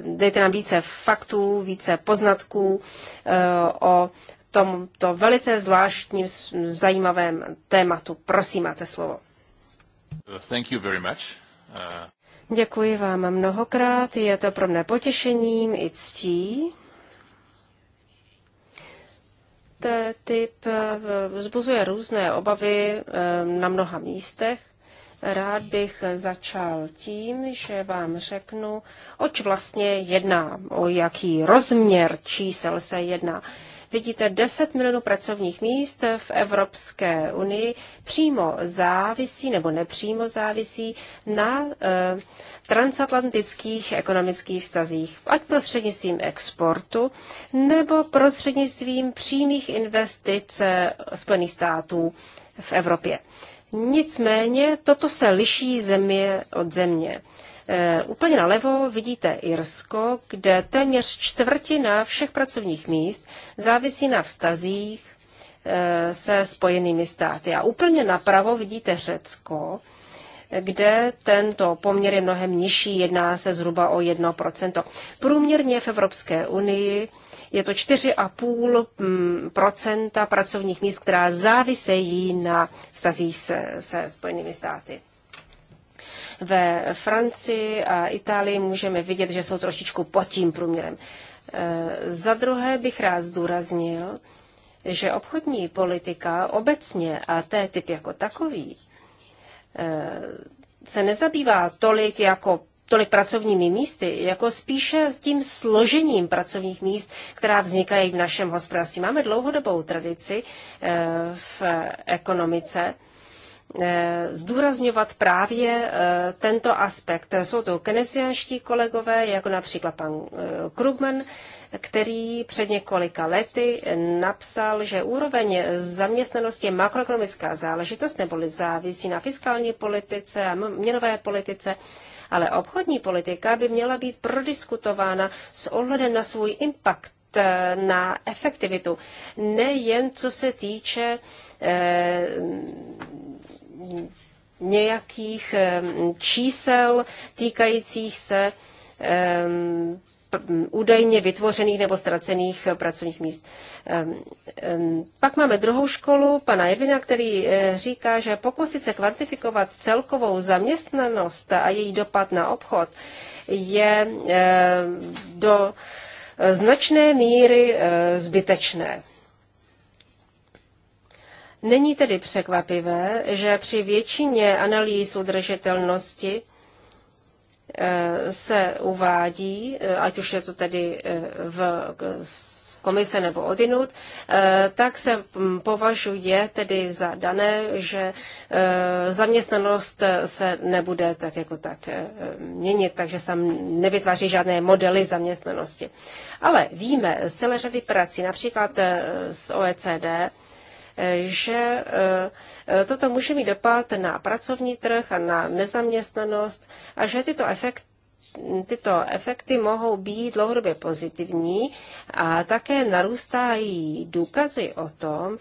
dejte nám více faktů, více poznatků o tomto velice zvláštním zajímavém tématu. Prosím, máte slovo. Thank you very much. Uh... Děkuji vám mnohokrát, je to pro mne potěšením i ctí. Ten typ eh, vzbuzuje různé obavy eh, na mnoha místech. Rád bych začal tím, že vám řeknu, oč vlastně jedná, o jaký rozměr čísel se jedná. Vidíte, 10 milionů pracovních míst v Evropské unii přímo závisí nebo nepřímo závisí na eh, transatlantických ekonomických vztazích, ať prostřednictvím exportu nebo prostřednictvím přímých investic eh, Spojených států v Evropě. Nicméně toto se liší země od země. Eh, úplně nalevo vidíte Irsko, kde téměř čtvrtina všech pracovních míst závisí na vztazích eh, se spojenými státy. A úplně napravo vidíte Řecko, kde tento poměr je mnohem nižší, jedná se zhruba o 1%. Průměrně v Evropské unii je to 4,5% mm, pracovních míst, která závisejí na vztazích se, se Spojenými státy. Ve Francii a Itálii můžeme vidět, že jsou trošičku pod tím průměrem. E, za druhé bych rád zdůraznil, že obchodní politika obecně a té typ jako takový e, se nezabývá tolik jako tolik pracovními místy, jako spíše s tím složením pracovních míst, která vznikají v našem hospodářství. Máme dlouhodobou tradici e, v ekonomice, Eh, zdůrazňovat právě eh, tento aspekt. Jsou to kenezianští kolegové, jako například pan eh, Krugman, který před několika lety napsal, že úroveň zaměstnanosti je makroekonomická záležitost neboli závisí na fiskální politice a měnové politice, ale obchodní politika by měla být prodiskutována s ohledem na svůj impact na efektivitu. Nejen co se týče eh, nějakých čísel týkajících se údajně vytvořených nebo ztracených eh, pracovních míst. Pak máme druhou školu pana Evina, který eh, říká, že pokusit se kvantifikovat celkovou zaměstnanost a její dopad na obchod je eh, do značné míry zbytečné. Není tedy překvapivé, že při většině analýz udržitelnosti eh, se uvádí, eh, ať už je to tedy eh, v komise nebo odinut, tak se mm, považuje tedy za dané, že zaměstnanost se nebude tak jako tak měnit, takže se nevytváří žádné modely zaměstnanosti. Ale víme z celé řady prací, například z OECD, že eh, toto může mít dopad na pracovní trh a na nezaměstnanost a že tyto efekty tyto efekty mohou být dlouhodobě pozitivní a také narůstají důkazy o tom,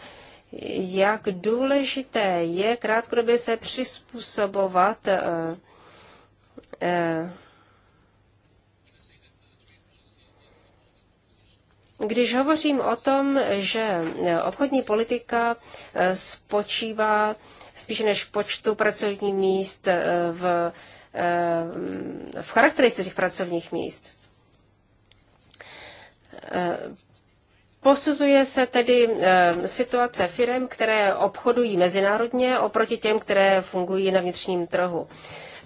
jak důležité je krátkodobě se přizpůsobovat eh, eh, Když hovořím o tom, že obchodní politika eh, spočívá spíše než v počtu pracovních míst, eh, v, eh, v charakteristických těch pracovních míst, Posuzuje se tedy situace firm, které obchodují mezinárodně oproti těm, které fungují na vnitřním trhu.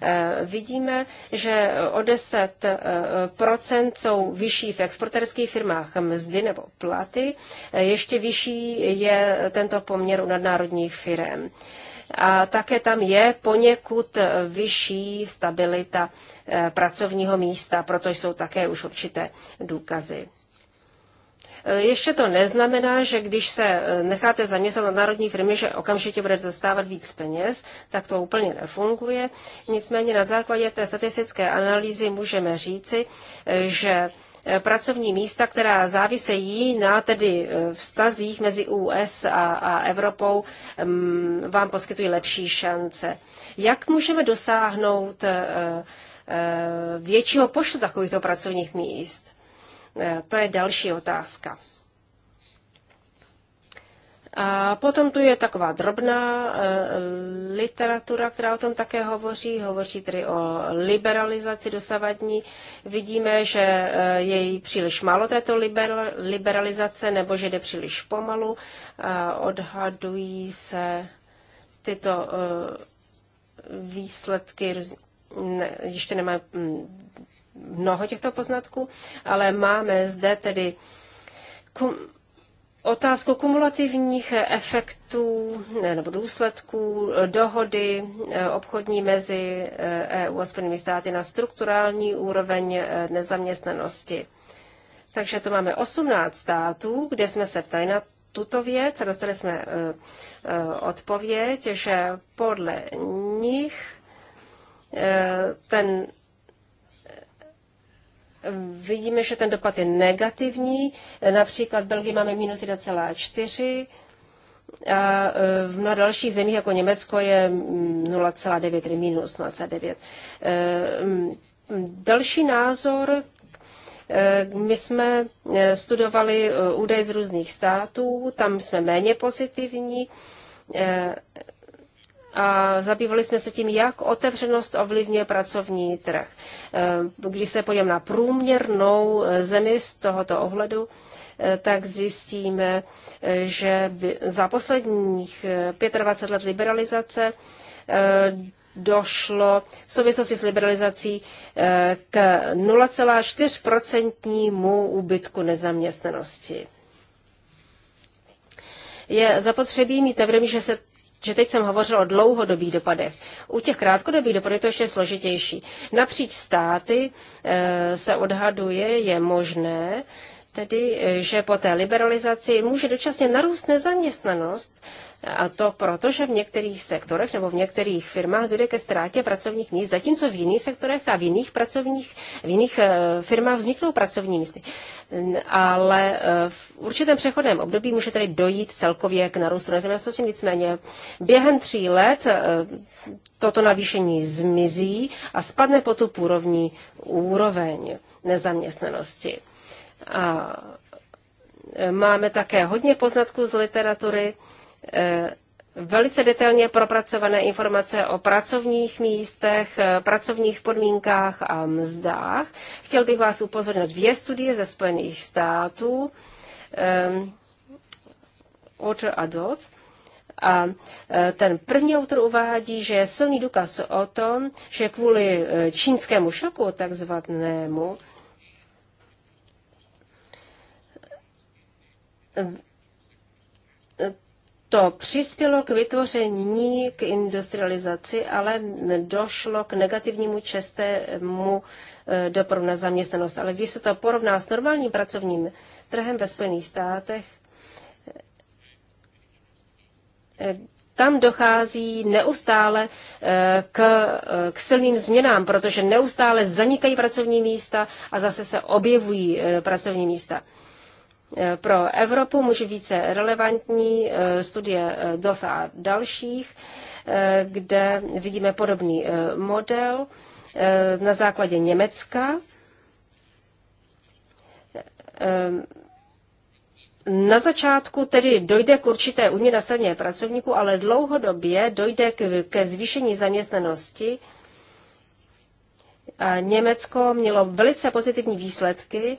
Eh, vidíme, že o 10 eh, jsou vyšší v exporterských firmách mzdy nebo platy, eh, ještě vyšší je tento poměr u nadnárodních firm. A také tam je poněkud vyšší stabilita pracovního místa, protože jsou také už určité důkazy. Eh, ještě to neznamená, že když se eh, necháte zaměstnat na národní firmě, že okamžitě budete dostávat víc peněz, tak to úplně nefunguje. Nicméně na základě té statistické analýzy můžeme říci, eh, že pracovní místa, která závisejí na tedy vztazích mezi US a, a Evropou, mm, vám poskytují lepší šance. Jak můžeme dosáhnout většího počtu takovýchto pracovních míst? Eh, to je další otázka. A potom tu je taková drobná eh, literatura, která o tom také hovoří. Hovoří tedy o liberalizaci dosavadní. Vidíme, že eh, je jí příliš málo této liberalizace, nebo že jde příliš pomalu. Odhadují se tyto výsledky, ne, ještě nemáme mnoho těchto poznatků, ale máme zde tedy kum, otázku kumulativních efektů nebo důsledků dohody eh, obchodní mezi EU eh, e a Spojenými státy na strukturální úroveň eh, nezaměstnanosti. Takže to máme 18 států, kde jsme se ptali na tuto věc a dostali jsme odpověď, že podle nich ten Vidíme, že ten dopad je negativní. Například v Belgii máme minus 1,4 a e, v mnoha dalších zemích, jako Německo, je 0,9, tedy minus 0,9. E, další názor, e, my jsme studovali údaje z různých států, tam jsme méně pozitivní zabývali jsme se tím, jak otevřenost ovlivňuje pracovní trh. Eh, když se podívám na průměrnou eh, zemi z tohoto ohledu, eh, tak zjistíme, že za posledních 25 let liberalizace došlo v souvislosti s liberalizací k 0,4% úbytku nezaměstnanosti. Je zapotřebí mít na vědomí, že se že teď jsem hovořil o dlouhodobých dopadech. U těch krátkodobých dopadů je to ještě složitější. Napříč státy eh, se odhaduje, je možné, tedy že po té liberalizaci může dočasně narůst nezaměstnanost, a to proto, že v některých sektorech nebo v některých firmách dojde ke ztrátě pracovních míst, zatímco v jiných sektorech a v jiných pracovních, v jiných eh, firmách vzniknou pracovní místy. Ale eh, v určitém přechodném období může tedy dojít celkově k narůstu nezaměstnanosti. Nicméně během tří let eh, toto navýšení zmizí a spadne po tu půrovní úroveň nezaměstnanosti. A e, máme také hodně poznatků z literatury, e, velice detailně propracované informace o pracovních místech, e, pracovních podmínkách a mzdách. Chtěl bych vás upozornit dvě studie ze Spojených států, um, a Dot. A ten první autor uvádí, že je silný důkaz o tom, že kvůli čínskému šoku takzvanému to přispělo k vytvoření, k industrializaci, ale došlo k negativnímu čestému eh, dopadu na zaměstnanost. Ale když se to porovná s normálním pracovním trhem ve Spojených státech, eh, tam dochází neustále eh, k, k silným změnám, protože neustále zanikají pracovní místa a zase se objevují pracovní místa. Eh, pro Evropu může více relevantní eh, studie eh, DOS a dalších, kde vidíme podobný model na základě Německa. Na začátku tedy dojde k určité úmě na pracovníků, ale dlouhodobě dojde ke zvýšení zaměstnanosti. A Německo mělo velice pozitivní výsledky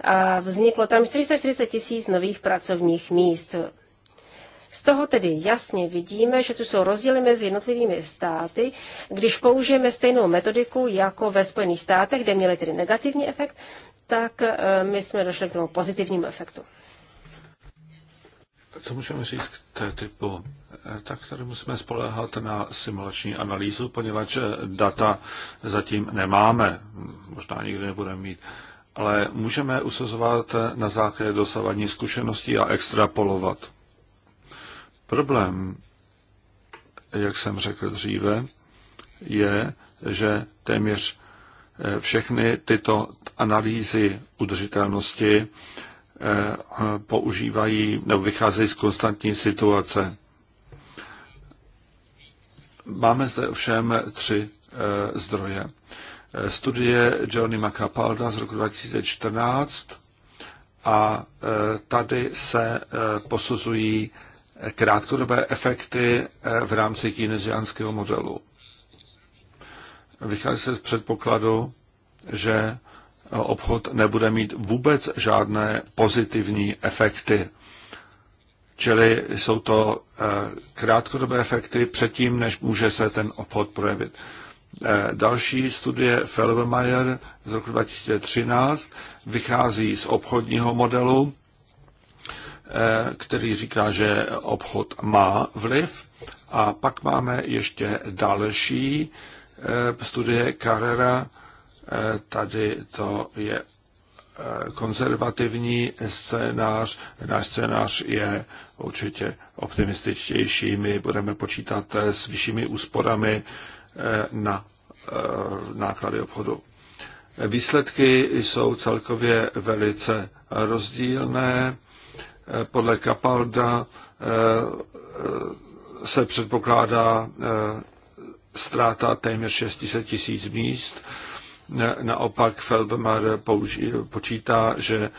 a vzniklo tam 440 tisíc nových pracovních míst. Z toho tedy jasně vidíme, že tu jsou rozdíly mezi jednotlivými státy, když použijeme stejnou metodiku jako ve Spojených státech, kde měli tedy negativní efekt, tak e, my jsme došli k tomu pozitivnímu efektu. Co můžeme říct k té typu? E, tak tady musíme spoléhat na simulační analýzu, poněvadž e, data zatím nemáme. Možná nikdy nebudeme mít ale můžeme usuzovat na základě dosavadní zkušenosti a extrapolovat. Problém, jak jsem řekl dříve, je, že téměř eh, všechny tyto analýzy udržitelnosti eh, používají nebo vycházejí z konstantní situace. Máme zde ovšem tři eh, zdroje. Eh, studie Johnny Macapalda z roku 2014 a eh, tady se eh, posuzují krátkodobé efekty v rámci kinesiánského modelu. Vychází se z předpokladu, že obchod nebude mít vůbec žádné pozitivní efekty. Čili jsou to krátkodobé efekty předtím, než může se ten obchod projevit. Eh, další studie Felbermayer z roku 2013 vychází z obchodního modelu, eh, který říká, že obchod má vliv. A pak máme ještě další eh, studie Carrera, tady to je konzervativní scénář. Náš scénář je určitě optimističtější. My budeme počítat s vyššími úsporami Eh, na eh, náklady obchodu. Výsledky jsou celkově velice rozdílné. Eh, podle Kapalda se předpokládá ztráta téměř 600 tisíc míst. Naopak Felbemar počítá, že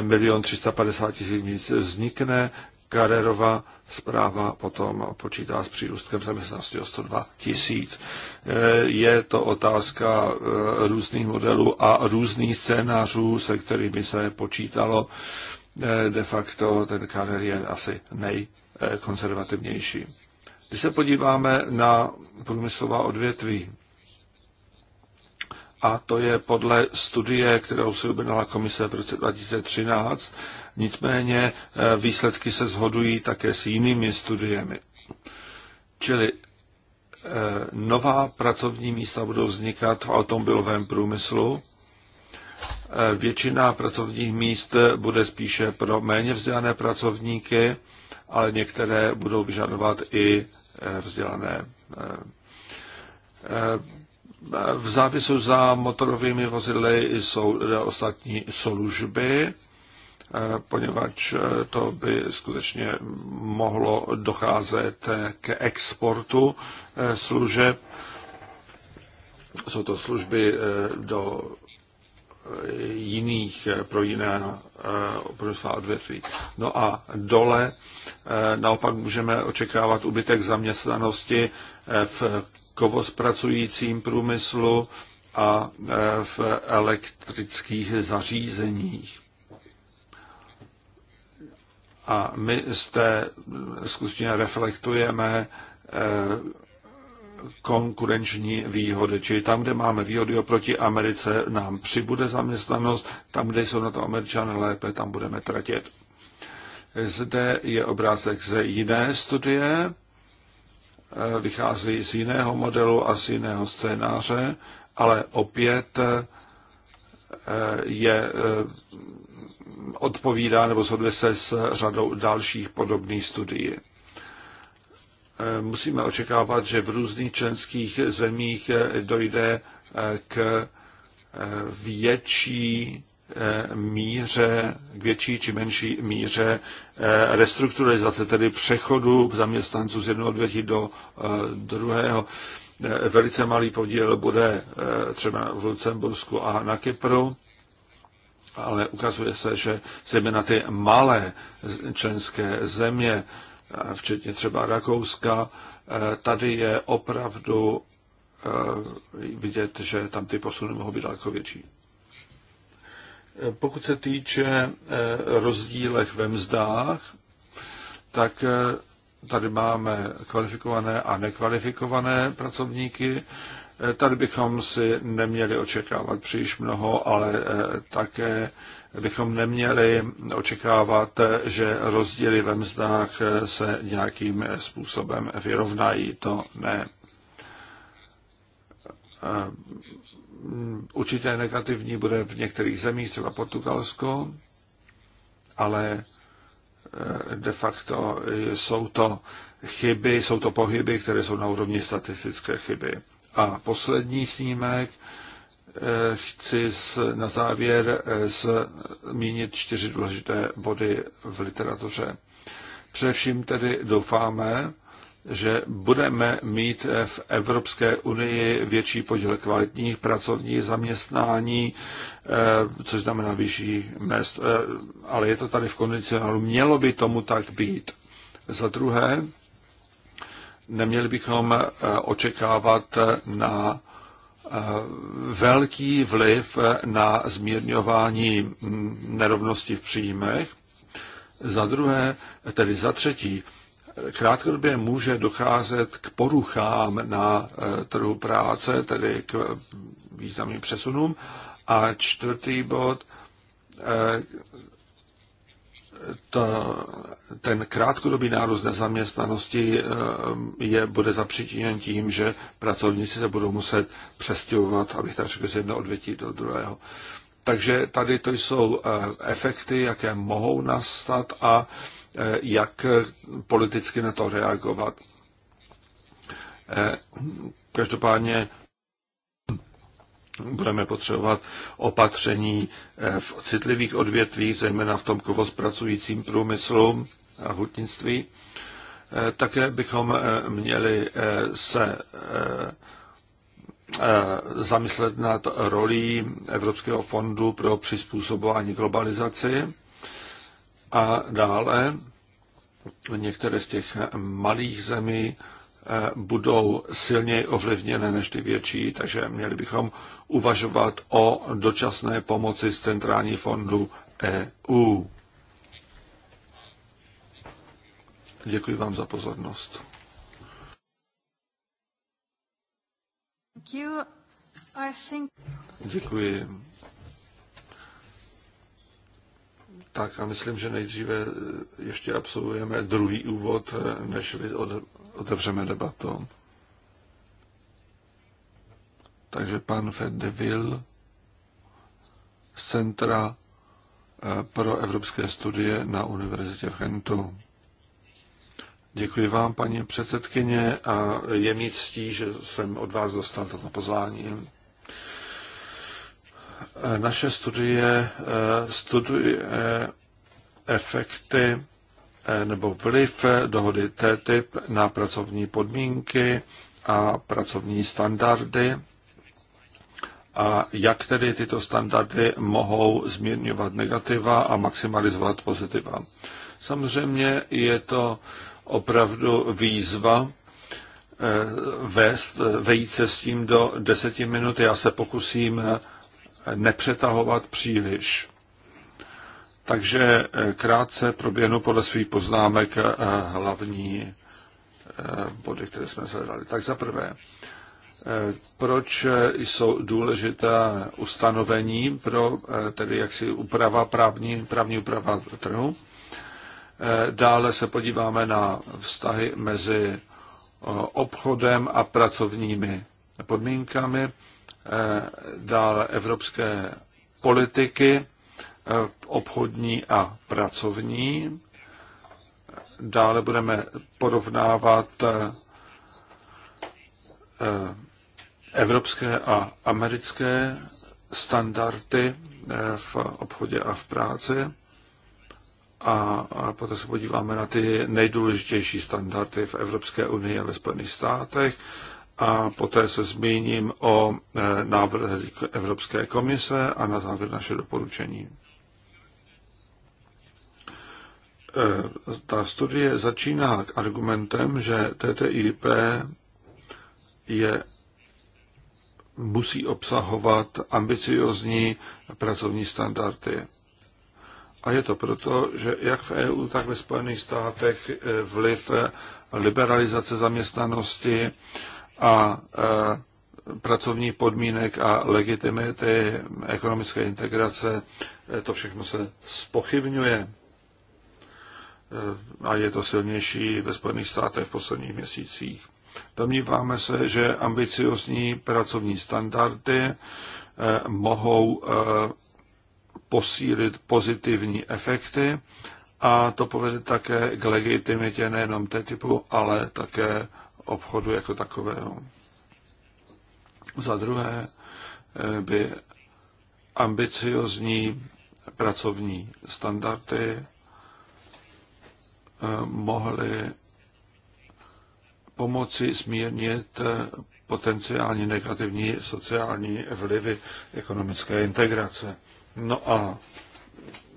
milion 350 tisíc míst vznikne, Karerova zpráva potom počítá s přírůstkem zaměstnanosti o 102 tisíc. Eh, je to otázka eh, různých modelů a různých scénářů, se kterými se počítalo. Eh, de facto ten Karer je asi nejkonzervativnější. Když se podíváme na průmyslová odvětví, a to je podle studie, kterou si objednala komise v roce 2013, Nicméně eh, výsledky se zhodují také s jinými studiemi. Čili eh, nová pracovní místa budou vznikat v automobilovém průmyslu. Eh, většina pracovních míst bude spíše pro méně vzdělané pracovníky, ale některé budou vyžadovat i vzdělané. V závisu za motorovými vozidly jsou ostatní služby Eh, poněvadž eh, to by skutečně mohlo docházet eh, k exportu služeb. Jsou to služby do jiných, pro jiná no, průmyslová odvětví. No a dole naopak můžeme očekávat ubytek zaměstnanosti v kovospracujícím průmyslu a v elektrických zařízeních. A my zde skutečně reflektujeme eh, konkurenční výhody. Čili tam, kde máme výhody oproti Americe, nám přibude zaměstnanost, tam, kde jsou na to američané lépe, tam budeme tratit. Zde je obrázek ze jiné studie, eh, vychází z jiného modelu a z jiného scénáře, ale opět eh, je eh, odpovídá nebo shoduje se s řadou dalších podobných studií. Eh, musíme očekávat, že v různých členských zemích eh, dojde k větší míře, k větší či menší míře restrukturalizace, tedy přechodu zaměstnanců z jednoho odvětví do druhého. Eh, velice malý podíl bude eh, třeba v Lucembursku a na Kypru, ale ukazuje se, že zejména ty malé členské země, eh, včetně třeba Rakouska, tady je opravdu vidět, že tam ty posuny mohou být daleko větší. Pokud se týče rozdílech ve mzdách, tak Tady máme kvalifikované a nekvalifikované pracovníky. Eh, tady bychom si neměli očekávat příliš mnoho, ale eh, také bychom neměli očekávat, eh, že rozdíly ve mzdách se nějakým způsobem vyrovnají. To ne. Určitě negativní bude v některých zemích, třeba Portugalsko, ale de facto jsou to chyby, jsou to pohyby, které jsou na úrovni statistické chyby. A poslední snímek eh, chci na závěr eh, zmínit čtyři důležité body v literatuře. Především tedy doufáme, že budeme mít eh, v Evropské unii větší podíl kvalitních pracovních zaměstnání, Eh, což znamená vyšší mest, eh, ale je to tady v kondicionálu. Mělo by tomu tak být. Za druhé, neměli bychom eh, očekávat na velký vliv na zmírňování mm, nerovnosti v příjmech. Za druhé, tedy za třetí, krátkodobě může docházet k poruchám na trhu práce, tedy k významným přesunům, a čtvrtý bod, eh, to, ten krátkodobý nárůst nezaměstnanosti eh, je, bude zapříčiněn tím, že pracovníci se budou muset přestěhovat, abych tak řekl, z jednoho odvětí do druhého. Takže tady to jsou eh, efekty, jaké mohou nastat a jak politicky na to reagovat. Každopádně budeme potřebovat opatření eh, v citlivých odvětvích, zejména v tom kovozpracujícím průmyslu a hutnictví. Eh, také bychom eh, měli se zamyslet nad rolí Evropského fondu pro přizpůsobování globalizaci a dále některé z těch malých zemí budou silněji ovlivněné než ty větší, takže měli bychom uvažovat o dočasné pomoci z centrální fondu EU. Děkuji vám za pozornost. Děkuji. Tak a myslím, že nejdříve ještě absolvujeme druhý úvod, než vy od, otevřeme debatu. Takže pan Fedeville z Centra eh, pro evropské studie na Univerzitě v Hentu. Děkuji vám, paní předsedkyně, a je mi ctí, že jsem od vás dostal toto pozvání. Eh, naše studie eh, studuje efekty Eh, nebo vliv dohody TTIP na pracovní podmínky a pracovní standardy a jak tedy tyto standardy mohou zmírňovat negativa a maximalizovat pozitiva. Samozřejmě je to opravdu výzva eh, vést, eh, vejít se s tím do deseti minut. Já se pokusím nepřetahovat příliš. Takže eh, krátce proběhnu podle svých poznámek eh, hlavní eh, body, které jsme shledali. Tak za prvé, proč jsou důležitá ustanovení pro tedy jaksi úprava právní, právní úprava trhu. Dále se podíváme na vztahy mezi obchodem a pracovními podmínkami, dále evropské politiky Eh, obchodní a pracovní. Dále budeme porovnávat eh, eh, evropské a americké standardy v obchodě a v práci a poté se podíváme na ty nejdůležitější standardy v Evropské unii a ve Spojených státech a poté se zmíním o návrhu Evropské komise a na závěr naše doporučení. Eh, ta studie začíná k argumentem, že TTIP je, musí obsahovat ambiciozní pracovní standardy. A je to proto, že jak v EU, tak ve Spojených státech eh, vliv eh, liberalizace zaměstnanosti a pracovní podmínek a legitimity ekonomické integrace, to všechno se spochybňuje a je to silnější ve Spojených státech v posledních měsících. Domníváme se, že ambiciozní pracovní standardy eh, mohou eh, posílit pozitivní efekty a to povede také k legitimitě nejenom té typu, ale také obchodu jako takového. Za druhé eh, by ambiciozní pracovní standardy mohly pomoci smírnit potenciálně negativní sociální vlivy ekonomické integrace. No a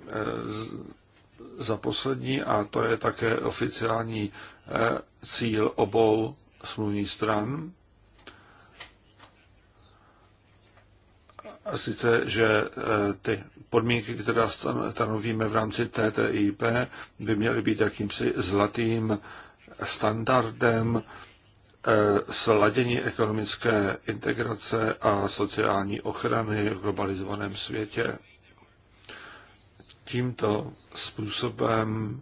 e, za poslední, a to je také oficiální e, cíl obou smluvních stran, sice, že e, ty podmínky, které stanovíme v rámci TTIP, by měly být jakýmsi zlatým standardem e, sladění ekonomické integrace a sociální ochrany v globalizovaném světě. Tímto způsobem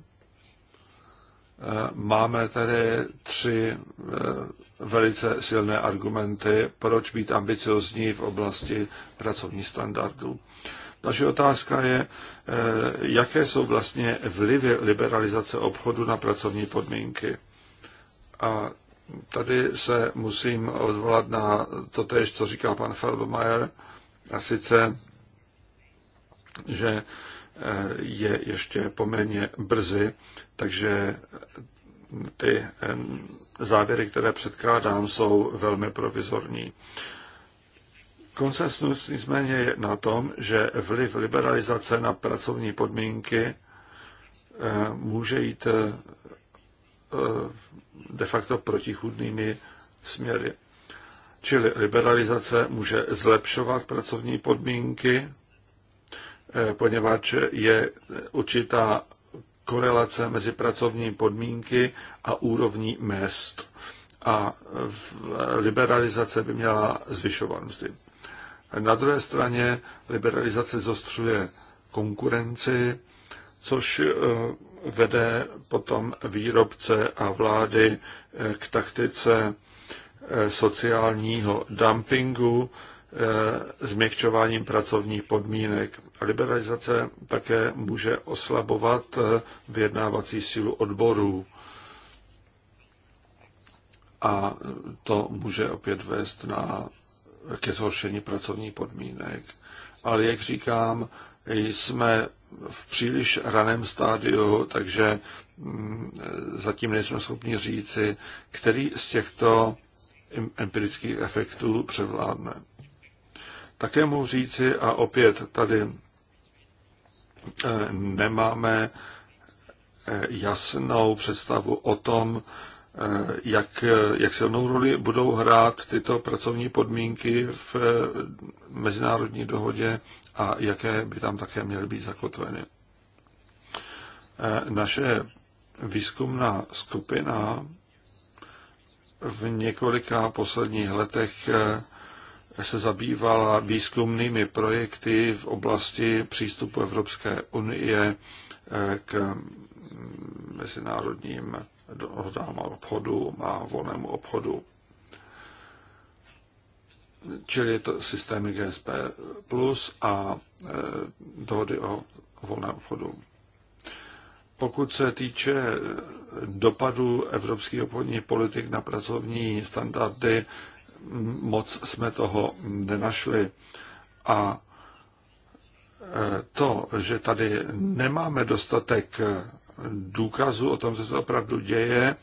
e, máme tady tři velice silné argumenty, proč být ambiciozní v oblasti pracovních standardů. Další otázka je, eh, jaké jsou vlastně vlivy liberalizace obchodu na pracovní podmínky. A tady se musím odvolat na to tež, co říká pan Feldmayer, a sice, že eh, je ještě poměrně brzy, takže ty závěry, které předkládám, jsou velmi provizorní. Konsensus nicméně je na tom, že vliv liberalizace na pracovní podmínky může jít e, de facto protichudnými směry. Čili liberalizace může zlepšovat pracovní podmínky, e, poněvadž je určitá korelace mezi pracovními podmínky a úrovní mest. A liberalizace by měla zvyšovat mzdy. Na druhé straně liberalizace zostřuje konkurenci, což eh, vede potom výrobce a vlády eh, k taktice eh, sociálního dumpingu, Eh, změkčováním pracovních podmínek. Liberalizace také může oslabovat eh, vyjednávací sílu odborů a to může opět vést na, ke zhoršení pracovních podmínek. Ale jak říkám, jsme v příliš raném stádiu, takže mm, zatím nejsme schopni říci, který z těchto empirických efektů převládne. Také mohu říci, a opět tady eh, nemáme eh, jasnou představu o tom, eh, jak, jak silnou roli budou hrát tyto pracovní podmínky v mezinárodní dohodě a jaké by tam také měly být zakotveny. Naše výzkumná skupina v několika posledních letech se zabývala výzkumnými projekty v oblasti přístupu Evropské unie eh, k mezinárodním dohodám a obchodu a volnému obchodu. Čili to systémy GSP plus a eh, dohody o volném obchodu. Pokud se týče eh, dopadu evropských obchodních politik na pracovní standardy, moc jsme toho nenašli. A e, to, že tady nemáme dostatek důkazu o tom, co se opravdu děje,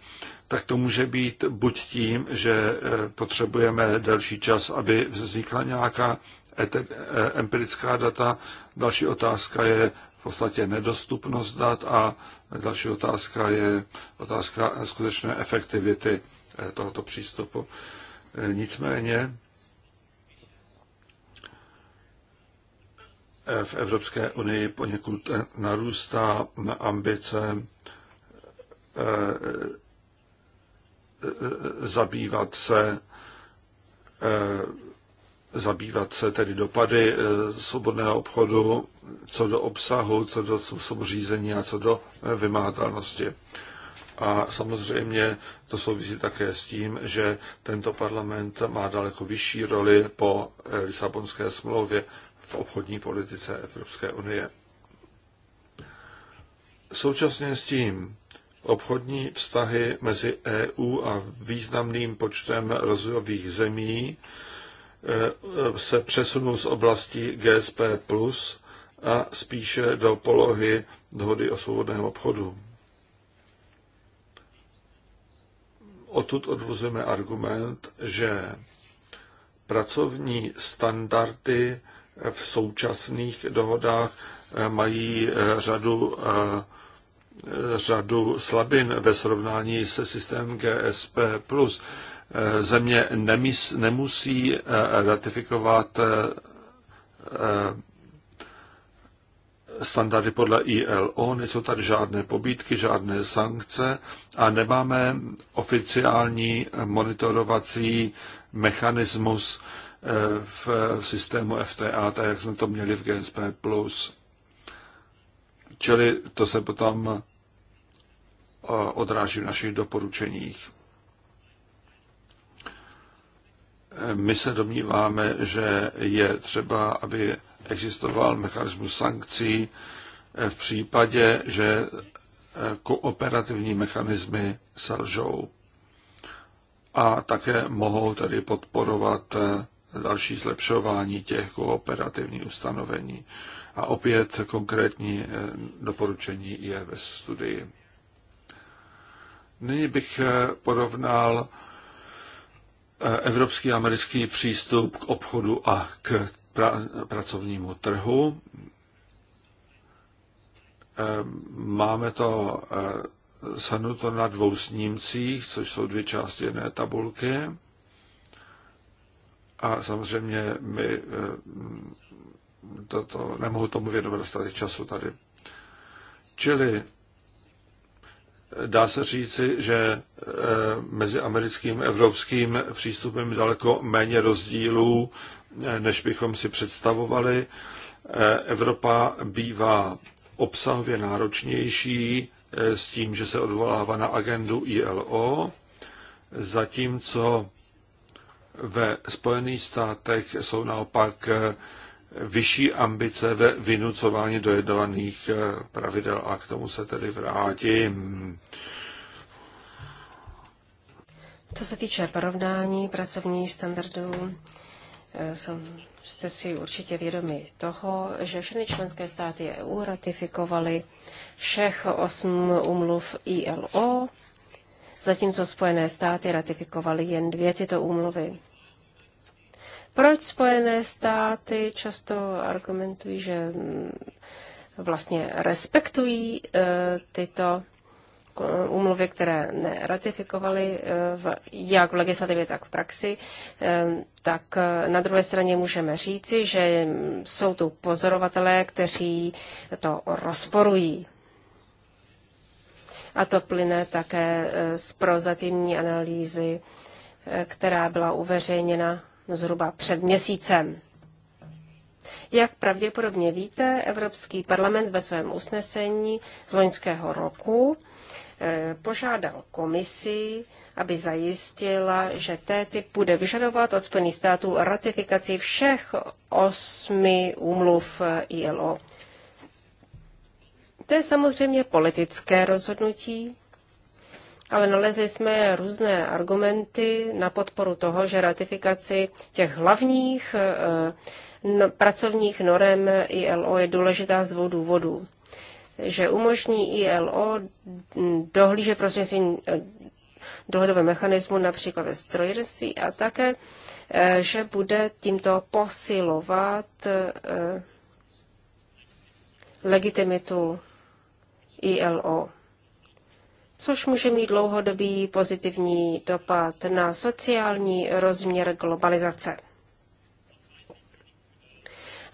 tak to může být buď tím, že e, potřebujeme delší čas, aby vznikla nějaká e, empirická data. Další otázka je v podstatě nedostupnost dat a další otázka je otázka skutečné efektivity tohoto přístupu. Nicméně v Evropské unii poněkud narůstá ambice eh, eh, zabývat se eh, zabývat se tedy dopady svobodného obchodu co do obsahu, co do co a co do vymahatelnosti. A samozřejmě to souvisí také s tím, že tento parlament má daleko vyšší roli po eh, Lisabonské smlouvě v obchodní politice Evropské unie. Současně s tím obchodní vztahy mezi EU a významným počtem rozvojových zemí eh, se přesunou z oblasti GSP plus a spíše do polohy dohody o svobodném obchodu. Odtud odvozujeme argument, že pracovní standardy v současných dohodách eh, mají eh, řadu, eh, řadu slabin ve srovnání se systémem GSP+. Země nemusí ratifikovat standardy podle ILO, nejsou tady žádné pobídky, žádné sankce a nemáme oficiální monitorovací mechanismus eh, v systému FTA, tak jak jsme to měli v GSP+. Čili to se potom eh, odráží v našich doporučeních. Eh, my se domníváme, že je třeba, aby existoval mechanismus sankcí eh, v případě, že eh, kooperativní mechanismy selžou a také mohou tedy podporovat eh, další zlepšování těch kooperativních ustanovení. A opět konkrétní doporučení je ve studii. Nyní bych porovnal evropský a americký přístup k obchodu a k pra- pracovnímu trhu. Ehm, máme to eh, shrnuto na dvou snímcích, což jsou dvě části jedné tabulky. A samozřejmě my ehm, toto, nemohu tomu věnovat dostatek času tady. Čili eh, dá se říci, že eh, mezi americkým a evropským přístupem daleko méně rozdílů než bychom si představovali. Eh, Evropa bývá obsahově náročnější eh, s tím, že se odvolává na agendu ILO, zatímco ve Spojených státech jsou naopak eh, vyšší ambice ve vynucování dojednovaných pravidel a k tomu se tedy vrátím. Co se týče porovnání pracovních standardů Eh, Jsem, jste si určitě vědomi toho, že všechny členské státy EU ratifikovaly všech osm umluv ILO, zatímco Spojené státy ratifikovaly jen dvě tyto úmluvy. Proč Spojené státy často argumentují, že mm, vlastně respektují eh, tyto Eh, úmluvy, které neratifikovaly eh, jak v legislativě, tak v praxi, ehm, tak eh, na druhé straně můžeme říci, že jsou tu pozorovatelé, kteří to rozporují. A to plyne také z prozatímní analýzy, která byla uveřejněna zhruba před měsícem. Jak pravděpodobně víte, Evropský parlament ve svém usnesení z loňského roku Eh, požádal komisi, aby zajistila, že TTIP bude vyžadovat od Spojených států ratifikaci všech osmi úmluv eh, ILO. To je samozřejmě politické rozhodnutí, ale nalezli jsme různé argumenty na podporu toho, že ratifikaci těch hlavních eh, no, pracovních norem ILO je důležitá z dvou důvodů že umožní ILO dohlížet prostřednictvím eh, dohodové mechanismu, například ve strojírenství, a také, eh, že bude tímto posilovat eh, legitimitu ILO, což může mít dlouhodobý pozitivní dopad na sociální rozměr globalizace.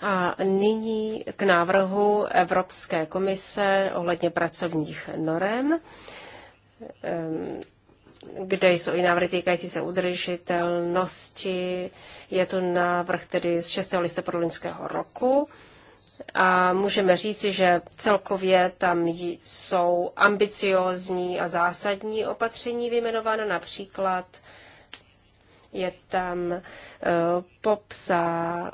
A nyní k návrhu Evropské komise ohledně pracovních norem, ehm, kde jsou i návrhy týkající se udržitelnosti. Je to návrh tedy z 6. listopadu loňského roku. A můžeme říci, že celkově tam jsou ambiciózní a zásadní opatření vyjmenována například je tam eh, popsá,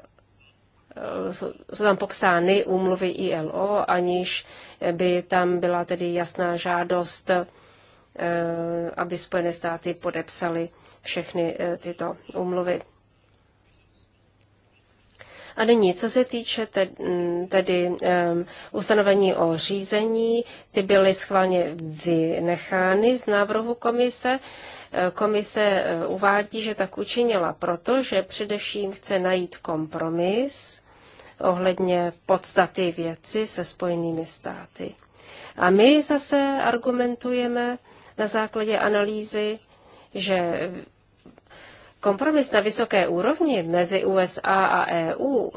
Eh, jsou tam popsány úmluvy ILO, aniž by tam byla tedy jasná žádost, eh, aby Spojené státy podepsaly všechny eh, tyto úmluvy. A nyní, co se týče tedy, um, ustanovení o řízení, ty byly schválně vynechány z návrhu komise. Komise uvádí, že tak učinila protože především chce najít kompromis ohledně podstaty věci se spojenými státy. A my zase argumentujeme na základě analýzy, že kompromis na vysoké úrovni mezi USA a EU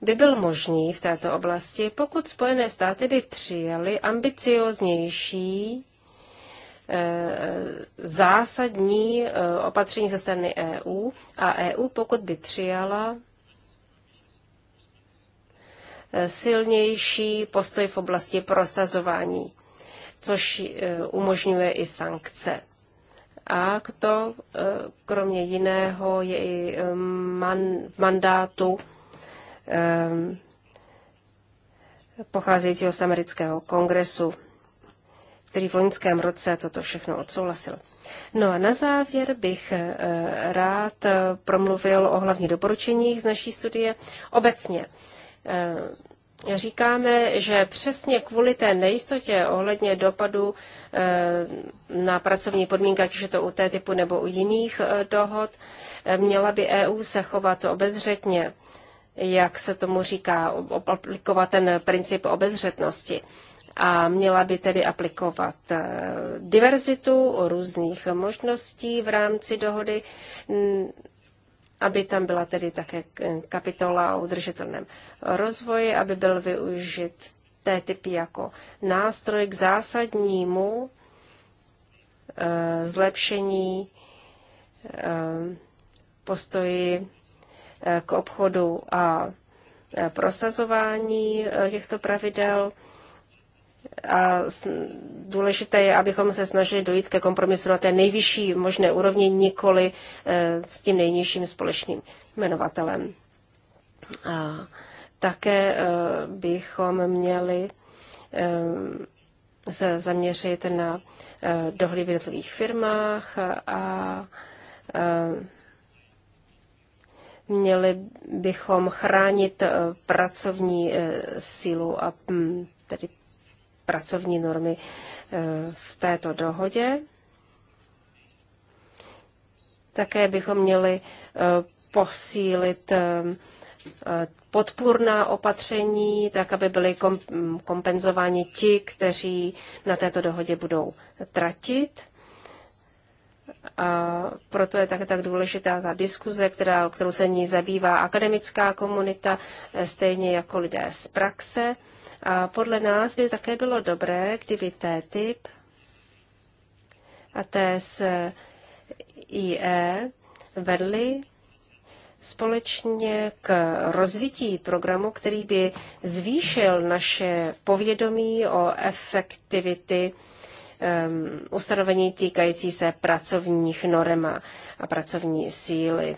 by byl možný v této oblasti, pokud Spojené státy by přijaly ambicioznější eh, zásadní eh, opatření ze strany EU a EU, pokud by přijala silnější postoj v oblasti prosazování, což eh, umožňuje i sankce. A to eh, kromě jiného je i eh, man, v mandátu um, pocházejícího z amerického kongresu, který v loňském roce toto všechno odsouhlasil. No a na závěr bych rád promluvil o hlavních doporučeních z naší studie obecně. Eh, říkáme, že přesně kvůli té nejistotě ohledně dopadu eh, na pracovní podmínky, ať už je to u té typu nebo u jiných eh, dohod, měla by EU se chovat obezřetně, jak se tomu říká, aplikovat ten princip obezřetnosti. A měla by tedy aplikovat diverzitu různých možností v rámci dohody, aby tam byla tedy také kapitola o udržitelném rozvoji, aby byl využit té typy jako nástroj k zásadnímu eh, zlepšení eh, postoji eh, k obchodu a prosazování těchto pravidel a důležité je, abychom se snažili dojít ke kompromisu na té nejvyšší možné úrovni, nikoli eh, s tím nejnižším společným jmenovatelem. A také eh, bychom měli eh, se zaměřit na dohody v jednotlivých firmách a měli bychom chránit pracovní sílu a hm, tedy pracovní normy eh, v této dohodě. Také bychom měli eh, posílit eh, podpůrná opatření, tak aby byly mm, kompenzováni ti, kteří na této dohodě budou tratit. A proto je také tak důležitá ta diskuze, která, kterou se ní zabývá akademická komunita, stejně jako lidé z praxe. A podle nás by také bylo dobré, kdyby TTIP a TSIE vedly společně k rozvití programu, který by zvýšil naše povědomí o efektivity um, ustanovení týkající se pracovních norem a pracovní síly.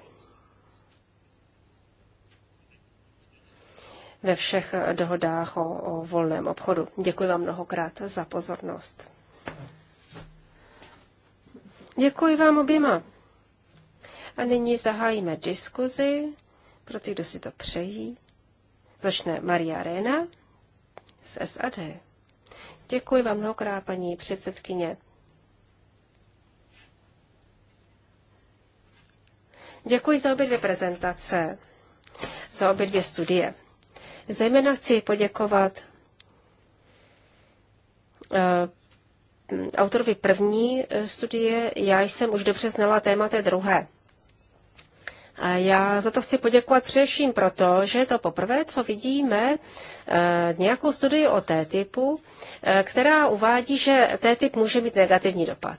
ve všech dohodách o, o volném obchodu. Děkuji vám mnohokrát za pozornost. Děkuji vám oběma. A nyní zahájíme diskuzi pro ty, kdo si to přejí. Začne Maria Rena z SAD. Děkuji vám mnohokrát, paní předsedkyně. Děkuji za obě dvě prezentace, za obě dvě studie. Zejména chci poděkovat eh, autorovi první eh, studie. Já jsem už dobře znala téma té druhé. A já za to chci poděkovat především proto, že je to poprvé, co vidíme eh, nějakou studii o té typu, která uvádí, že té typ může mít negativní dopad.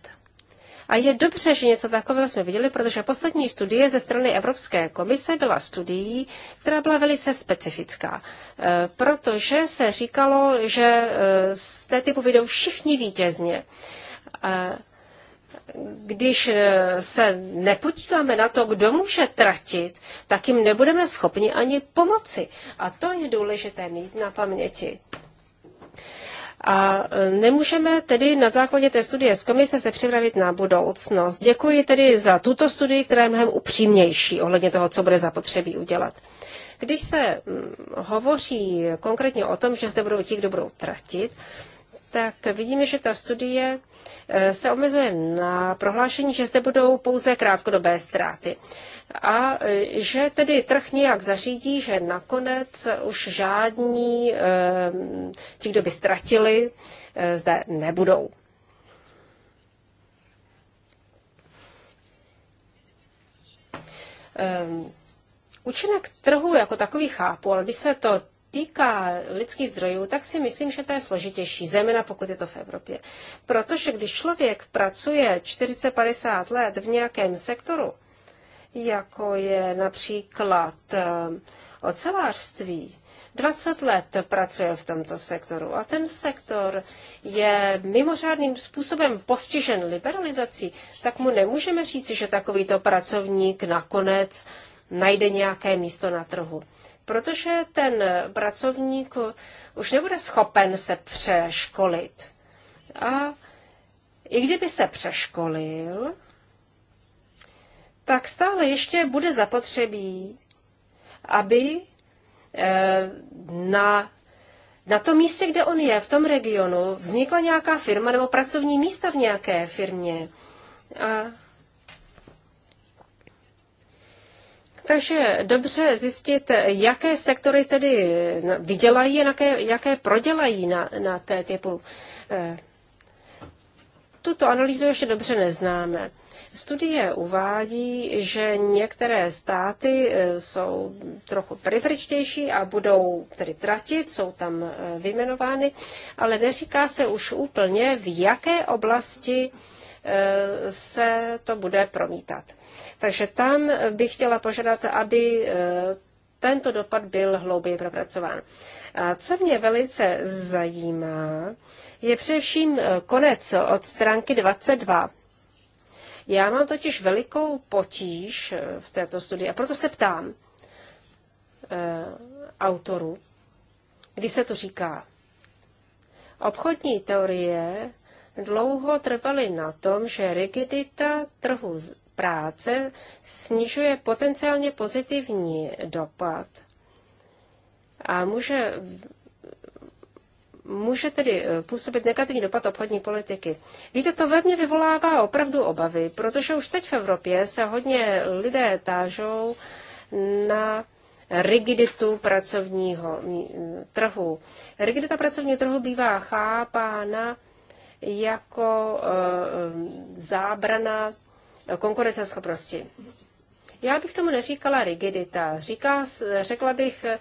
A je dobře, že něco takového jsme viděli, protože poslední studie ze strany Evropské komise byla studií, která byla velice specifická, e, protože se říkalo, že e, z té typu vyjdou všichni vítězně e, když se nepodíváme na to, kdo může tratit, tak jim nebudeme schopni ani pomoci. A to je důležité mít na paměti. A e, nemůžeme tedy na základě té studie z komise se připravit na budoucnost. Děkuji tedy za tuto studii, která je mnohem upřímnější ohledně toho, co bude zapotřebí udělat. Když se hovoří konkrétně o tom, že zde budou ti, kdo budou tratit, tak vidíme, že ta studie eh, se omezuje na prohlášení, že zde budou pouze krátkodobé ztráty. A eh, že tedy trh nějak zařídí, že nakonec už žádní eh, ti, kdo by ztratili, zde nebudou. Um, účinek trhu jako takový chápu, ale když se to týká lidských zdrojů, tak si myslím, že to je složitější, zejména pokud je to v Evropě. Protože když člověk pracuje 40-50 let v nějakém sektoru, jako je například eh, ocelářství, 20 let pracuje v tomto sektoru a ten sektor je mimořádným způsobem postižen liberalizací, tak mu nemůžeme říci, že takovýto pracovník nakonec najde nějaké místo na trhu protože ten pracovník už nebude schopen se přeškolit. A i kdyby se přeškolil, tak stále ještě bude zapotřebí, aby eh, na, na tom místě, kde on je, v tom regionu, vznikla nějaká firma nebo pracovní místa v nějaké firmě. A Takže dobře zjistit, jaké sektory tedy vydělají a jaké, jaké prodělají na, na té typu. Eh, tuto analýzu ještě dobře neznáme. Studie uvádí, že některé státy eh, jsou trochu privilegitější a budou tedy tratit, jsou tam eh, vyjmenovány, ale neříká se už úplně, v jaké oblasti se to bude promítat. Takže tam bych chtěla požádat, aby eh, tento dopad byl hlouběji propracován. A co mě velice zajímá, je především eh, konec od stránky 22. Já mám totiž velikou potíž eh, v této studii a proto se ptám autoru, kdy se to říká. Obchodní teorie dlouho trvaly na tom, že rigidita trhu práce snižuje potenciálně pozitivní dopad a může, může tedy eh, působit negativní dopad obchodní politiky. Víte, to ve mně vyvolává opravdu obavy, protože už teď v Evropě se hodně lidé tážou na rigiditu pracovního trhu. Rigidita pracovního trhu bývá chápána jako e, zábrana konkurenceschopnosti. Já bych tomu neříkala rigidita. Říká, řekla bych, eh,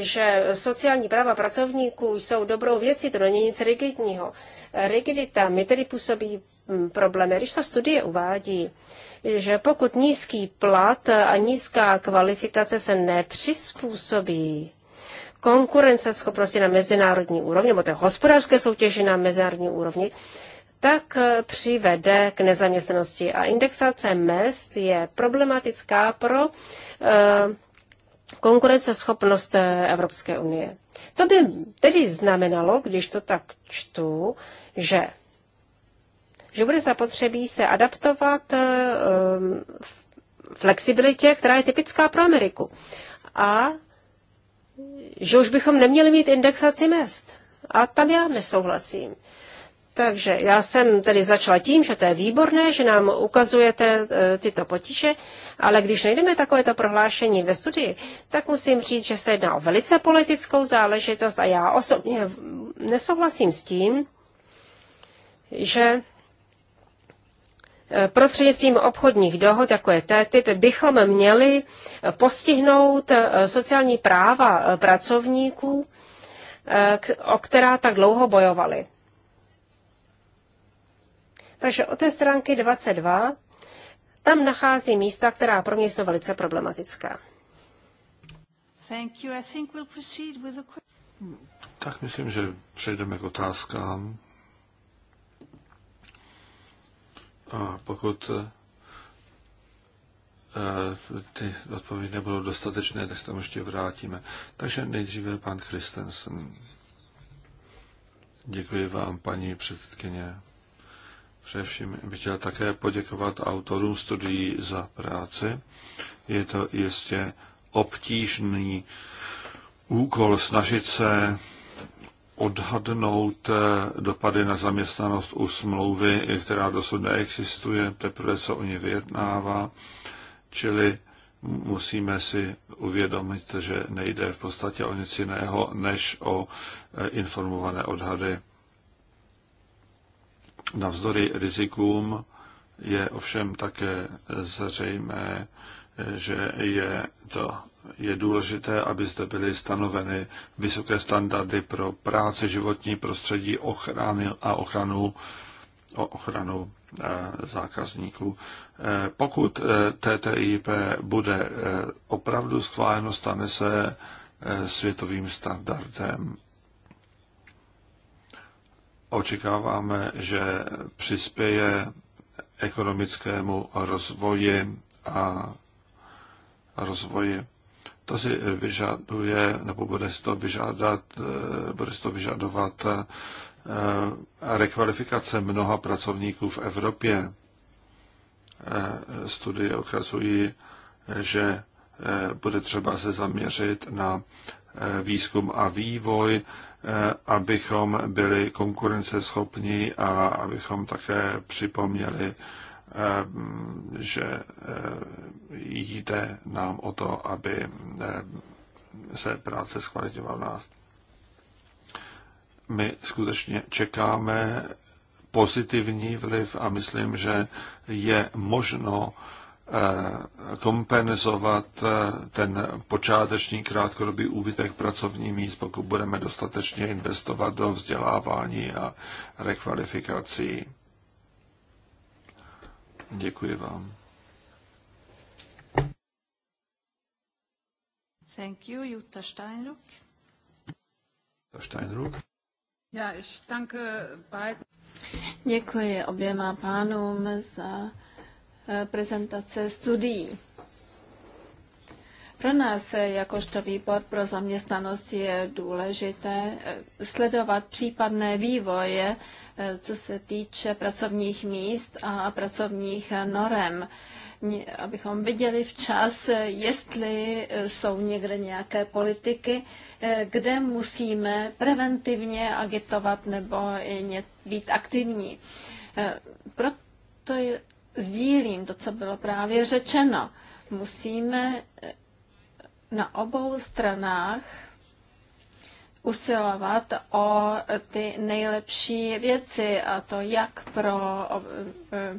že sociální práva pracovníků jsou dobrou věcí, to není nic rigidního. Rigidita mi tedy působí mm, problémy. Když ta studie uvádí, že pokud nízký plat a nízká kvalifikace se nepřizpůsobí konkurenceschopnosti na mezinárodní úrovni, nebo té hospodářské soutěži na mezinárodní úrovni, tak eh, přivede k nezaměstnanosti. A indexace mest je problematická pro eh, konkurenceschopnost eh, Evropské unie. To by tedy znamenalo, když to tak čtu, že že bude zapotřebí se adaptovat flexibilitě, která je typická pro Ameriku. A že už bychom neměli mít indexaci mest. A tam já nesouhlasím. Takže já jsem tedy začala tím, že to je výborné, že nám ukazujete e, tyto potíže, ale když najdeme takovéto prohlášení ve studii, tak musím říct, že se jedná o velice politickou záležitost a já osobně nesouhlasím s tím, že e, prostřednictvím obchodních dohod, jako je TTIP, bychom měli postihnout e, sociální práva pracovníků, o která tak dlouho bojovali. Takže od té stránky 22 tam nachází místa, která pro mě jsou velice problematická. Thank you. I think we'll proceed with the... Tak myslím, že přejdeme k otázkám. A pokud eh, ty odpovědi nebudou dostatečné, tak se tam ještě vrátíme. Takže nejdříve pan Christensen. Děkuji vám, paní předsedkyně. Především bych chtěl také poděkovat autorům studií za práci. Je to jistě obtížný úkol snažit se odhadnout eh, dopady na zaměstnanost u smlouvy, která dosud neexistuje, teprve se o ní vyjednává, čili musíme si uvědomit, že nejde v podstatě o nic jiného než o eh, informované odhady. Navzdory rizikům je ovšem také zřejmé, že je to je důležité, aby zde byly stanoveny vysoké standardy pro práci, životní prostředí, ochrany a ochranu, ochranu eh, zákazníků. Eh, pokud eh, TTIP bude opravdu schváleno, stane se světovým standardem očekáváme, že přispěje ekonomickému rozvoji a rozvoji. To si vyžaduje, nebo bude si to, vyžádat, bude si to vyžadovat eh, rekvalifikace mnoha pracovníků v Evropě. Eh, studie ukazují, že eh, bude třeba se zaměřit na výzkum a vývoj, Eh, abychom byli konkurenceschopní a abychom také připomněli, eh, že eh, jde nám o to, aby se práce zkvalitňovala nás. My skutečně čekáme pozitivní vliv a myslím, že je možno Eh, kompenzovat eh, ten počáteční krátkodobý úbytek pracovní míst, pokud budeme dostatečně investovat do vzdělávání a rekvalifikací. Děkuji vám. Thank you, Jutta Steinruck. Jutta Steinruck. Ja, ich danke beiden. Děkuji oběma pánům za Eh, prezentace studií. Pro nás eh, jakožto výbor pro zaměstnanost je důležité eh, sledovat případné vývoje, co se týče pracovních míst a pracovních norem abychom viděli včas, jestli jsou někde nějaké politiky, kde musíme preventivně agitovat nebo být aktivní. Proto sdílím to, co bylo právě řečeno. Musíme eh, na obou stranách usilovat o eh, ty nejlepší věci, a to jak pro eh,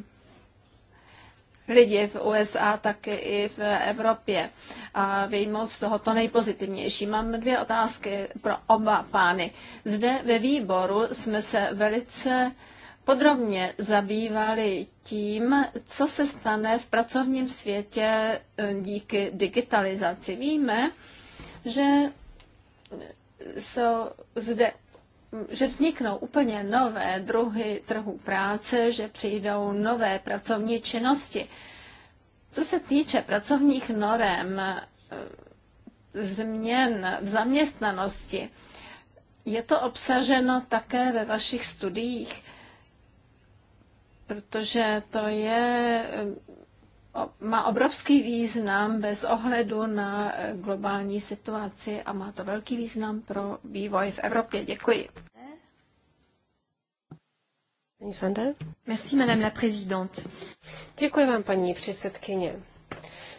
lidi v USA, tak i v Evropě a vyjmout z toho to nejpozitivnější. Mám dvě otázky pro oba pány. Zde ve výboru jsme se velice podrobně zabývali tím, co se stane v pracovním světě eh, díky digitalizaci. Víme, že jsou zde že vzniknou úplně nové druhy trhu práce, že přijdou nové pracovní činnosti. Co se týče pracovních norem, eh, změn v zaměstnanosti, je to obsaženo také ve vašich studiích protože to je, eh, má obrovský význam bez ohledu na eh, globální situaci a má to velký význam pro vývoj v Evropě. Děkuji. Merci, madame la présidente. Děkuji vám, paní předsedkyně.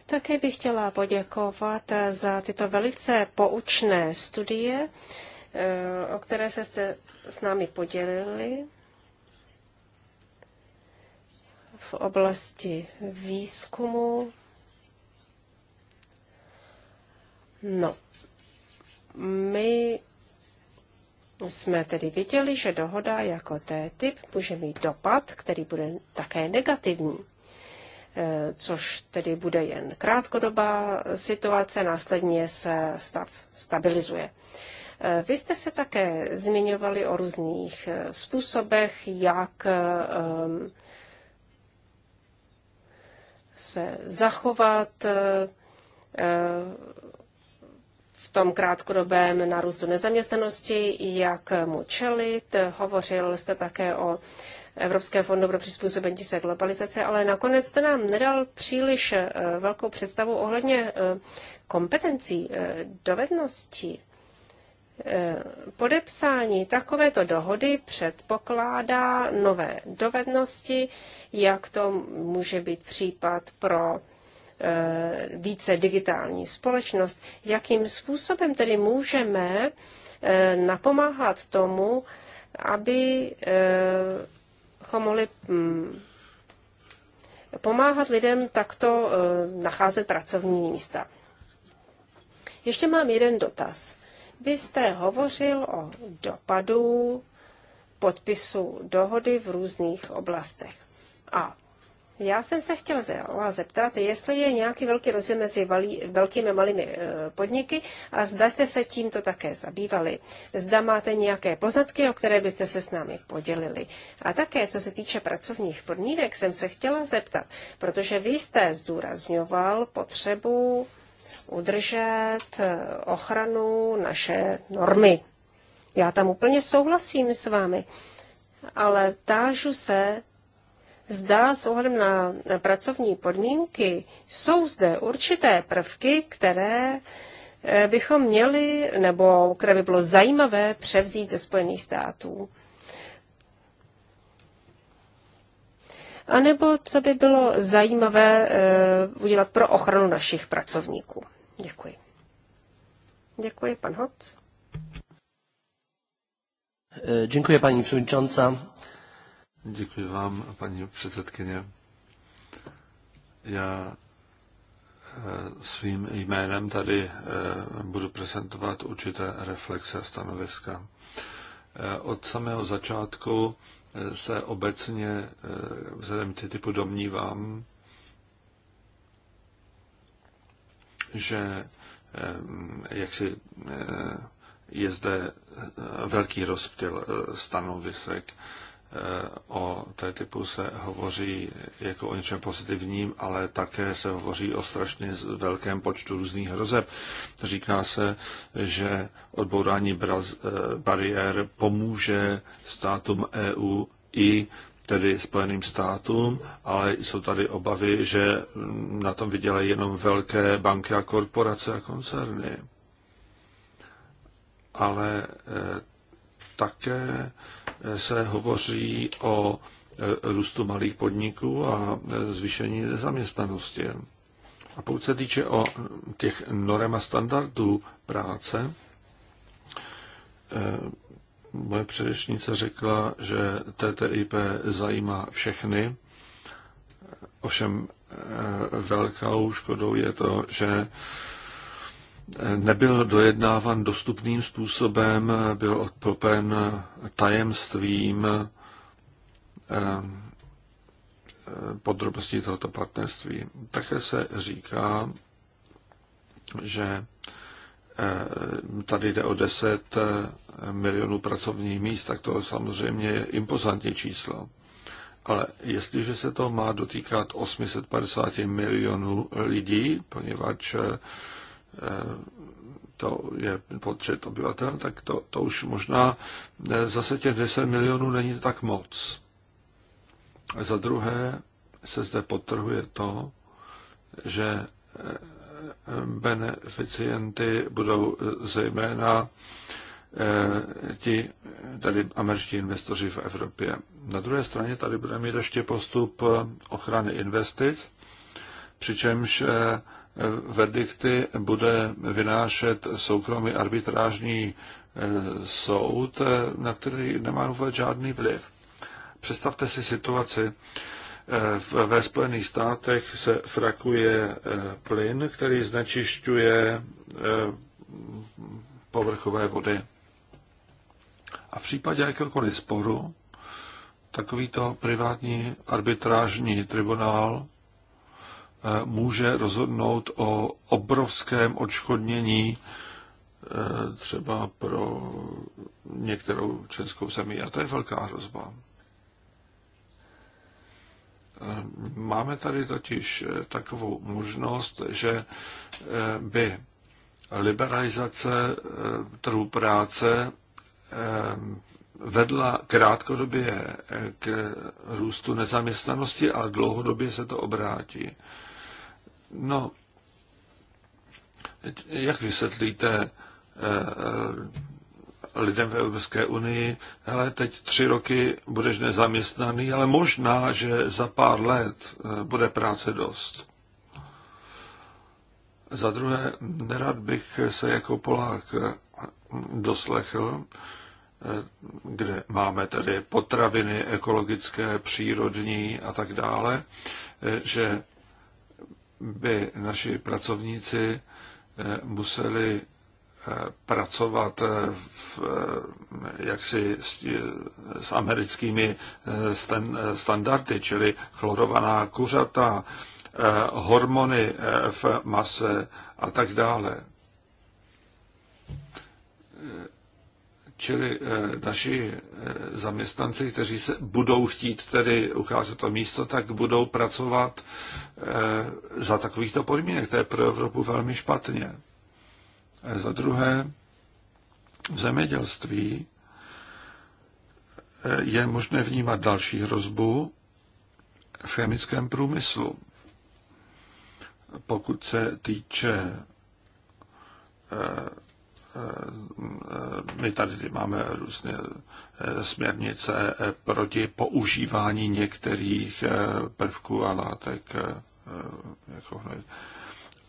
Také bych chtěla poděkovat eh, za tyto velice poučné studie, o které se jste s námi podělili. v oblasti výzkumu. No, my jsme tedy viděli, že dohoda jako té typ může mít dopad, který bude také negativní, eh, což tedy bude jen krátkodobá situace, následně se stav stabilizuje. Eh, vy jste se také zmiňovali o různých eh, způsobech, jak se zachovat eh, eh, v tom krátkodobém narůstu nezaměstnanosti, jak mu čelit. Hovořil jste také o Evropské fondu pro přizpůsobení se globalizaci, ale nakonec jste nám nedal příliš eh, velkou představu ohledně kompetencí, dovedností. Podepsání takovéto dohody předpokládá nové dovednosti, jak to může být případ pro eh, více digitální společnost, jakým způsobem tedy můžeme eh, napomáhat tomu, aby eh, mohli hm, pomáhat lidem takto nacházet pracovní místa. Ještě mám jeden dotaz byste hovořil o dopadu podpisu dohody v různých oblastech. A já jsem se chtěl zeptat, jestli je nějaký velký rozdíl mezi valí, velkými a malými e, podniky a zda jste se tímto také zabývali. Zda máte nějaké poznatky, o které byste se s námi podělili. A také, co se týče pracovních podmínek, jsem se chtěla zeptat, protože vy jste zdůrazňoval potřebu udržet eh, ochranu naše normy. Já tam úplně souhlasím s vámi, ale tážu se, zda s ohledem na pracovní podmínky jsou zde určité prvky, které eh, bychom měli, nebo které by bylo zajímavé převzít ze Spojených států. anebo co by bylo zajímavé eh, udělat pro ochranu našich pracovníků. Děkuji. Děkuji, pan Hoc. Eh, děkuji, paní předsedkyně. Děkuji vám, paní předsedkyně. Já eh, svým jménem tady budu prezentovat určité reflexe a stanoviska. Od samého začátku se obecně eh, vzhledem ty typu domnívám, že eh, jak si eh, je zde velký rozptyl stanovisek o té typu se hovoří jako o něčem pozitivním, ale také se hovoří o strašně velkém počtu různých hrozeb. Říká se, že odbourání eh, bariér pomůže státům EU i tedy Spojeným státům, ale jsou tady obavy, že na tom vydělají jenom velké banky a korporace a koncerny. Ale eh, také se hovoří o růstu malých podniků a zvýšení nezaměstnanosti. A pokud se týče o těch norem a standardů práce, eh, moje předešnice řekla, že TTIP zajímá všechny. Ovšem eh, velkou škodou je to, že nebyl dojednávan dostupným způsobem, byl odplpen tajemstvím eh, eh, podrobností tohoto partnerství. Také se říká, že eh, tady jde o 10 milionů pracovních míst, tak to samozřejmě je impozantní číslo. Ale jestliže se to má dotýkat 850 milionů lidí, poněvadž Eh, to je počet obyvatel, tak to, to už možná eh, zase těch 10 milionů není tak moc. A za druhé se zde potrhuje to, že eh, beneficienty budou zejména ti tady američtí investoři v Evropě. Na druhé straně tady budeme mít ještě postup ochrany investic, přičemž verdikty bude vynášet soukromý arbitrážní e, soud, e, na který nemá vůbec žádný vliv. Představte si situaci. E, ve Spojených státech se frakuje plyn, který znečišťuje povrchové vody. A v případě jakéhokoliv sporu, takovýto privátní arbitrážní tribunál může rozhodnout o obrovském odškodnění e, třeba pro některou českou zemi. A to je velká hrozba. E, máme tady totiž e, takovou možnost, že by liberalizace trhu práce vedla krátkodobě k růstu nezaměstnanosti a dlouhodobě se to obrátí. No, jak vysvětlíte eh, eh, lidem v Evropské unii, ale teď tři roky budeš nezaměstnaný, ale možná, že za pár let eh, bude práce dost. Za druhé, nerad bych se jako Polák doslechl, kde máme tedy potraviny ekologické, přírodní a tak dále, že by naši pracovníci eh, museli eh, pracovat eh, v, jaksi s, s americkými standardy, čili chlorovaná kuřata, hormony v mase a tak dále. Čili eh, naši eh, zaměstnanci, kteří se budou chtít tedy ucházet to místo, tak budou pracovat eh, za takovýchto podmínek. To je pro Evropu velmi špatně. Za druhé, v zemědělství je možné vnímat další hrozbu v chemickém průmyslu. Pokud se týče Eh, my tady máme různé eh, směrnice eh, proti používání některých prvků a látek jako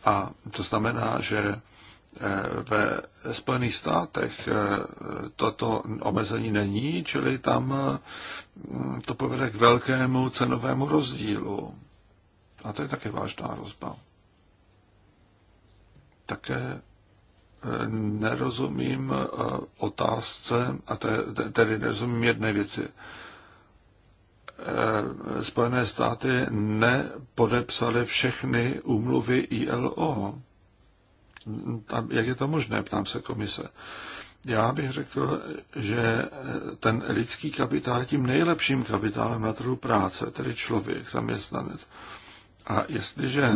A to znamená, že ve Spojených státech toto omezení není, čili tam to povede k velkému cenovému rozdílu. A to je také vážná hrozba. Také nerozumím eh, otázce, a tedy nerozumím jedné věci. Eh, Spojené státy nepodepsaly všechny úmluvy ILO. jak je to možné, ptám se komise. Já bych řekl, že eh, ten lidský kapitál je tím nejlepším kapitálem na trhu práce, tedy člověk, zaměstnanec. A jestliže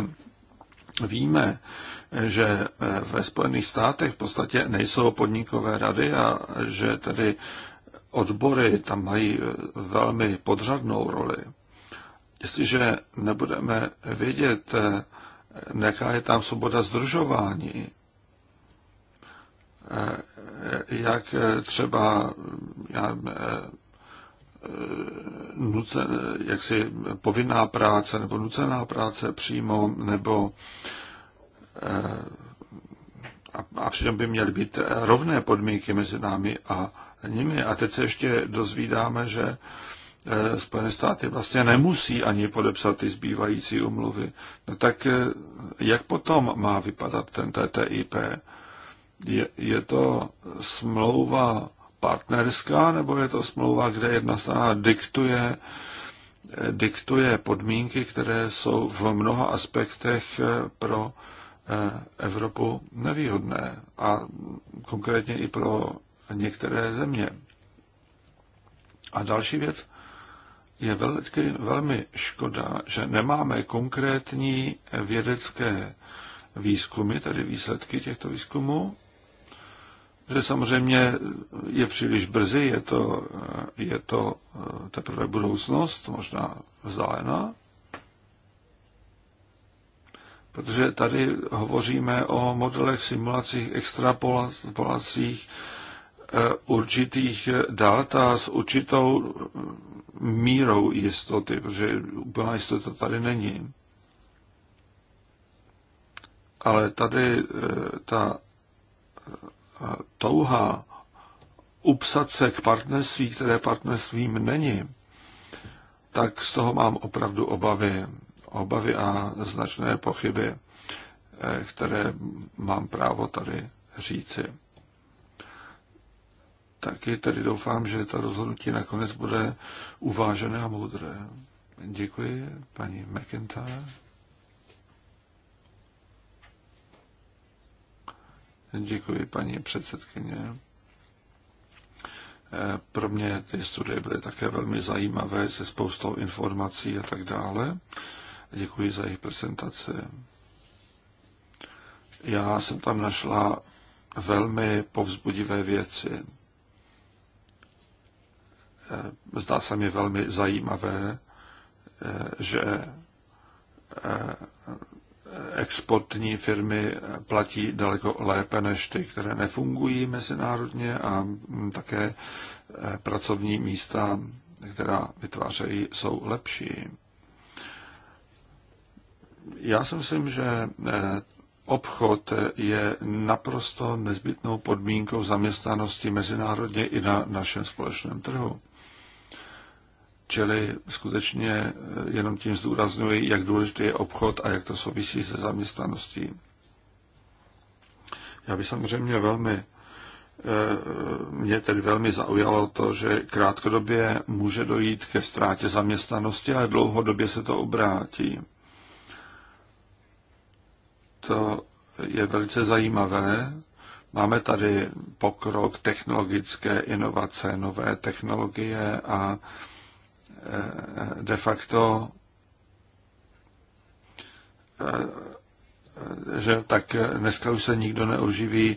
víme, že eh, ve Spojených státech v podstatě nejsou podnikové rady a že tedy odbory tam mají eh, velmi podřadnou roli. Jestliže nebudeme vědět, eh, jaká je tam svoboda združování, jak třeba já, nucen, jaksi povinná práce nebo nucená práce přímo, nebo Eh, a přitom by měly být rovné podmínky mezi námi a nimi. A teď se ještě dozvídáme, že eh, Spojené státy vlastně nemusí ani podepsat ty zbývající umluvy. No tak eh, jak potom má vypadat ten TTIP? Je, je to smlouva partnerská, nebo je to smlouva, kde jedna strana diktuje, diktuje podmínky, které jsou v mnoha aspektech pro Eh, Evropu nevýhodné a konkrétně i pro některé země. A další věc je velký, velmi škoda, že nemáme konkrétní vědecké výzkumy, tedy výsledky těchto výzkumů, že samozřejmě je příliš brzy, je to, je to eh, teprve budoucnost, možná vzdálená, protože tady hovoříme o modelech, simulacích, extrapolacích eh, určitých eh, dat a s určitou mírou jistoty, protože úplná jistota tady není. Ale tady eh, ta touha upsat se k partnerství, které partnerstvím není, tak z toho mám opravdu obavy obavy a značné pochyby, eh, které mám právo tady říci. Taky tedy doufám, že to rozhodnutí nakonec bude uvážené a moudré. Děkuji, paní McIntyre. Děkuji, paní předsedkyně. Eh, pro mě ty studie byly také velmi zajímavé se spoustou informací a tak dále. Děkuji za jejich prezentaci. Já jsem tam našla velmi povzbudivé věci. Eh, zdá se mi velmi zajímavé, eh, že eh, exportní firmy platí daleko lépe než ty, které nefungují mezinárodně a hm, také pracovní místa, která vytvářejí, jsou lepší. Já si myslím, že eh, obchod je naprosto nezbytnou podmínkou zaměstnanosti mezinárodně i na našem společném trhu. Čili skutečně eh, jenom tím zdůraznuju, jak důležitý je obchod a jak to souvisí se zaměstnaností. Já bych samozřejmě velmi, eh, mě tedy velmi zaujalo to, že krátkodobě může dojít ke ztrátě zaměstnanosti, ale dlouhodobě se to obrátí to je velice zajímavé. Máme tady pokrok technologické inovace, nové technologie a e, de facto e, e, že tak dneska už se nikdo neoživí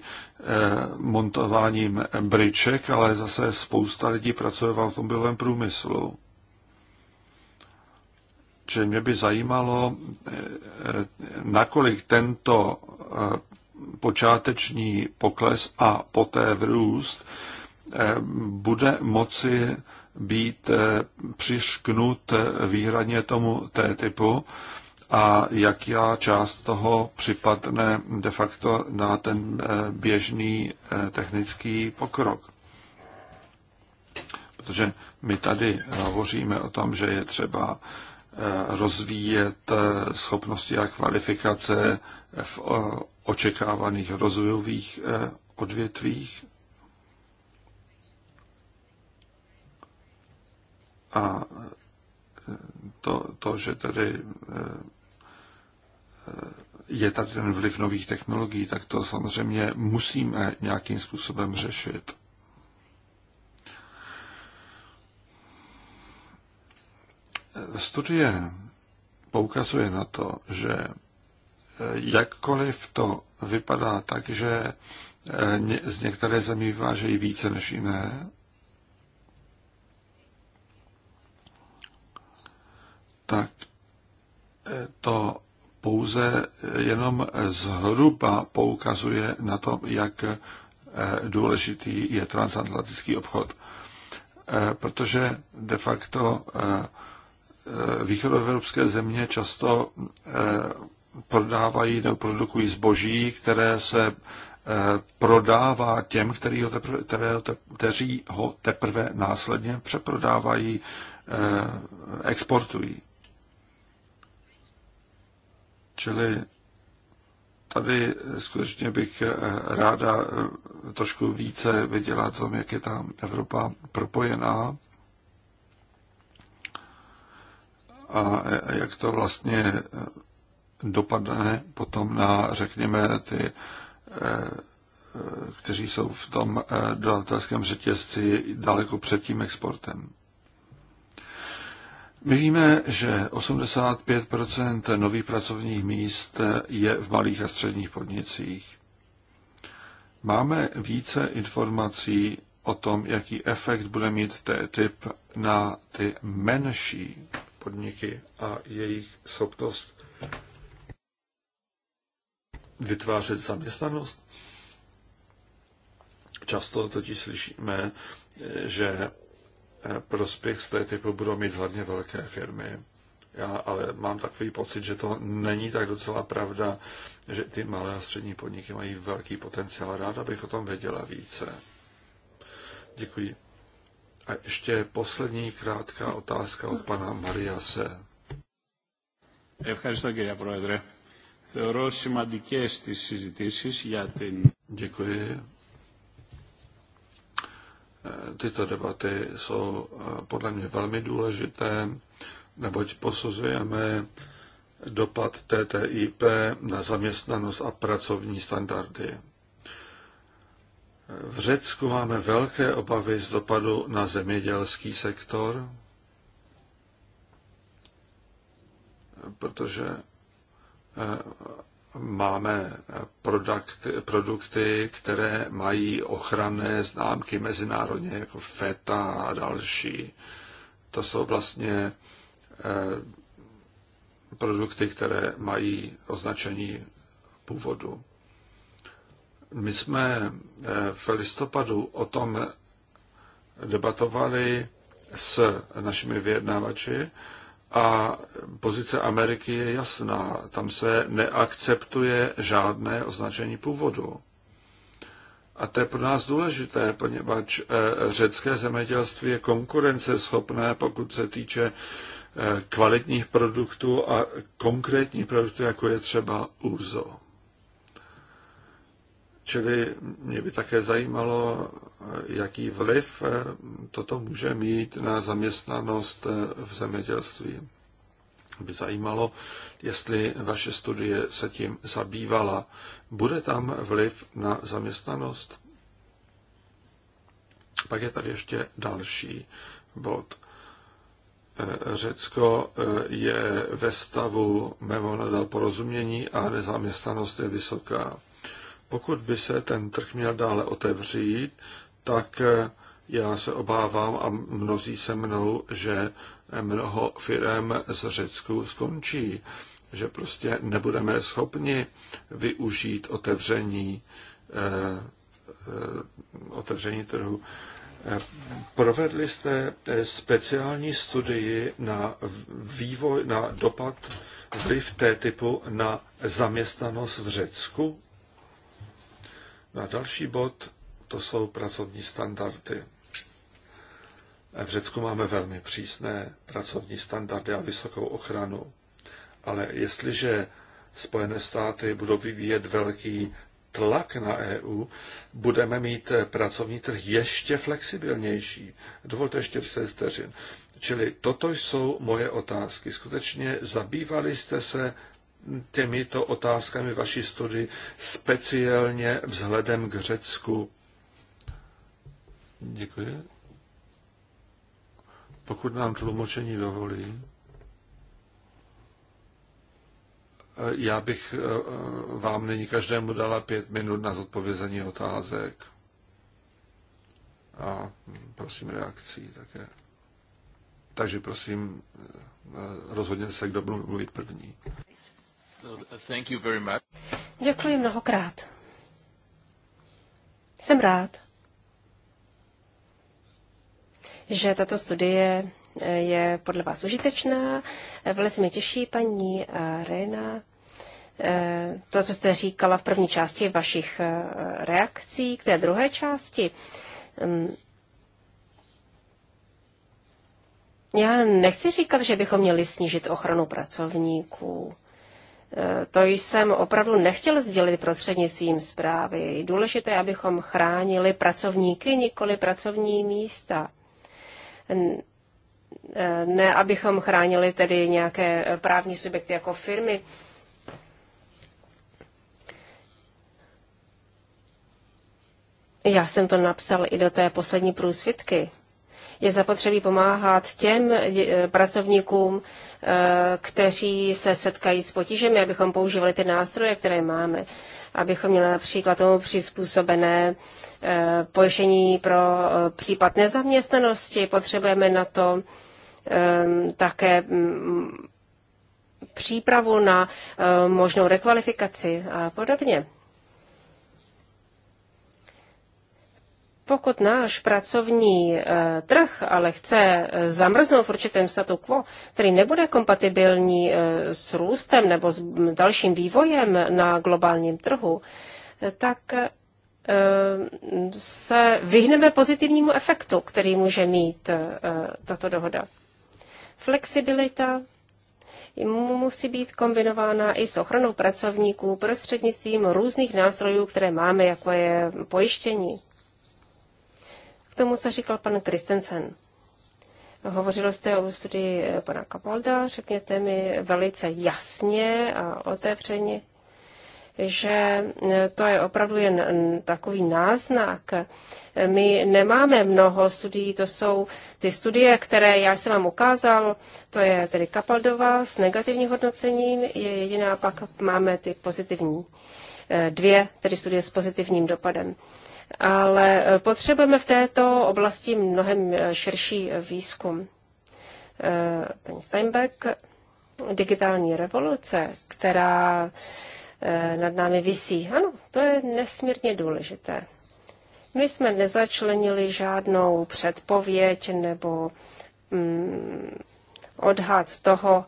montováním bryček, ale zase spousta lidí pracuje v automobilovém průmyslu. Čili mě by zajímalo, eh, nakolik tento eh, počáteční pokles a poté vrůst eh, bude moci být přišknut výhradně tomu té typu a jaká část toho připadne de facto na ten běžný technický pokrok. Protože my tady hovoříme o tom, že je třeba Eh, rozvíjet eh, schopnosti a kvalifikace v očekávaných rozvojových eh, odvětvích. A to, to že tedy je tady ten vliv nových technologií, tak to samozřejmě musíme nějakým způsobem řešit. Studie poukazuje na to, že eh, jakkoliv to vypadá tak, že eh, z některé zemí vyvážejí více než jiné, tak eh, to pouze jenom zhruba poukazuje na to, jak důležitý je transatlantický obchod. Protože de facto Eh, východoevropské země často eh, prodávají nebo produkují zboží, které se eh, prodává těm, který ho teprve, které, kteří ho teprve následně přeprodávají, exportují. Čili tady skutečně bych ráda trošku více viděla tom, jak je ta Evropa propojená a jak to vlastně dopadne potom na, řekněme, ty, eh, kteří jsou v tom eh, dodatelském řetězci daleko před tím exportem. My víme, že 85 nových pracovních míst je v malých a středních podnicích. Máme více informací o tom, jaký efekt bude mít typ na ty menší podniky a jejich schopnost vytvářet zaměstnanost. Často totiž slyšíme, že prospěch z té typu budou mít hlavně velké firmy. Já ale mám takový pocit, že to není tak docela pravda, že ty malé a střední podniky mají velký potenciál. Ráda bych o tom věděla více. Děkuji. A ještě poslední krátká otázka od pana Maria Se. Děkuji. Eh, tyto debaty jsou eh, podle mě velmi důležité, neboť posuzujeme dopad TTIP na zaměstnanost a pracovní standardy. V Řecku máme velké obavy z dopadu na zemědělský sektor, protože eh, máme produkty, produkty, které mají ochranné známky mezinárodně, jako FETA a další. To jsou vlastně eh, produkty, které mají označení původu. My jsme eh, v listopadu o tom debatovali s našimi vyjednávači a pozice Ameriky je jasná. Tam se neakceptuje žádné označení původu. A to je pro nás důležité, poněvadž eh, řecké zemědělství je konkurenceschopné, pokud se týče eh, kvalitních produktů a konkrétních produktů, jako je třeba úzo. Čili mě by také zajímalo, jaký vliv eh, toto může mít na zaměstnanost eh, v zemědělství. By zajímalo, jestli vaše studie se tím zabývala. Bude tam vliv na zaměstnanost? Pak je tady ještě další bod. Eh, Řecko je ve stavu memoranda porozumění a nezaměstnanost je vysoká. Pokud by se ten trh měl dále otevřít, tak eh, já se obávám a mnozí se mnou, že eh, mnoho firm z Řecku skončí, že prostě nebudeme schopni využít otevření, eh, eh otevření trhu. Provedli jste speciální studii na vývoj, na dopad vliv té typu na zaměstnanost v Řecku? Na no další bod, to jsou pracovní standardy. E, v Řecku máme velmi přísné pracovní standardy a vysokou ochranu. Ale jestliže Spojené státy budou vyvíjet velký tlak na EU, budeme mít pracovní trh ještě flexibilnější. Dovolte se vteřin. Čili toto jsou moje otázky. Skutečně zabývali jste se těmito otázkami vaší studii, speciálně vzhledem k Řecku? Děkuji. Pokud nám tlumočení dovolí. Já bych eh, vám nyní každému dala pět minut na zodpovězení otázek. A prosím reakcí také. Takže prosím, eh, rozhodně se, kdo bude mluvit první. Děkuji mnohokrát. Jsem rád, že tato studie eh, je podle vás užitečná. Eh, velice mě těší, paní eh, Rena, to, co jste říkala v první části vašich reakcí k té druhé části. Hm. Já nechci říkat, že bychom měli snížit ochranu pracovníků. Eh, to jsem opravdu nechtěl sdělit prostřednictvím zprávy. Důležité, je, abychom chránili pracovníky, nikoli pracovní místa. Eh, ne, abychom chránili tedy nějaké eh, právní subjekty jako firmy. Já jsem to napsal i do té poslední průsvitky. Je zapotřebí pomáhat těm pracovníkům, kteří se setkají s potížemi, abychom používali ty nástroje, které máme, abychom měli například tomu přizpůsobené eh, pojištění pro eh, případ nezaměstnanosti. Potřebujeme na to eh, také mm, přípravu na možnou rekvalifikaci a podobně. Pokud náš pracovní eh, trh ale chce eh, zamrznout v určitém statu quo, který nebude kompatibilní eh, s růstem nebo s mm, dalším vývojem na globálním trhu, tak se vyhneme pozitivnímu efektu, který může mít tato dohoda. Flexibilita musí být kombinována i s ochranou pracovníků prostřednictvím různých nástrojů, které máme, jako je pojištění. K tomu, co říkal pan Kristensen. Hovořil jste o studii eh, pana Kapolda, řekněte mi velice jasně a otevřeně, že eh, to je opravdu jen takový náznak. My nemáme mnoho studií, to jsou ty studie, které já jsem vám ukázal, to je tedy Kapaldova s negativním hodnocením, je jediná, pak máme ty pozitivní eh, dvě, tedy studie s pozitivním dopadem ale eh, potřebujeme v této oblasti mnohem eh, širší eh, výzkum. Pani Steinbeck, digitální revoluce, která nad námi visí. Ano, to je nesmírně důležité. My jsme nezačlenili žádnou předpověď nebo mm, odhad toho,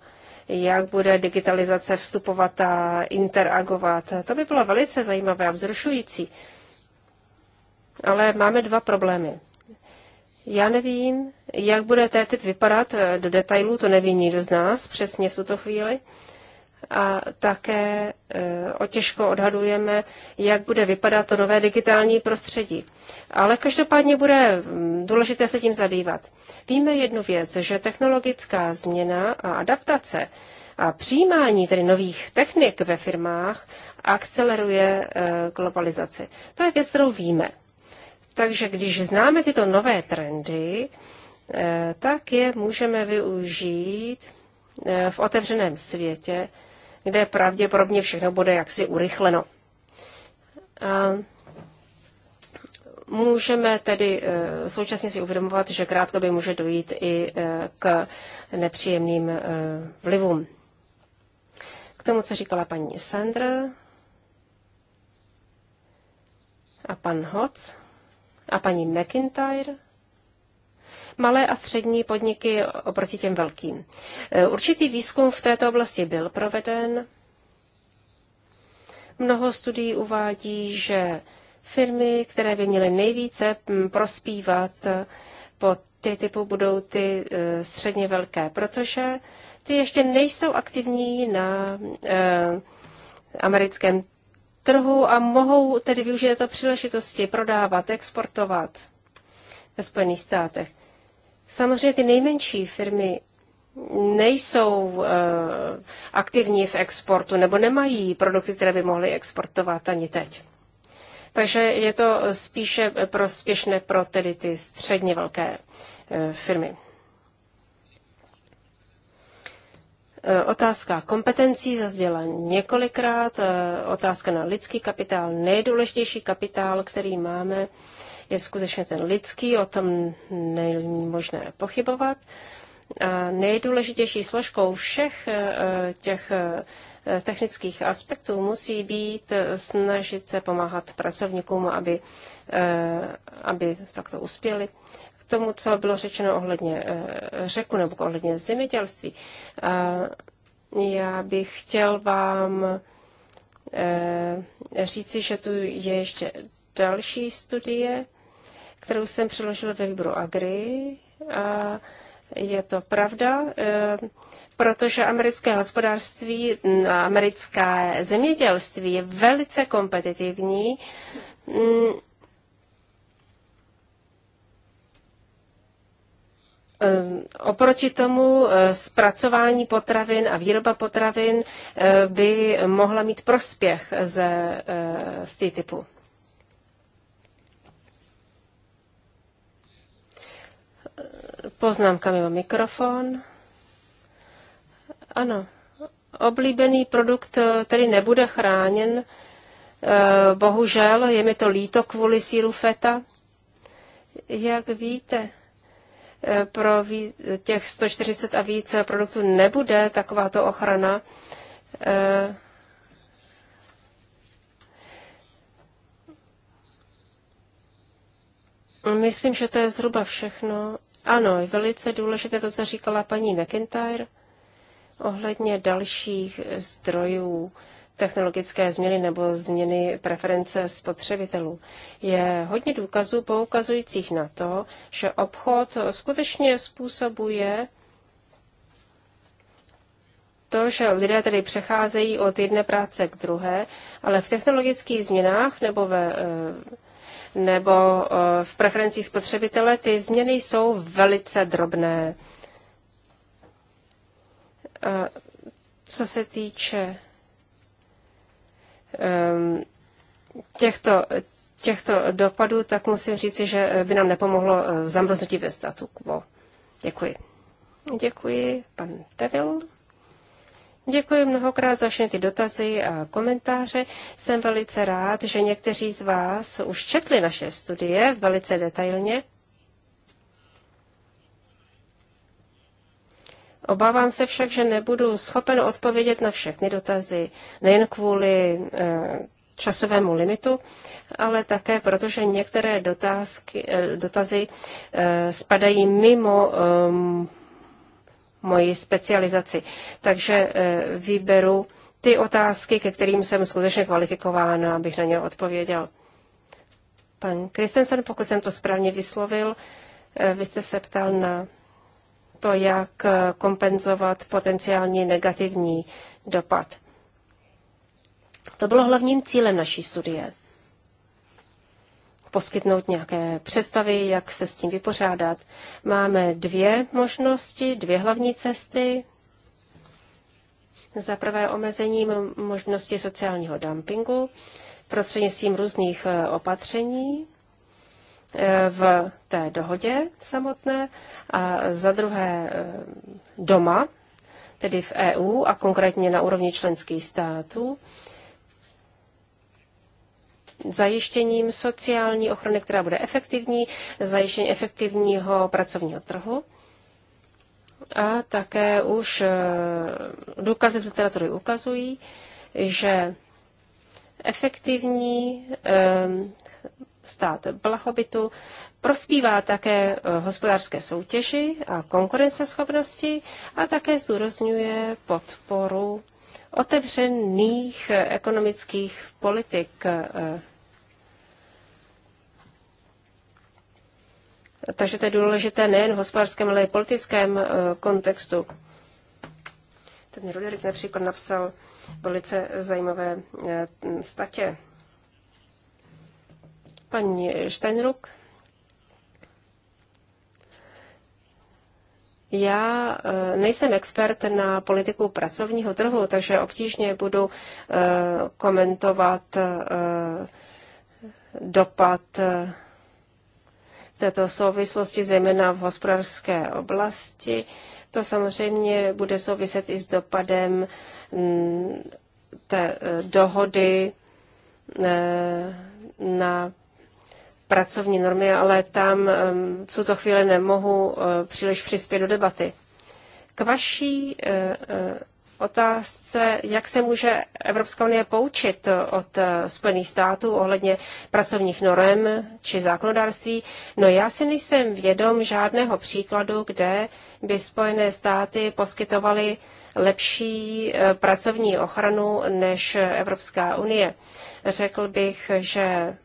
jak bude digitalizace vstupovat a interagovat. To by bylo velice zajímavé a vzrušující ale máme dva problémy. Já nevím, jak bude té typ vypadat eh, do detailů, to neví nikdo z nás přesně v tuto chvíli. A také e, těžko odhadujeme, jak bude vypadat to nové digitální prostředí. Ale každopádně bude mm, důležité se tím zabývat. Víme jednu věc, že technologická změna a adaptace a přijímání tedy nových technik ve firmách akceleruje e, globalizaci. To je věc, kterou víme. Takže když známe tyto nové trendy, eh, tak je můžeme využít eh, v otevřeném světě, kde pravděpodobně všechno bude jaksi urychleno. A můžeme tedy eh, současně si uvědomovat, že krátko by může dojít i k nepříjemným vlivům. K tomu, co říkala paní Sandr a pan Hoc. A paní McIntyre? Malé a střední podniky oproti těm velkým. E, určitý výzkum v této oblasti byl proveden. Mnoho studií uvádí, že firmy, které by měly nejvíce prospívat po ty typu budou ty e, středně velké, protože ty ještě nejsou aktivní na e, americkém trhu a mohou tedy využít to příležitosti prodávat, exportovat ve Spojených státech. Samozřejmě ty nejmenší firmy nejsou uh, aktivní v exportu nebo nemají produkty, které by mohly exportovat ani teď. Takže je to spíše prospěšné pro tedy ty středně velké uh, firmy. Eh, otázka kompetencí zazděla několikrát. Eh, otázka na lidský kapitál. Nejdůležitější kapitál, který máme, je skutečně ten lidský, o tom není možné pochybovat. A nejdůležitější složkou všech eh, těch technických aspektů musí být snažit se pomáhat pracovníkům, aby, aby takto uspěli k tomu, co bylo řečeno ohledně eh, řeku nebo ohledně zemědělství. Já bych chtěl vám eh, říci, že tu je ještě další studie, kterou jsem přeložil ve výboru Agri. A je to pravda, eh, protože americké hospodářství, americké zemědělství je velice kompetitivní mm, Ehm, oproti tomu eh, zpracování potravin a výroba potravin eh, by mohla mít prospěch eh, z, z TTIPu. Poznámka mimo mikrofon. Ano, oblíbený produkt tedy nebude chráněn. Bohužel, je mi to líto kvůli síru feta. Jak víte, Eh, pro těch 140 a více produktů nebude takováto ochrana, eh, Myslím, že to je zhruba všechno. Ano, je velice důležité to, co říkala paní McIntyre ohledně dalších zdrojů technologické změny nebo změny preference spotřebitelů. Je hodně důkazů poukazujících na to, že obchod skutečně způsobuje to, že lidé tedy přecházejí od jedné práce k druhé, ale v technologických změnách nebo ve eh, nebo eh, v preferencích spotřebitele ty změny jsou velice drobné. Eh, co se týče Ehm, těchto, těchto dopadů, tak musím říci, že eh, by nám nepomohlo eh, zamrznutí ve statu quo. Děkuji. Děkuji, pan Devil. Děkuji mnohokrát za všechny ty dotazy a komentáře. Jsem velice rád, že někteří z vás už četli naše studie velice detailně. Obávám se však, že nebudu schopen odpovědět na všechny dotazy, nejen kvůli eh, časovému limitu, ale také proto, že některé dotazky, eh, dotazy eh, spadají mimo ehm, moji specializaci. Takže vyberu ty otázky, ke kterým jsem skutečně kvalifikován, abych na ně odpověděl. Pan Kristensen, pokud jsem to správně vyslovil, vy jste se ptal na to, jak eh, kompenzovat potenciální negativní dopad. To bylo hlavním cílem naší studie. Poskytnout nějaké představy, jak se s tím vypořádat. Máme dvě možnosti, dvě hlavní cesty. Za prvé omezení možnosti sociálního dumpingu prostřednictvím různých eh, opatření, Eh, v té dohodě samotné a za druhé eh, doma, tedy v EU a konkrétně na úrovni členských států, zajištěním sociální ochrany, která bude efektivní, zajištění efektivního pracovního trhu a také už eh, důkazy z literatury ukazují, že efektivní stát blahobytu, prospívá také eh, hospodářské soutěži a konkurenceschopnosti a také zdůrazňuje podporu otevřených eh, ekonomických politik. Eh. Takže to je důležité nejen v hospodářském, ale i politickém kontextu. Ten Ruderik například napsal velice zajímavé statě Paní Steinruck. Já e, nejsem expert na politiku pracovního trhu, takže obtížně budu e, komentovat e, dopad v této souvislosti, zejména v hospodářské oblasti. To samozřejmě bude souviset i s dopadem mm, té dohody na pracovní normy, ale tam v tuto chvíli nemohu eh, příliš přispět do debaty. K vaší eh, eh, otázce, jak se může Evropská unie poučit od Spojených států ohledně pracovních norm, či zákonodárství. No já si nejsem vědom žádného příkladu, kde by Spojené státy poskytovaly lepší pracovní ochranu než Evropská unie. Řekl bych, že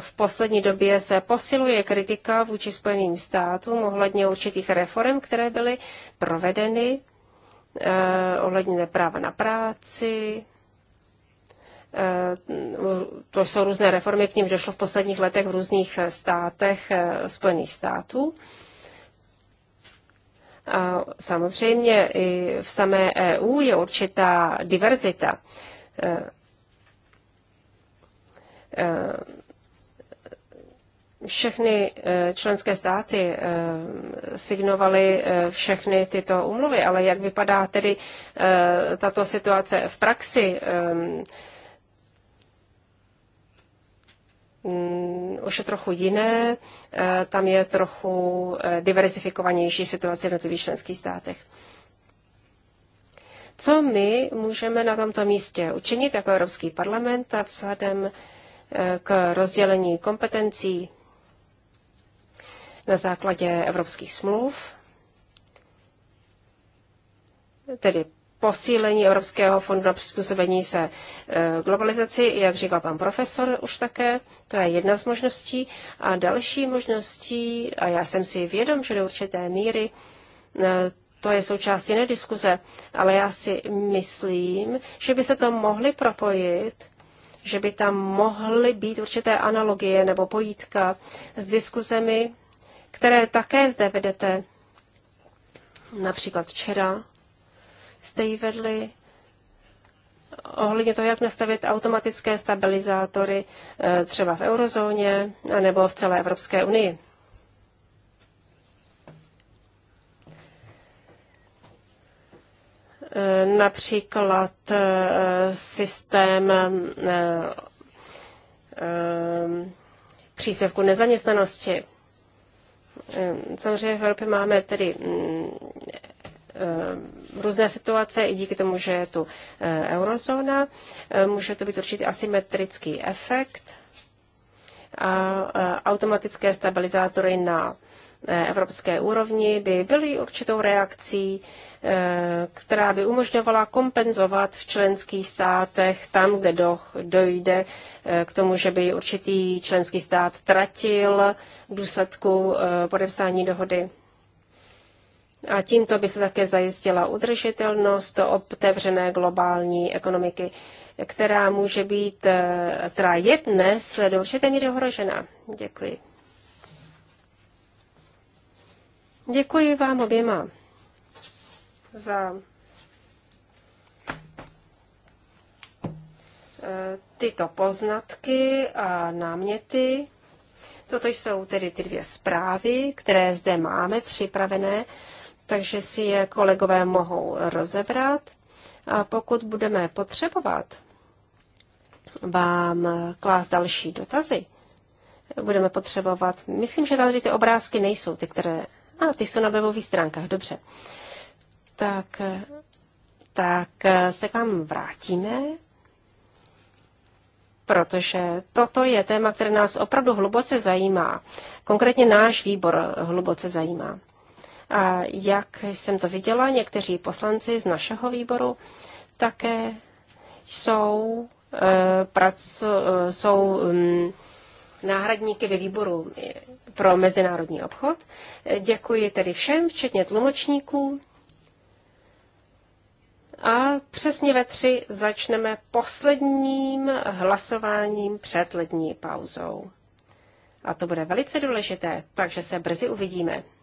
v poslední době se posiluje kritika vůči Spojeným státům ohledně určitých reform, které byly provedeny eh, ohledně práva na práci. Eh, to jsou různé reformy, k nimž došlo v posledních letech v různých státech eh, Spojených států. A samozřejmě i v samé EU je určitá diverzita. Eh, eh, všechny eh, členské státy eh, signovaly eh, všechny tyto umluvy, ale jak vypadá tedy tato situace v praxi? Ehm, mm, už je trochu jiné, tam je trochu diversifikovanější situace v jednotlivých členských státech. Co my můžeme na tomto místě učinit jako Evropský parlament a vzhledem k rozdělení kompetencí na základě evropských smluv, tedy posílení Evropského fondu na přizpůsobení se e, globalizaci, jak říkal pan profesor už také, to je jedna z možností. A další možností, a já jsem si vědom, že do určité míry e, to je součást jiné diskuze, ale já si myslím, že by se to mohly propojit, že by tam mohly být určité analogie nebo pojítka s diskuzemi které také zde vedete. Například včera jste ji vedli ohledně toho, jak nastavit automatické stabilizátory eh, třeba v eurozóně nebo v celé Evropské unii. Eh, například eh, systém příspěvku nezaměstnanosti. Ehm, samozřejmě v Evropě máme tedy mm, ehm, různé situace i díky tomu, že je tu eh, eurozóna. Ehm, může to být určitý asymetrický efekt a eh, automatické stabilizátory na Eh, evropské úrovni by byly určitou reakcí, eh, která by umožňovala kompenzovat v členských státech tam, kde dojde eh, k tomu, že by určitý členský stát tratil v důsledku podepsání dohody. A tímto by se také zajistila udržitelnost otevřené globální ekonomiky, která může být, která je dnes do určité míry ohrožena. Děkuji. Děkuji vám oběma za eh, tyto poznatky a náměty. Toto jsou tedy ty dvě zprávy, které zde máme připravené, takže si je kolegové mohou rozebrat. A pokud budeme potřebovat vám klást další dotazy, budeme potřebovat. Myslím, že tady ty obrázky nejsou ty, které a ty jsou na webových stránkách, dobře. Tak, tak se k vám vrátíme, protože toto je téma, které nás opravdu hluboce zajímá. Konkrétně náš výbor hluboce zajímá. A jak jsem to viděla, někteří poslanci z našeho výboru také jsou, eh, praco, eh, jsou mm, náhradníky ve výboru pro mezinárodní obchod. Děkuji tedy všem, včetně tlumočníků. A přesně ve tři začneme posledním hlasováním před lední pauzou. A to bude velice důležité, takže se brzy uvidíme.